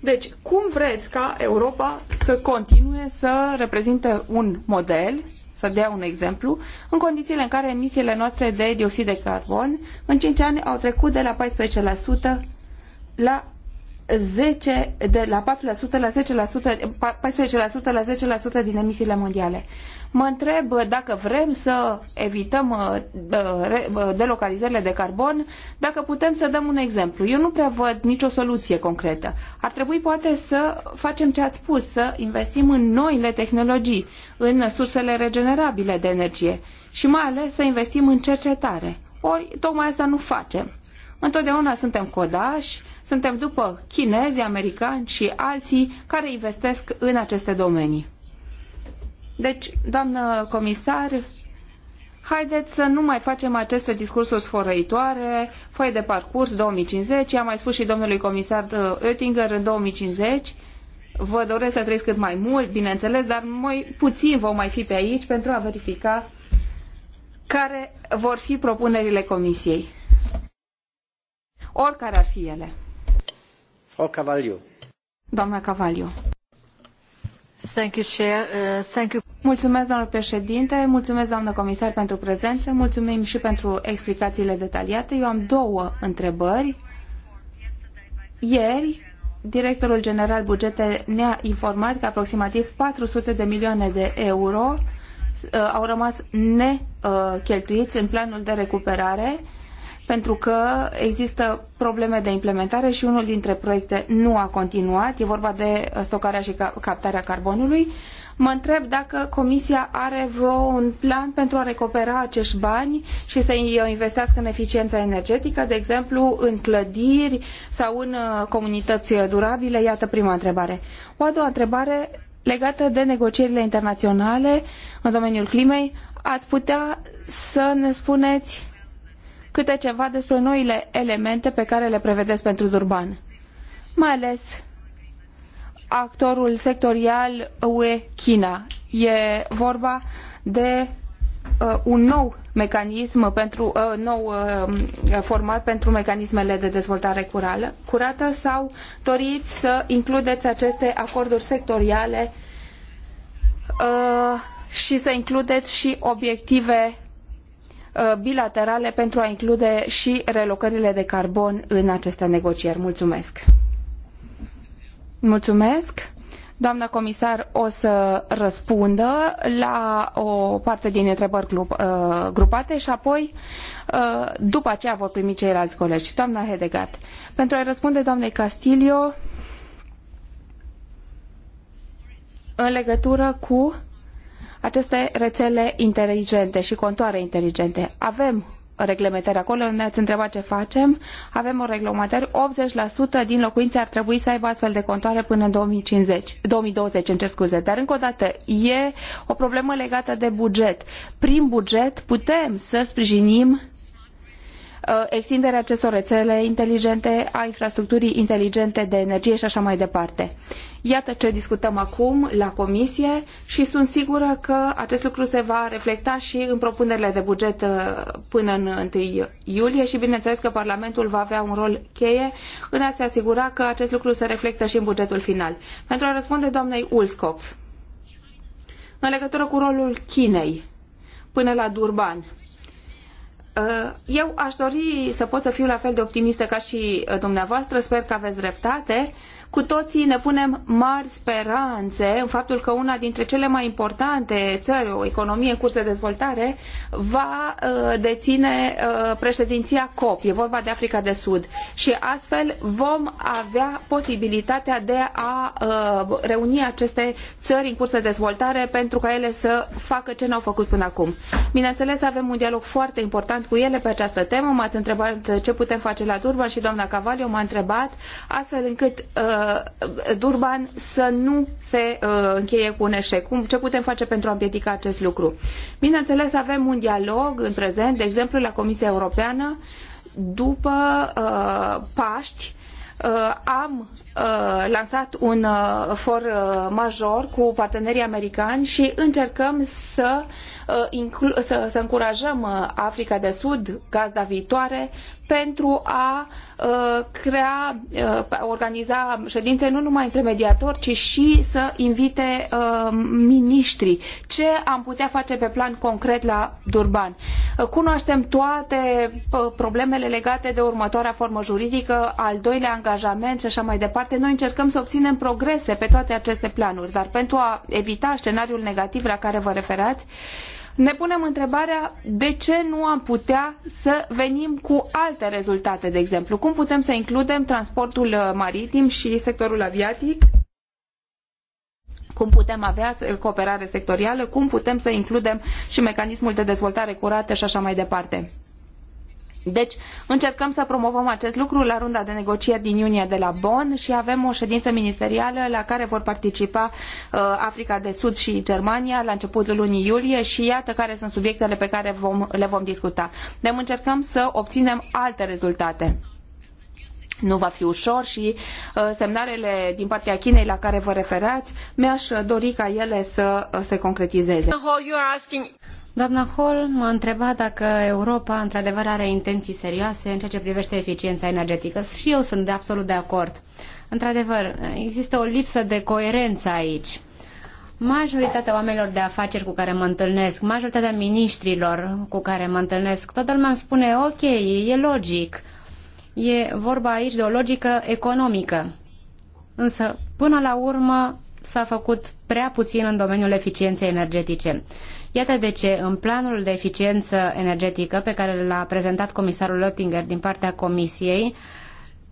Deci, cum vreți ca Europa să continue să reprezinte un model să dea un exemplu, în condițiile în care emisiile noastre de dioxid de carbon în 5 ani au trecut de la 14% la 10, de la 4% la 10%, 14% la 10% din emisiile mondiale. Mă întreb dacă vrem să evităm uh, uh, uh, delocalizările de carbon, dacă putem să dăm un exemplu. Eu nu prea văd nicio soluție concretă. Ar trebui poate să facem ce ați spus, să investim în noile tehnologii, în sursele regenerabile de energie și mai ales să investim în cercetare. Ori tocmai asta nu facem. Întotdeauna suntem codași, suntem după chinezi, americani și alții care investesc în aceste domenii. Deci, doamnă comisar, haideți să nu mai facem aceste discursuri sfărăitoare, foi de parcurs 2050, am mai spus și domnului comisar uh, Oettinger în 2050, vă doresc să trăiți cât mai mult, bineînțeles, dar mai puțin vom mai fi pe aici pentru a verifica care vor fi propunerile comisiei. Oricare ar fi ele. Frau Cavalio. Doamna Cavalio. Thank you, Chair. Uh, thank you. Mulțumesc, doamnă președinte, mulțumesc, doamnă comisar, pentru prezență, mulțumim și pentru explicațiile detaliate. Eu am două întrebări. Ieri, directorul general bugete ne-a informat că aproximativ 400 de milioane de euro uh, au rămas necheltuiți uh, în planul de recuperare pentru că există probleme de implementare și unul dintre proiecte nu a continuat. E vorba de stocarea și captarea carbonului. Mă întreb dacă Comisia are vreun plan pentru a recupera acești bani și să îi investească în eficiența energetică, de exemplu în clădiri sau în uh, comunități durabile. Iată prima întrebare. O a doua întrebare legată de negocierile internaționale în domeniul climei. Ați putea să ne spuneți câte ceva despre noile elemente pe care le prevedeți pentru Durban, mai ales actorul sectorial UE-China. E vorba de uh, un nou mecanism pentru uh, nou uh, format pentru mecanismele de dezvoltare curală, curată sau doriți să includeți aceste acorduri sectoriale și să includeți și obiective Uh, bilaterale pentru a include și relocările de carbon în aceste negocieri. Mulțumesc! Mulțumesc! Doamna comisar o să răspundă la o parte din întrebări uh, grupate și apoi, uh, după aceea, vor primi ceilalți colegi. Doamna Hedegaard, pentru a răspunde doamnei Castilio, în legătură cu aceste rețele inteligente și contoare inteligente. Avem reglementări acolo, ne-ați întrebat ce facem. Avem o reglementare, 80% din locuințe ar trebui să aibă astfel de contoare până în 2050, 2020, îmi scuze. Dar încă o dată, e o problemă legată de buget. Prin buget putem să sprijinim Uh, extinderea acestor reele inteligente, a infrastructurii inteligente de energie și așa mai departe. Iată ce discutăm acum la comisie și sunt sigură că acest lucru se va reflecta și în propunerile de buget uh, până în 1 iulie și bineîneles că Parlamentul va avea un rol cheie în a se asigura că acest lucru se reflectă și în bugetul final. Pentru a răspunde doamnei Ulskov, în legătură cu rolul Chinei până la Durban, Uh, eu aș dori să pot să fiu la fel de optimistă ca și uh, dumneavoastră, sper că aveți dreptate cu toții ne punem mari speranțe în faptul că una dintre cele mai importante țări, o economie în curs de dezvoltare, va uh, deține uh, președinția COP. E vorba de Africa de Sud. Și astfel vom avea posibilitatea de a uh, reuni aceste țări în curs de dezvoltare pentru ca ele să facă ce n-au făcut până acum. Bineînțeles, avem un dialog foarte important cu ele pe această temă. M-ați întrebat ce putem face la Durban și doamna Cavalio m-a întrebat, astfel încât uh, Uh, Durban să nu se uh, încheie cu un eșec. Cum, ce putem face pentru a împiedica acest lucru? Bineînțeles, avem un dialog în prezent, de exemplu, la Comisia Europeană, după uh, Paști, Uh, am uh, lansat un uh, for major cu partenerii americani și încercăm să, să, să încurajăm Africa de Sud, gazda viitoare, pentru a crea, a organiza ședințe nu numai între mediatori, ci și să invite miniștri. Ce am putea face pe plan concret la Durban? Cunoaștem toate problemele legate de următoarea formă juridică, al doilea angajament angajament i așa mai departe, noi încercăm să obținem progrese pe toate aceste planuri, dar pentru a evita scenariul negativ la care vă referați, ne punem întrebarea de ce nu am putea să venim cu alte rezultate, de exemplu. Cum putem să includem transportul uh, maritim și sectorul aviatic? cum putem avea uh, cooperare sectorială, cum putem să includem și mecanismul de dezvoltare curată și așa mai departe. Deci încercăm să promovăm acest lucru la runda de negocieri din iunie de la Bonn și avem o ședință ministerială la care vor participa uh, Africa de Sud și Germania la începutul lunii iulie și iată care sunt subiectele pe care vom, le vom discuta. Deci încercăm să obținem alte rezultate. Nu va fi ușor și uh, semnalele din partea Chinei la care vă referați, mi-aș dori ca ele să uh, se concretizeze. Doamna Hall m-a întrebat dacă Europa într-adevăr are intenții serioase în ceea ce privește eficiența energetică și eu sunt de absolut de acord. Într-adevăr, există o lipsă de coerență aici. Majoritatea oamenilor de afaceri cu care mă întâlnesc, majoritatea miniștrilor cu care mă întâlnesc, toată lumea îmi spune, ok, e logic. E vorba aici de o logică economică. Însă, până la urmă, s-a făcut prea puțin în domeniul eficienței energetice. Iată de ce, în planul de eficiență energetică pe care l-a prezentat comisarul Oettinger din partea Comisiei,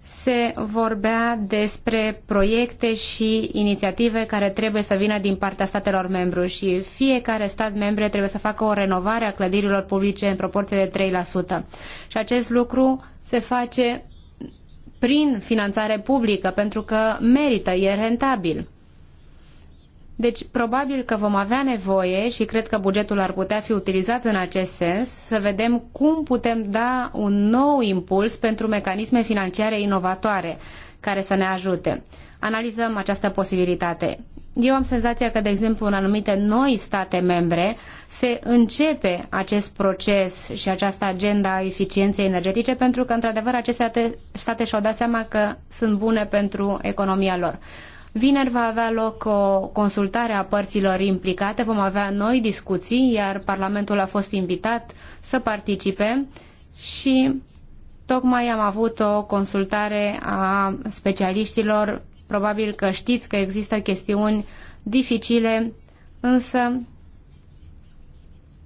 se vorbea despre proiecte și inițiative care trebuie să vină din partea statelor membru și fiecare stat membru trebuie să facă o renovare a clădirilor publice în proporție de 3%. Și acest lucru se face prin finanțare publică pentru că merită, e rentabil. Deci, probabil că vom avea nevoie și cred că bugetul ar putea fi utilizat în acest sens, să vedem cum putem da un nou impuls pentru mecanisme financiare inovatoare care să ne ajute. Analizăm această posibilitate. Eu am senzația că, de exemplu, în anumite noi state membre se începe acest proces și această agenda a eficienței energetice pentru că, într-adevăr, aceste state și-au dat seama că sunt bune pentru economia lor. Vineri va avea loc o consultare a părților implicate, vom avea noi discuții, iar Parlamentul a fost invitat să participe și tocmai am avut o consultare a specialiștilor. Probabil că știți că există chestiuni dificile, însă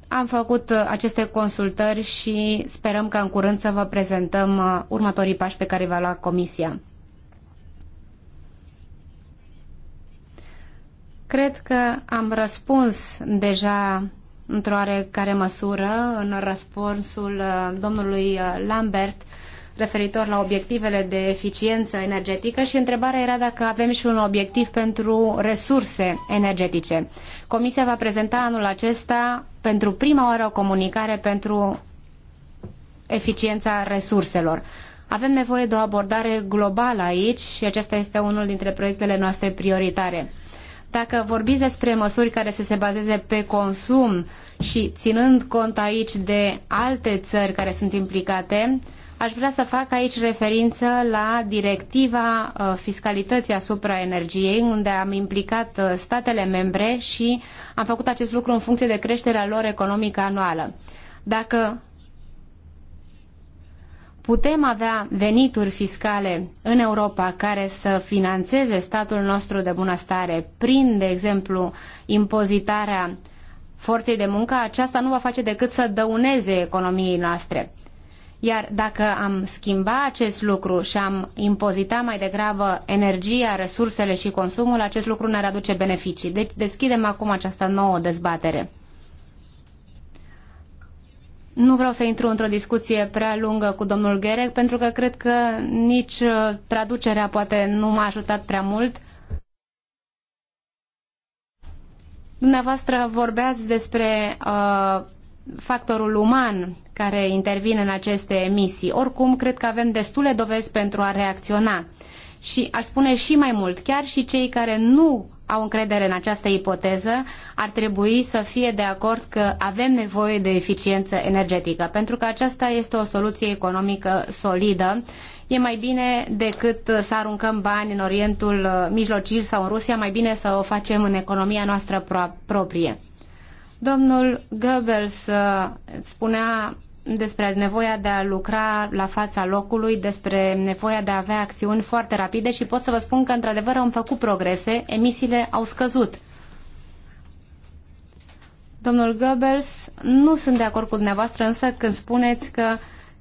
am făcut aceste consultări și sperăm că în curând să vă prezentăm uh, următorii pași pe care va lua Comisia. Cred că am răspuns deja într-o oarecare măsură în răspunsul uh, domnului uh, Lambert referitor la obiectivele de eficiență energetică și întrebarea era dacă avem și un obiectiv pentru resurse energetice. Comisia va prezenta anul acesta pentru prima oară o comunicare pentru eficiența resurselor. Avem nevoie de o abordare globală aici și acesta este unul dintre proiectele noastre prioritare. Dacă vorbiți despre măsuri care să se bazeze pe consum și ținând cont aici de alte țări care sunt implicate, aș vrea să fac aici referință la directiva uh, fiscalității asupra energiei, unde am implicat uh, statele membre și am făcut acest lucru în funcție de creșterea lor economică anuală. Dacă putem avea venituri fiscale în Europa care să financeze statul nostru de bunăstare prin, de exemplu, impozitarea forței de muncă, aceasta nu va face decât să dăuneze economiei noastre. Iar dacă am schimba acest lucru și am impozita mai degrabă energia, resursele și consumul, acest lucru ne-ar aduce beneficii. Deci deschidem acum această nouă dezbatere. Nu vreau să intru într-o discuție prea lungă cu domnul Gerec, pentru că cred că nici uh, traducerea poate nu m-a ajutat prea mult. Dumneavoastră vorbeați despre uh, factorul uman care intervine în aceste emisii. Oricum, cred că avem destule dovezi pentru a reacționa. Și aș spune și mai mult, chiar și cei care nu au încredere în această ipoteză ar trebui să fie de acord că avem nevoie de eficiență energetică, pentru că aceasta este o soluție economică solidă. E mai bine decât să aruncăm bani în Orientul Mijlociu sau în Rusia, mai bine să o facem în economia noastră proprie. Domnul Goebbels uh, spunea despre nevoia de a lucra la fața locului, despre nevoia de a avea acțiuni foarte rapide și pot să vă spun că într-adevăr am făcut progrese, emisiile au scăzut. Domnul Goebbels, nu sunt de acord cu dumneavoastră însă când spuneți că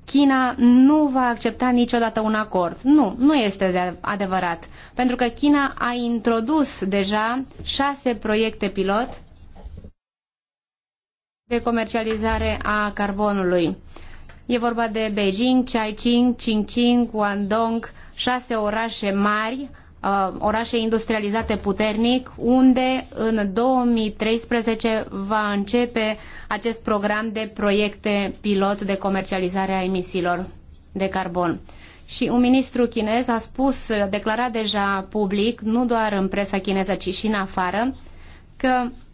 China nu va accepta niciodată un acord. Nu, nu este de adevărat. Pentru că China a introdus deja șase proiecte pilot de comercializare a carbonului. E vorba de Beijing, Chaiching, Qingqing, Guangdong, șase orașe mari, uh, orașe industrializate puternic, unde în 2013 va începe acest program de proiecte pilot de comercializare a emisiilor de carbon. Și un ministru chinez a spus, a declarat deja public, nu doar în presa chineză, ci și în afară, că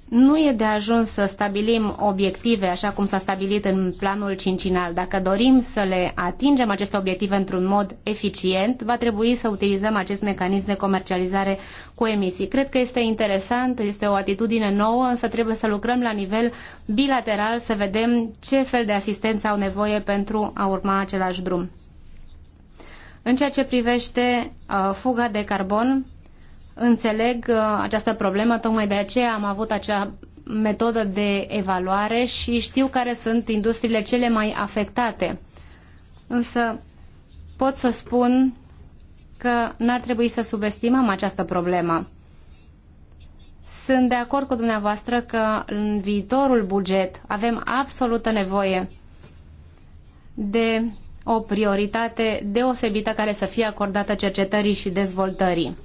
nu e de ajuns să stabilim obiective așa cum s-a stabilit în planul cincinal. Dacă dorim să le atingem aceste obiective într-un mod eficient, va trebui să utilizăm acest mecanism de comercializare cu emisii. Cred că este interesant, este o atitudine nouă, însă trebuie să lucrăm la nivel bilateral să vedem ce fel de asistență au nevoie pentru a urma același drum. În ceea ce privește uh, fuga de carbon, înțeleg uh, această problemă, tocmai de aceea am avut acea metodă de evaluare și știu care sunt industriile cele mai afectate. Însă pot să spun că n-ar trebui să subestimăm această problemă. Sunt de acord cu dumneavoastră că în viitorul buget avem absolută nevoie de o prioritate deosebită care să fie acordată cercetării și dezvoltării.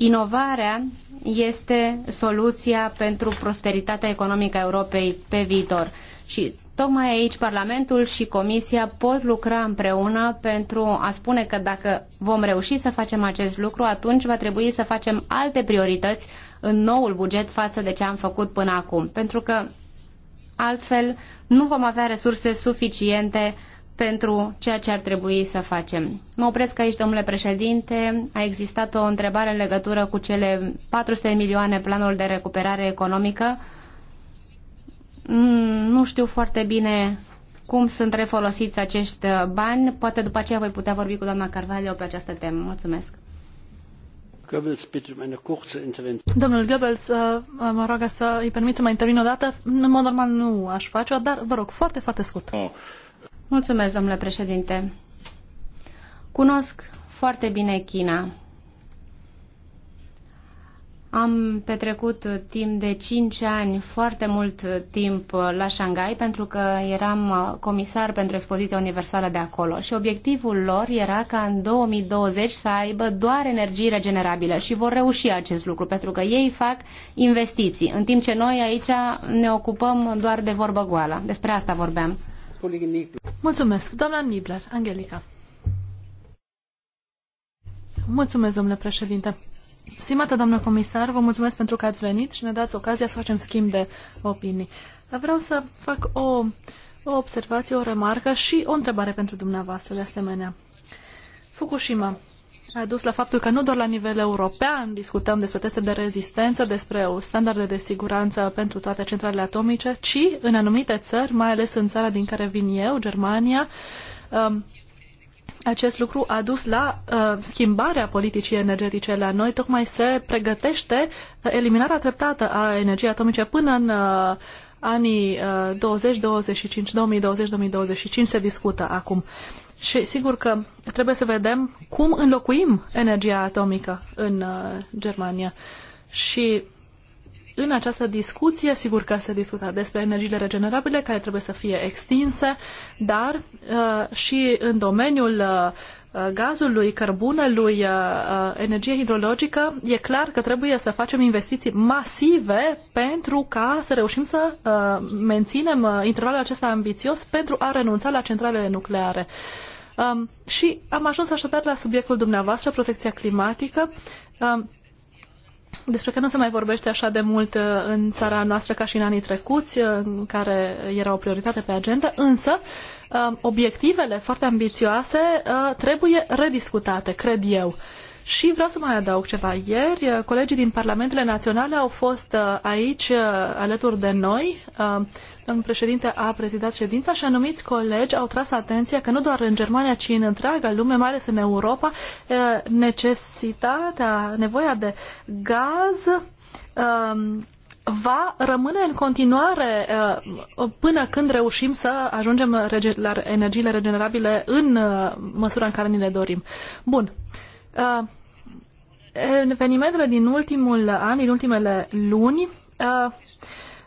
Inovarea este soluția pentru prosperitatea economică a Europei pe viitor. Și tocmai aici Parlamentul și Comisia pot lucra împreună pentru a spune că dacă vom reuși să facem acest lucru, atunci va trebui să facem alte priorități în noul buget față de ce am făcut până acum. Pentru că altfel nu vom avea resurse suficiente pentru ceea ce ar trebui să facem. Mă opresc aici, domnule președinte. A existat o întrebare în legătură cu cele 400 milioane planul de recuperare economică. Mm, nu știu foarte bine cum sunt refolosiți acești bani. Poate după aceea voi putea vorbi cu doamna Carvalho pe această temă. Mulțumesc. Goebbels, bitte um eine kurze Intervention. Domnul Goebbels, uh, uh, mă rog să îi permit să mai intervin o dată. În mod normal nu aș face-o, dar vă rog, foarte, foarte scurt. Oh. Mulțumesc, domnule președinte. Cunosc foarte bine China. Am petrecut timp de 5 ani, foarte mult timp la Shanghai, pentru că eram comisar pentru expoziția universală de acolo și obiectivul lor era ca în 2020 să aibă doar energie regenerabilă și vor reuși acest lucru, pentru că ei fac investiții, în timp ce noi aici ne ocupăm doar de vorbă goală. Despre asta vorbeam. Mulțumesc, doamna Nibler. Angelica. Mulțumesc, domnule președinte. Stimată doamnă comisar, vă mulțumesc pentru că ați venit și ne dați ocazia să facem schimb de opinii. Dar vreau să fac o, o observație, o remarcă și o întrebare pentru dumneavoastră, de asemenea. Fukushima a dus la faptul că nu doar la nivel european discutăm despre teste de rezistență, despre standarde de siguranță pentru toate centralele atomice, ci în anumite țări, mai ales în țara din care vin eu, Germania, um, acest lucru a dus la uh, schimbarea politicii energetice la noi. Tocmai se pregătește uh, eliminarea treptată a energiei atomice până în uh, anii uh, 20, 2020, 2025 se discută acum. Uh, și sigur că trebuie să vedem cum înlocuim energia atomică în uh, Germania. Și în această discuție, sigur că se discută despre energiile regenerabile care trebuie să fie extinse, dar uh, și în domeniul uh, gazului, cărbunelui, uh, uh, energie hidrologică, e clar că trebuie să facem investiții masive pentru ca să reușim să uh, menținem intervalul acesta ambițios pentru a renunța la centralele nucleare. Um, și am ajuns așadar la subiectul dumneavoastră, protecția climatică. Um, despre care nu se mai vorbește așa de mult uh, în țara noastră ca și în anii trecuți, uh, în care era o prioritate pe agenda, însă um, obiectivele foarte ambițioase uh, trebuie rediscutate, cred eu. Și vreau să mai adaug ceva. Ieri, uh, colegii din Parlamentele Naționale au fost uh, aici uh, alături de noi. Domnul președinte a prezidat ședința și anumiți colegi au tras atenția că nu doar în Germania, ci în întreaga lume, mai ales în Europa, necesitatea, nevoia de gaz um, va rămâne în continuare până când reușim să ajungem la energiile regenerabile în măsura în care ni le dorim. Bun evenimentele din ultimul an, din ultimele luni, uh,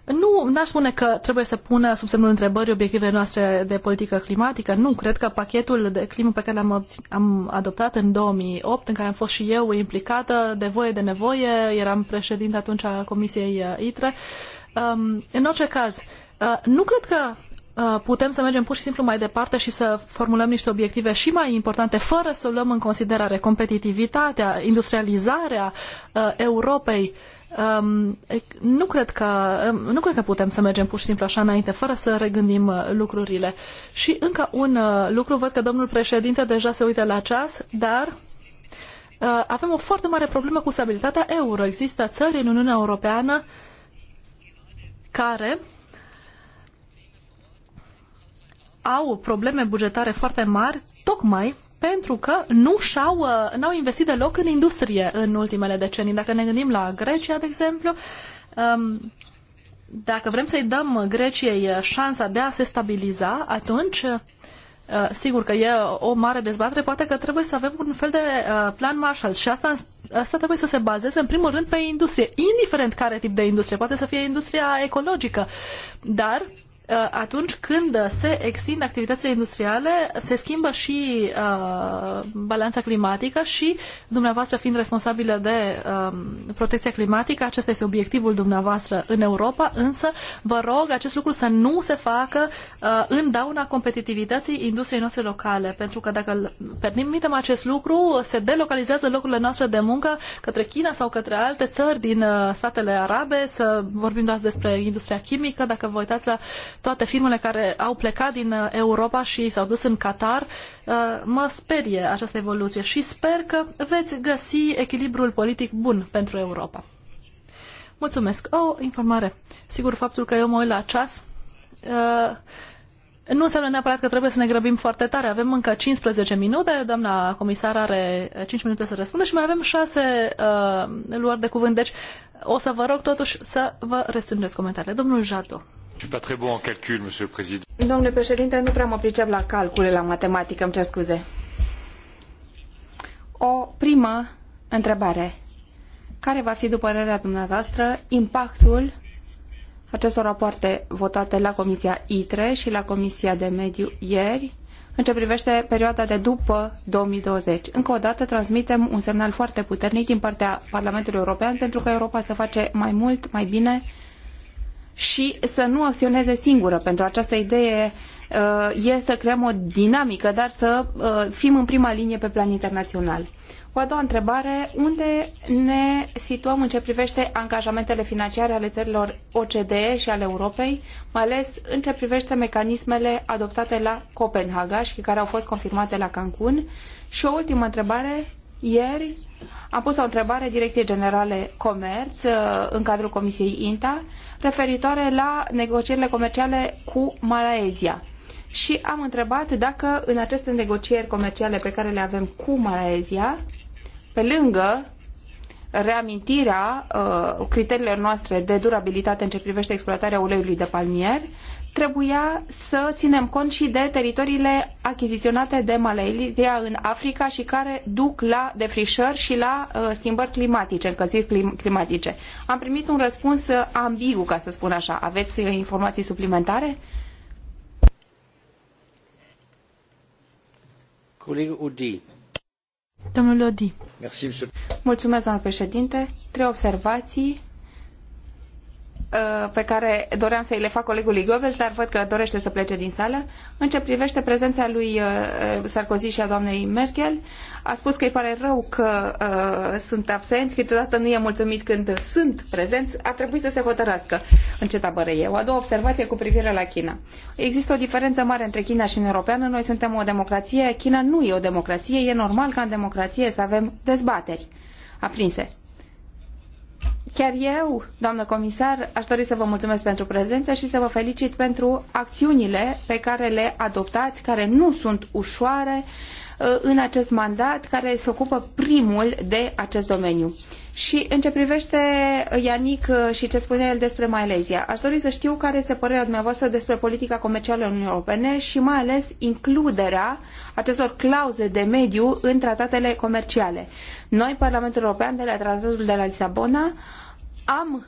nu, aș spune că trebuie să pună sub semnul întrebării obiectivele noastre de politică climatică. Nu, cred că pachetul de climă pe care l-am am adoptat în 2008, în care am fost și eu implicată, de voie de nevoie, eram președinte atunci a Comisiei uh, ITRE. Um, în orice caz, uh, nu cred că Uh, putem să mergem pur și simplu mai departe și să formulăm niște obiective și mai importante, fără să luăm în considerare competitivitatea, industrializarea uh, Europei. Um, nu, cred că, um, nu cred că putem să mergem pur și simplu așa înainte, fără să regândim uh, lucrurile. Și încă un lucru, văd că domnul președinte deja se uită la ceas, dar avem o foarte mare problemă cu stabilitatea euro. Există țări în Uniunea Europeană care au probleme bugetare foarte mari, tocmai pentru că nu și-au, uh, n-au investit deloc în industrie în ultimele decenii. Dacă ne gândim la Grecia, de exemplu, um, dacă vrem să-i dăm Greciei uh, șansa de a se stabiliza, atunci uh, sigur că e o mare dezbatere, poate că trebuie să avem un fel de plan Marshall și asta, asta trebuie să se bazeze în primul rând pe industrie, indiferent care tip de industrie, poate să fie industria ecologică, dar Uh, atunci când se extind activitățile industriale, se schimbă și uh, balanța climatică și dumneavoastră fiind responsabilă de uh, protecția climatică, acesta este obiectivul dumneavoastră în Europa, însă vă rog acest lucru să nu se facă uh, în dauna competitivității industriei noastre locale, pentru că dacă permitem acest lucru, se delocalizează locurile noastre de muncă către China sau către alte țări din uh, statele arabe, să vorbim doar despre industria chimică, dacă vă uitați la toate firmele care au plecat din uh, Europa și s-au dus în Qatar, uh, mă sperie această evoluție și sper că veți găsi echilibrul politic bun pentru Europa. Mulțumesc. O informare. Sigur, faptul că eu mă uit la ceas uh, nu înseamnă neapărat că trebuie să ne grăbim foarte tare. Avem încă 15 minute, doamna comisar are 5 minute să răspundă și mai avem 6 uh, luări de cuvânt. Deci o să vă rog totuși să vă restrângeți comentariile. Domnul Jato. Domnule președinte, nu prea mă pricep la calcule, la matematică, îmi cer scuze. O primă întrebare. Care va fi, după părerea dumneavoastră, impactul acestor rapoarte votate la Comisia ITRE și la Comisia de Mediu ieri în ce privește perioada de după 2020. Încă o dată transmitem un semnal foarte puternic din partea Parlamentului European pentru că Europa să face mai mult, mai bine și să nu acționeze singură. Pentru această idee uh, e să creăm o dinamică, dar să uh, fim în prima linie pe plan internațional. O a doua întrebare, unde ne situăm în ce privește angajamentele financiare ale țărilor OCDE și ale Europei, mai ales în ce privește mecanismele adoptate la Copenhaga și care au fost confirmate la Cancun? Și o ultimă întrebare, ieri am pus o întrebare Direcției Generale Comerț uh, în cadrul Comisiei INTA referitoare la negocierile comerciale cu Malaezia. Și am întrebat dacă în aceste negocieri comerciale pe care le avem cu Malaezia, pe lângă reamintirea uh, criteriilor noastre de durabilitate în ceea ce privește exploatarea uleiului de palmier, trebuia să ținem cont și de teritoriile achiziționate de Malaysia în Africa și care duc la defrișări și la uh, schimbări climatice, încălziri climatice. Am primit un răspuns uh, ambigu, ca să spun așa. Aveți uh, informații suplimentare? Coleg Udi. Domnul Odi. Mulțumesc, domnule președinte. Trei observații Uh, pe care doream să i le fac colegului Goebbels, dar văd că dorește să plece din sală. În ce privește prezența lui uh, Sarkozy și a doamnei Merkel, a spus că îi pare rău că uh, sunt absenți, câteodată nu e mulțumit când sunt prezenți, a trebuit să se hotărască în ce tabără e. O a doua observație cu privire la China. Există o diferență mare între China și Uniunea Europeană. Noi suntem o democrație, China nu e o democrație, e normal ca în democrație să avem dezbateri aprinse Chiar eu, doamnă comisar, aș dori să vă mulțumesc pentru prezență și să vă felicit pentru acțiunile pe care le adoptați, care nu sunt ușoare uh, în acest mandat, care se ocupă primul de acest domeniu. Și în ce privește Ianic uh, și ce spune el despre Malezia, aș dori să știu care este părerea dumneavoastră despre politica comercială a Uniunii Europene și mai ales includerea acestor clauze de mediu în tratatele comerciale. Noi, Parlamentul European, de la Tratatul de la Lisabona, am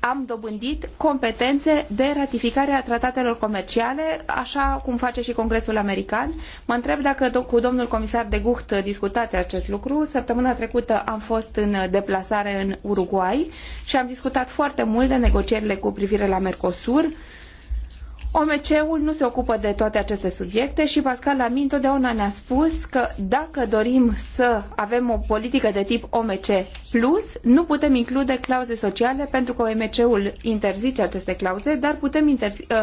am dobândit competențe de ratificare a tratatelor comerciale, așa cum face și Congresul American. Mă întreb dacă cu domnul comisar de Gucht discutate acest lucru. Săptămâna trecută am fost în deplasare în Uruguay și am discutat foarte mult de negocierile cu privire la Mercosur OMC-ul nu se ocupă de toate aceste subiecte și Pascal Lamy întotdeauna ne-a spus că dacă dorim să avem o politică de tip OMC+, nu putem include clauze sociale pentru că OMC-ul interzice aceste clauze, dar putem uh,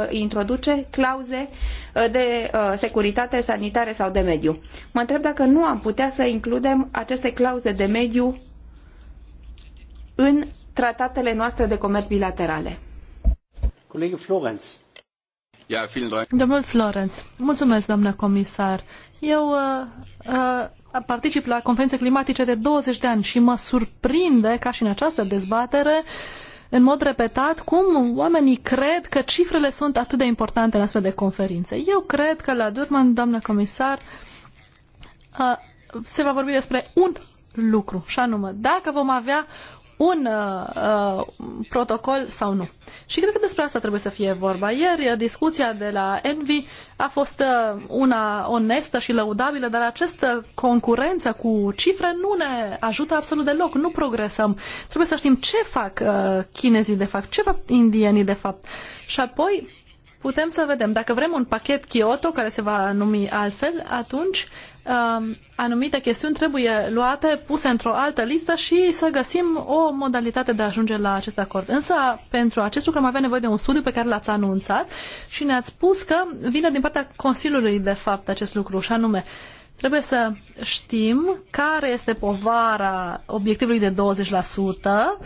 introduce clauze uh, de uh, securitate sanitare sau de mediu. Mă întreb dacă nu am putea să includem aceste clauze de mediu în tratatele noastre de comerț bilaterale. Colegul Florenz. Domnul Florence, mulțumesc, domnule comisar. Eu uh, uh, particip la conferințe climatice de 20 de ani și mă surprinde, ca și în această dezbatere, în mod repetat, cum oamenii cred că cifrele sunt atât de importante în astfel de conferințe. Eu cred că la Durman, doamnă comisar, uh, se va vorbi despre un lucru, și anume, dacă vom avea un uh, uh, protocol sau nu. Și cred că despre asta trebuie să fie vorba. Ieri uh, discuția de la Envy a fost uh, una onestă și lăudabilă, dar această concurență cu cifre nu ne ajută absolut deloc, nu progresăm. Trebuie să știm ce fac uh, chinezii de fapt, ce fac indienii de fapt. Și apoi putem să vedem. Dacă vrem un pachet Kyoto, care se va numi altfel, atunci uh, Um, anumite chestiuni trebuie luate, puse într-o altă listă și să găsim o modalitate de a ajunge la acest acord. Însă, pentru acest lucru am avea nevoie de un studiu pe care l-ați anunțat și ne-ați spus că vine din partea Consiliului, de fapt, acest lucru, și anume, trebuie să știm care este povara obiectivului de 20%,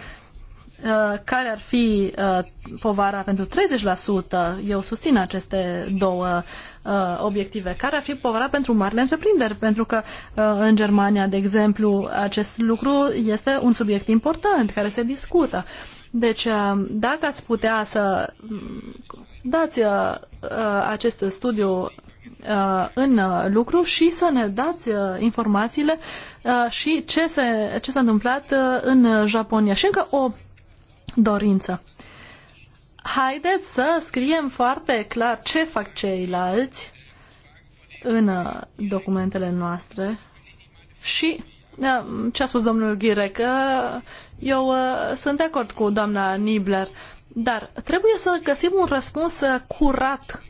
Uh, care ar fi uh, povara pentru 30%, eu susțin aceste două uh, obiective, care ar fi povara pentru marile întreprinderi, pentru că în Germania, de exemplu, acest lucru este un subiect important care se discută. Deci, dacă ați putea să mm, dați acest studiu în lucru și să ne dați informațiile și ce, se, ce s-a întâmplat în Japonia. Și încă o dorință. Haideți să scriem foarte clar ce fac ceilalți în uh, documentele noastre și uh, ce a spus domnul Ghirec, uh, eu sunt de acord cu doamna Nibler, dar trebuie să găsim un răspuns curat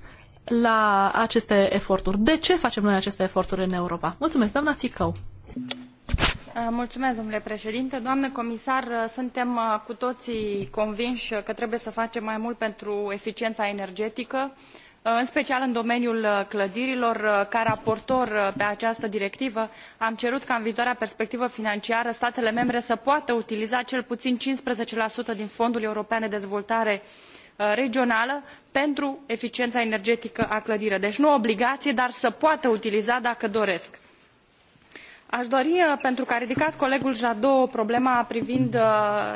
la aceste eforturi. De ce facem noi aceste eforturi în Europa? Mulțumesc, doamna Țicău. Uh, mulțumesc, domnule președinte. comisar, uh, suntem uh, cu toții convinși că trebuie să facem mai mult pentru eficiența energetică, în special în domeniul clădirilor. Ca raportor pe această directivă, am cerut ca în viitoarea perspectivă financiară statele membre să poată utiliza cel puțin cincisprezece din Fondul European de Dezvoltare regională pentru eficiența energetică a clădirilor. Deci nu obligaie dar să poată utiliza dacă doresc a dori uh, pentru că a ridicat colegul jadot problema privind uh,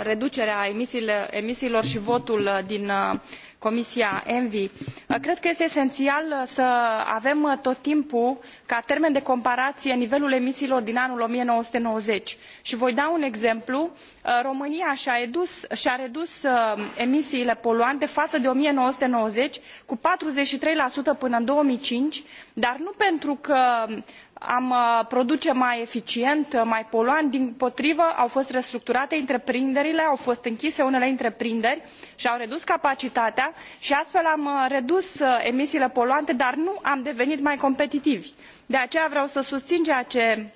reducerea emisiilor i votul uh, din comisia envi cred că este esenial să avem tot timpul ca termen de comparaie nivelul emisiilor din anul o mie nouă sute nouăzeci i voi da un exemplu românia i a redus emisiile poluante faă de o mie nouă sute nouăzeci cu patruzeci și trei până în două mii cinci dar nu pentru că am uh, produce mai eficient uh, mai poluant dimpotrivă au fost restructurate întreprinderile au fost închise unele întreprinderi i au redus capacitatea i astfel am uh, redus emisiile poluante dar nu am devenit mai competitivi. de aceea vreau să susin ceea ce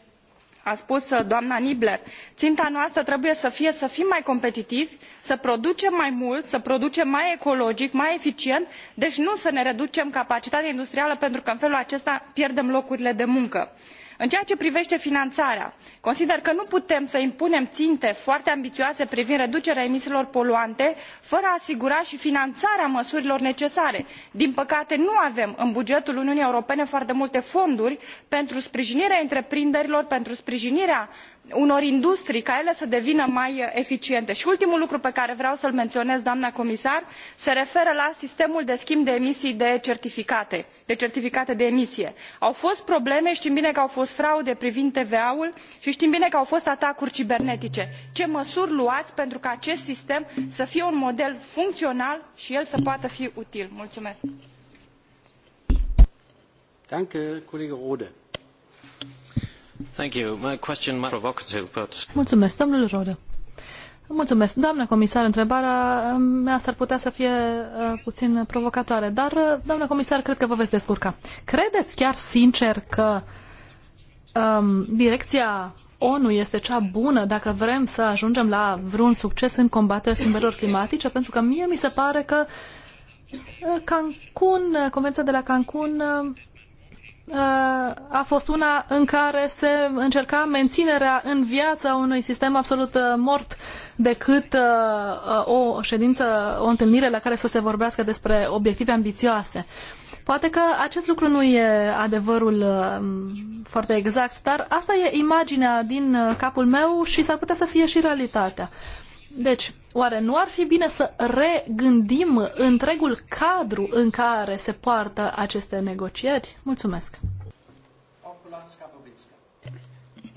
a spus uh, doamna niebler ținta noastră trebuie să fie să fim mai competitivi să producem mai mult să producem mai ecologic mai eficient deci nu să ne reducem capacitatea industrială pentru că în felul acesta pierdem locurile de muncă în ceea ce privete finanarea consider că nu putem să impunem inte foarte ambiioase privind reducerea emisiilor poluante fără a asigura i finanarea măsurilor necesare. din păcate nu avem în bugetul uniunii europene foarte multe fonduri pentru sprijinirea întreprinderilor pentru sprijinirea unor industrii ca ele să devină mai uh, eficiente. i ultimul lucru pe care vreau să l menionez doamnă comisar se referă la sistemul de schimb de emisii de certificate de certificate de emisie. au fost probleme tim bine că au fost fraude privind tva ul i tim bine că au fost atacuri cibernetice. ce măsuri luai pentru ca acest sistem să fie un model funcional i el să poată fi util? Mulțumesc. Thank you. My question might provocative, but... Mulțumesc, domnule Rodă. Mulțumesc. Doamna comisar, întrebarea uh, mea s-ar putea să fie uh, puțin provocatoare, dar, uh, doamnă comisar, cred că vă veți descurca. Credeți chiar sincer că um, direcția ONU este cea bună dacă vrem să ajungem la vreun succes în combaterea schimbărilor climatice? Pentru că mie mi se pare că uh, Cancun, Convenția de la Cancun uh, Uh, a fost una în care se încerca menținerea în viață a unui sistem absolut uh, mort decât uh, o ședință, o întâlnire la care să se vorbească despre obiective ambițioase. Poate că acest lucru nu e adevărul foarte exact, dar asta e imaginea din capul meu și s-ar putea să fie și realitatea. Deci, oare nu ar fi bine să regândim întregul cadru în care se poartă aceste negocieri? Mulțumesc!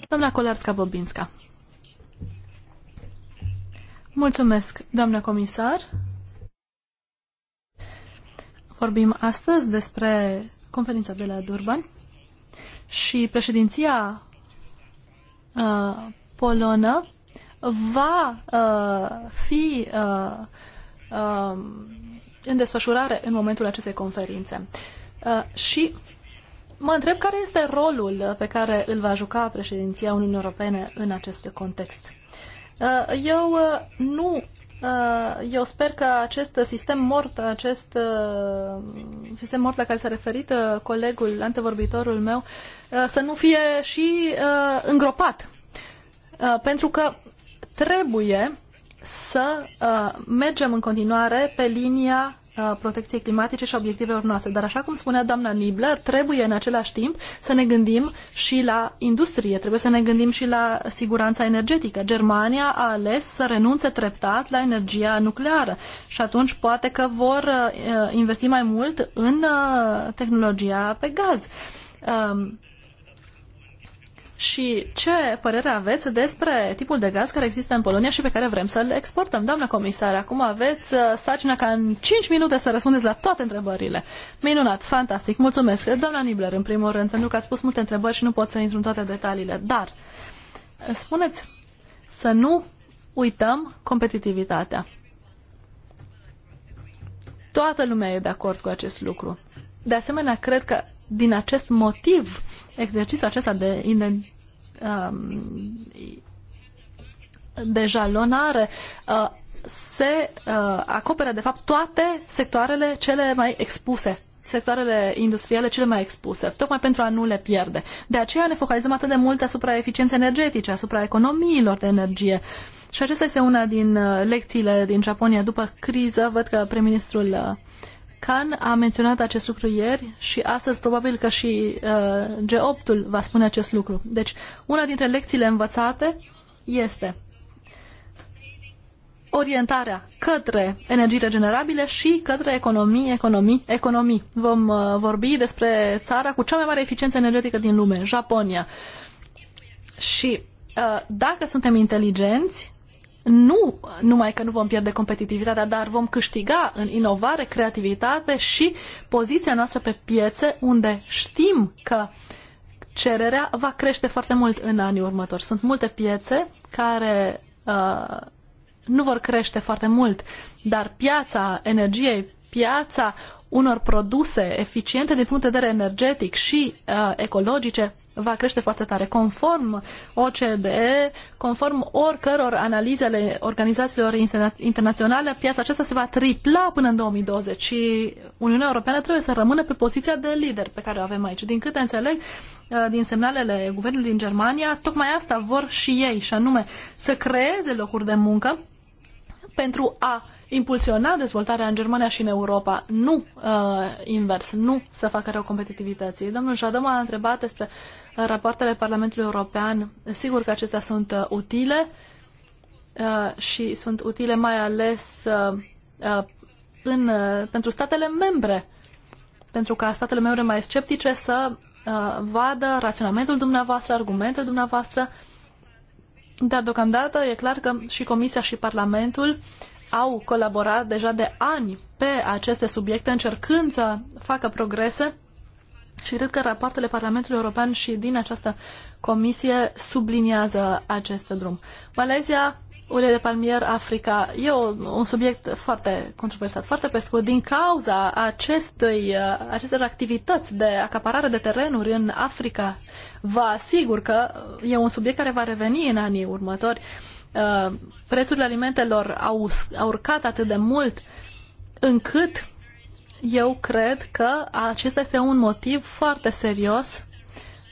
Doamna Kolarska-Bobinska. Mulțumesc, doamna comisar. Vorbim astăzi despre conferința de la Durban și președinția uh, polonă va uh, fi uh, uh, în desfășurare în momentul acestei conferințe. Uh, și mă întreb care este rolul pe care îl va juca președinția Uniunii Europene în acest context. Uh, eu uh, nu uh, eu sper că acest sistem mort, acest uh, sistem mort la care s-a referit uh, colegul, antevorbitorul meu, să nu fie și îngropat. Pentru că trebuie să uh, mergem în continuare pe linia uh, protecției climatice și obiectivelor noastre. Dar așa cum spunea doamna Nibler, trebuie în același timp să ne gândim și la industrie, trebuie să ne gândim și la siguranța energetică. Germania a ales să renunțe treptat la energia nucleară și atunci poate că vor uh, investi mai mult în uh, tehnologia pe gaz. Um, și ce părere aveți despre tipul de gaz care există în Polonia și pe care vrem să-l exportăm. Doamna comisar, acum aveți uh, sarcina ca în 5 minute să răspundeți la toate întrebările. Minunat, fantastic, mulțumesc. Doamna Nibler, în primul rând, pentru că ați spus multe întrebări și nu pot să intru în toate detaliile, dar uh, spuneți să nu uităm competitivitatea. Toată lumea e de acord cu acest lucru. De asemenea, cred că din acest motiv, exercițiul acesta de Um, de jalonare uh, se uh, acoperă de fapt, toate sectoarele cele mai expuse sectoarele industriale cele mai expuse, tocmai pentru a nu le pierde. De aceea ne focalizăm atât de mult asupra eficienței energetice, asupra economiilor de energie. Și acesta este una din uh, lecțiile din Japonia după criză. Văd că prim-ministrul Khan a menționat acest lucru ieri și astăzi probabil că și uh, G8-ul va spune acest lucru. Deci, una dintre lecțiile învățate este orientarea către energii regenerabile și către economii, economii, economii. Vom uh, vorbi despre țara cu cea mai mare eficiență energetică din lume, Japonia. Și uh, dacă suntem inteligenți, nu numai că nu vom pierde competitivitatea, dar vom câștiga în inovare, creativitate și poziția noastră pe piețe unde știm că cererea va crește foarte mult în anii următori. Sunt multe piețe care uh, nu vor crește foarte mult, dar piața energiei, piața unor produse eficiente din punct de vedere energetic și uh, ecologice va crește foarte tare. Conform OCDE, conform oricăror analizele organizațiilor internaționale, piața aceasta se va tripla până în 2020 și Uniunea Europeană trebuie să rămână pe poziția de lider pe care o avem aici. Din câte înțeleg, uh, din semnalele guvernului din Germania, tocmai asta vor și ei, și anume să creeze locuri de muncă, pentru a impulsiona dezvoltarea în Germania și în Europa, nu uh, invers, nu să facă rău competitivității. Domnul Jadom a întrebat despre rapoartele Parlamentului European. Sigur că acestea sunt uh, utile uh, și sunt utile mai ales uh, uh, în, uh, pentru statele membre, pentru ca statele membre mai sceptice să uh, vadă raționamentul dumneavoastră, argumentele dumneavoastră dar deocamdată e clar că și Comisia și Parlamentul au colaborat deja de ani pe aceste subiecte, încercând să facă progrese și cred că rapoartele Parlamentului European și din această comisie subliniază acest drum. Malezia Ulei de palmier Africa. E o, un subiect foarte controversat, foarte pe scurt. Din cauza acestui, uh, acestor activități de acaparare de terenuri în Africa, vă asigur că e un subiect care va reveni în anii următori. Uh, prețurile alimentelor au, au urcat atât de mult încât eu cred că acesta este un motiv foarte serios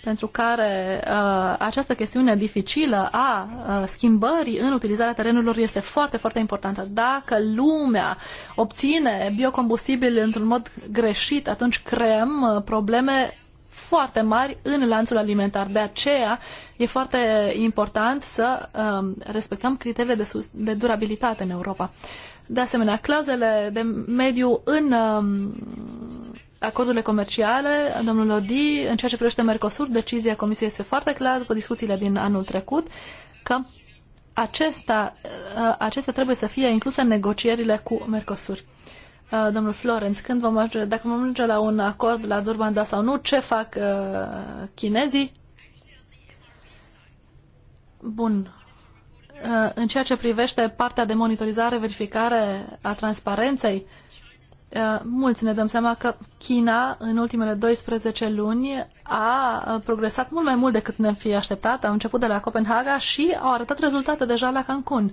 pentru care uh, această chestiune dificilă a uh, schimbării în utilizarea terenurilor este foarte, foarte importantă. Dacă lumea obține biocombustibil într-un mod greșit, atunci creăm uh, probleme foarte mari în lanțul alimentar. De aceea e foarte important să uh, respectăm criteriile de, sus- de durabilitate în Europa. De asemenea, clauzele de mediu în uh, acordurile comerciale, domnul Odi, în ceea ce privește Mercosur, decizia Comisiei este foarte clară după discuțiile din anul trecut că acesta, uh, acestea trebuie să fie incluse în negocierile cu Mercosur. Uh, domnul Florenț, când vom ajunge, dacă vom ajunge la un acord la Durban, da sau nu, ce fac uh, chinezii? Bun. Uh, în ceea ce privește partea de monitorizare, verificare a transparenței, uh, Uh, mulți ne dăm seama că China în ultimele 12 luni a uh, progresat mult mai mult decât ne-am fi așteptat. Au început de la Copenhaga și au arătat rezultate deja la Cancun.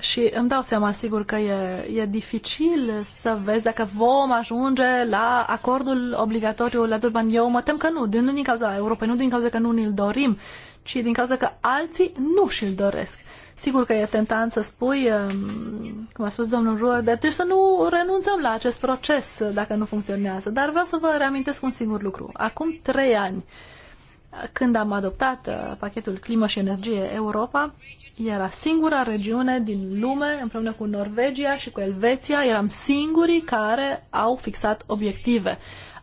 Și îmi dau seama, sigur, că e, e dificil să vezi dacă vom ajunge la acordul obligatoriu la Durban. Eu mă tem că nu, din, nu din cauza Europei, nu din cauza că nu ni-l dorim, ci din cauza că alții nu și-l doresc. Sigur că e tentant să spui, um, cum a spus domnul Ruă, de deci să nu renunțăm la acest proces dacă nu funcționează. Dar vreau să vă reamintesc un singur lucru. Acum trei ani, când am adoptat uh, pachetul Climă și Energie Europa, era singura regiune din lume, împreună cu Norvegia și cu Elveția, eram singurii care au fixat obiective.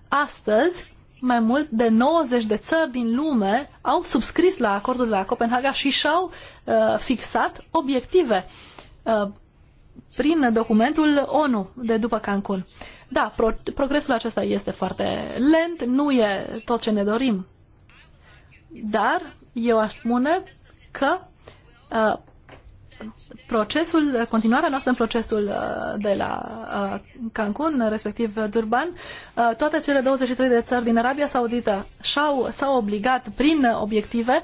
Astăzi, mai mult de 90 de țări din lume au subscris la acordul de la Copenhaga și și-au uh, fixat obiective uh, prin documentul ONU de după Cancun. Da, pro progresul acesta este foarte lent, nu e tot ce ne dorim. Dar eu aș spune că uh, procesul, continuarea noastră în procesul uh, de la uh, Cancun, respectiv Durban, uh, toate cele 23 de țări din Arabia Saudită s-au, s-au obligat prin obiective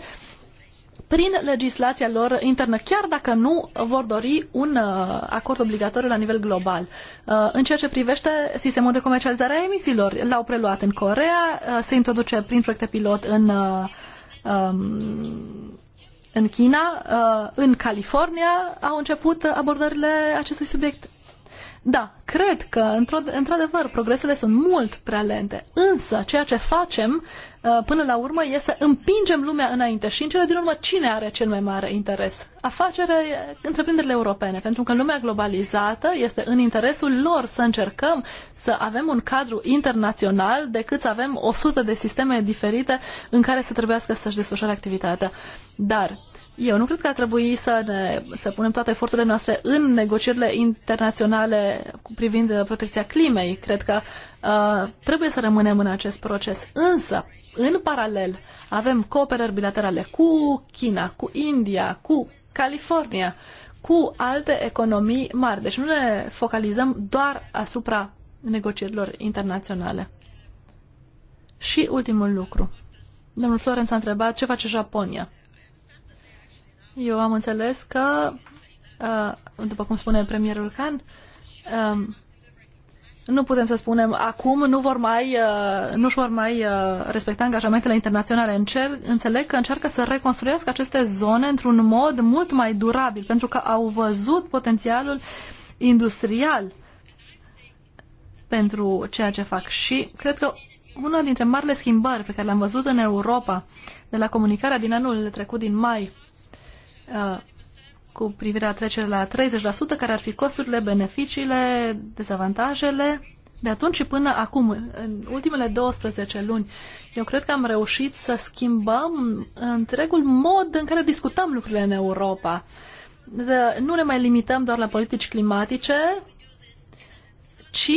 prin legislația lor internă, chiar dacă nu vor dori un acord obligatoriu la nivel global. În ceea ce privește sistemul de comercializare a emisiilor, l-au preluat în Corea, se introduce prin proiecte pilot în um, în China, uh, în California, au început abordările acestui subiect da, cred că, într-adevăr, progresele sunt mult prea lente, însă ceea ce facem uh, până la urmă este să împingem lumea înainte și în cele din urmă cine are cel mai mare interes? Afacere, întreprinderile europene, pentru că în lumea globalizată este în interesul lor să încercăm să avem un cadru internațional decât să avem 100 de sisteme diferite în care să trebuiască să-și desfășoare activitatea. Dar eu nu cred că ar trebui să, ne, să punem toate eforturile noastre în negocierile internaționale cu privind protecția climei. Cred că uh, trebuie să rămânem în acest proces. Însă, în paralel, avem cooperări bilaterale cu China, cu India, cu California, cu alte economii mari. Deci nu ne focalizăm doar asupra negocierilor internaționale. Și ultimul lucru. Domnul Florenț a întrebat ce face Japonia. Eu am înțeles că, uh, după cum spune premierul Khan, um, nu putem să spunem acum nu vor mai, uh, nu își vor mai uh, respecta angajamentele internaționale. Încer, înțeleg că încearcă să reconstruiască aceste zone într-un mod mult mai durabil, pentru că au văzut potențialul industrial pentru ceea ce fac. Și cred că una dintre marile schimbări pe care le-am văzut în Europa de la comunicarea din anul trecut din mai cu privire la trecerea la 30%, care ar fi costurile, beneficiile, dezavantajele, de atunci și până acum, în ultimele 12 luni, eu cred că am reușit să schimbăm întregul mod în care discutăm lucrurile în Europa. De, nu ne mai limităm doar la politici climatice, ci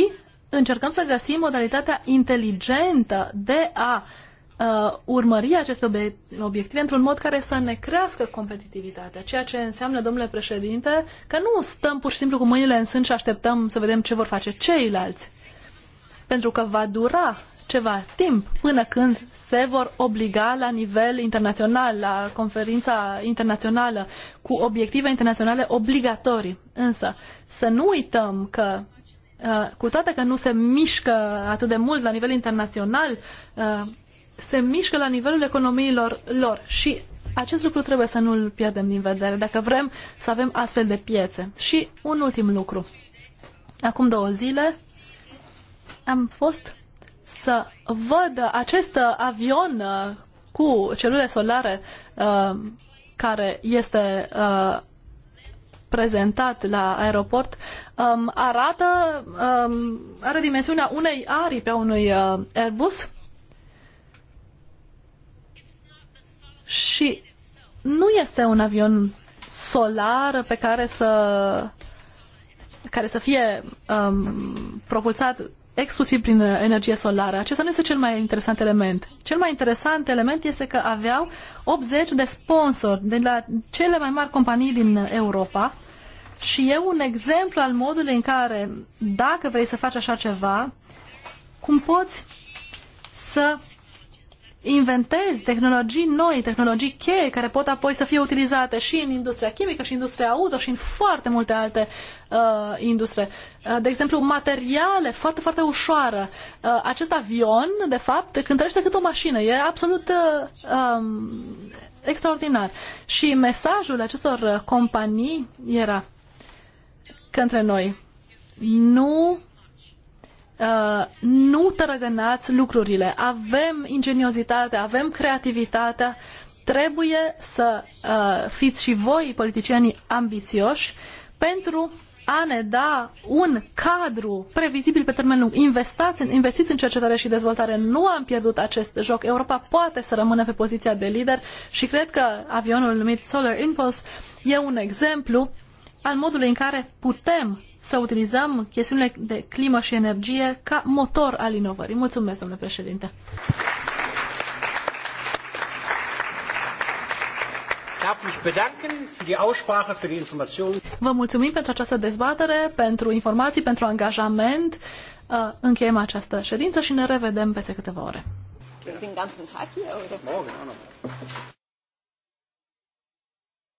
încercăm să găsim modalitatea inteligentă de a uh, uh, urmări aceste obiective într-un mod care să ne crească competitivitatea, ceea ce înseamnă, domnule președinte, că nu stăm pur și simplu cu mâinile în sân și așteptăm să vedem ce vor face ceilalți. Pentru că va dura ceva timp până când se vor obliga la nivel internațional, la conferința internațională, cu obiective internaționale obligatorii. Însă, să nu uităm că uh, cu toate că nu se mișcă atât de mult la nivel internațional uh, se mișcă la nivelul economiilor lor și acest lucru trebuie să nu-l pierdem din vedere dacă vrem să avem astfel de piețe. Și un ultim lucru. Acum două zile am fost să văd acest avion cu celule solare uh, care este uh, prezentat la aeroport um, arată, um, are dimensiunea unei aripi pe unui uh, Airbus Și nu este un avion solar pe care să, care să fie um, propulsat exclusiv prin energie solară. Acesta nu este cel mai interesant element. Cel mai interesant element este că aveau 80 de sponsori de la cele mai mari companii din Europa și e un exemplu al modului în care, dacă vrei să faci așa ceva, cum poți să inventezi tehnologii noi, tehnologii cheie care pot apoi să fie utilizate și în industria chimică, și în industria auto, și în foarte multe alte uh, industrie. Uh, de exemplu, materiale foarte, foarte ușoară. Uh, acest avion, de fapt, cântărește cât o mașină. E absolut uh, um, extraordinar. Și mesajul acestor uh, companii era între noi. Nu Uh, nu tărăgănați lucrurile. Avem ingeniozitatea, avem creativitatea, trebuie să uh, fiți și voi, politicienii, ambițioși pentru a ne da un cadru previzibil pe termen lung. Investați în, investiți în cercetare și dezvoltare. Nu am pierdut acest joc. Europa poate să rămână pe poziția de lider și cred că avionul numit Solar Impulse e un exemplu al modului în care putem să utilizăm chestiunile de climă și energie ca motor al inovării. Mulțumesc, domnule președinte! Vă mulțumim pentru această dezbatere, pentru informații, pentru angajament. Uh, încheiem această ședință și ne revedem peste câteva ore.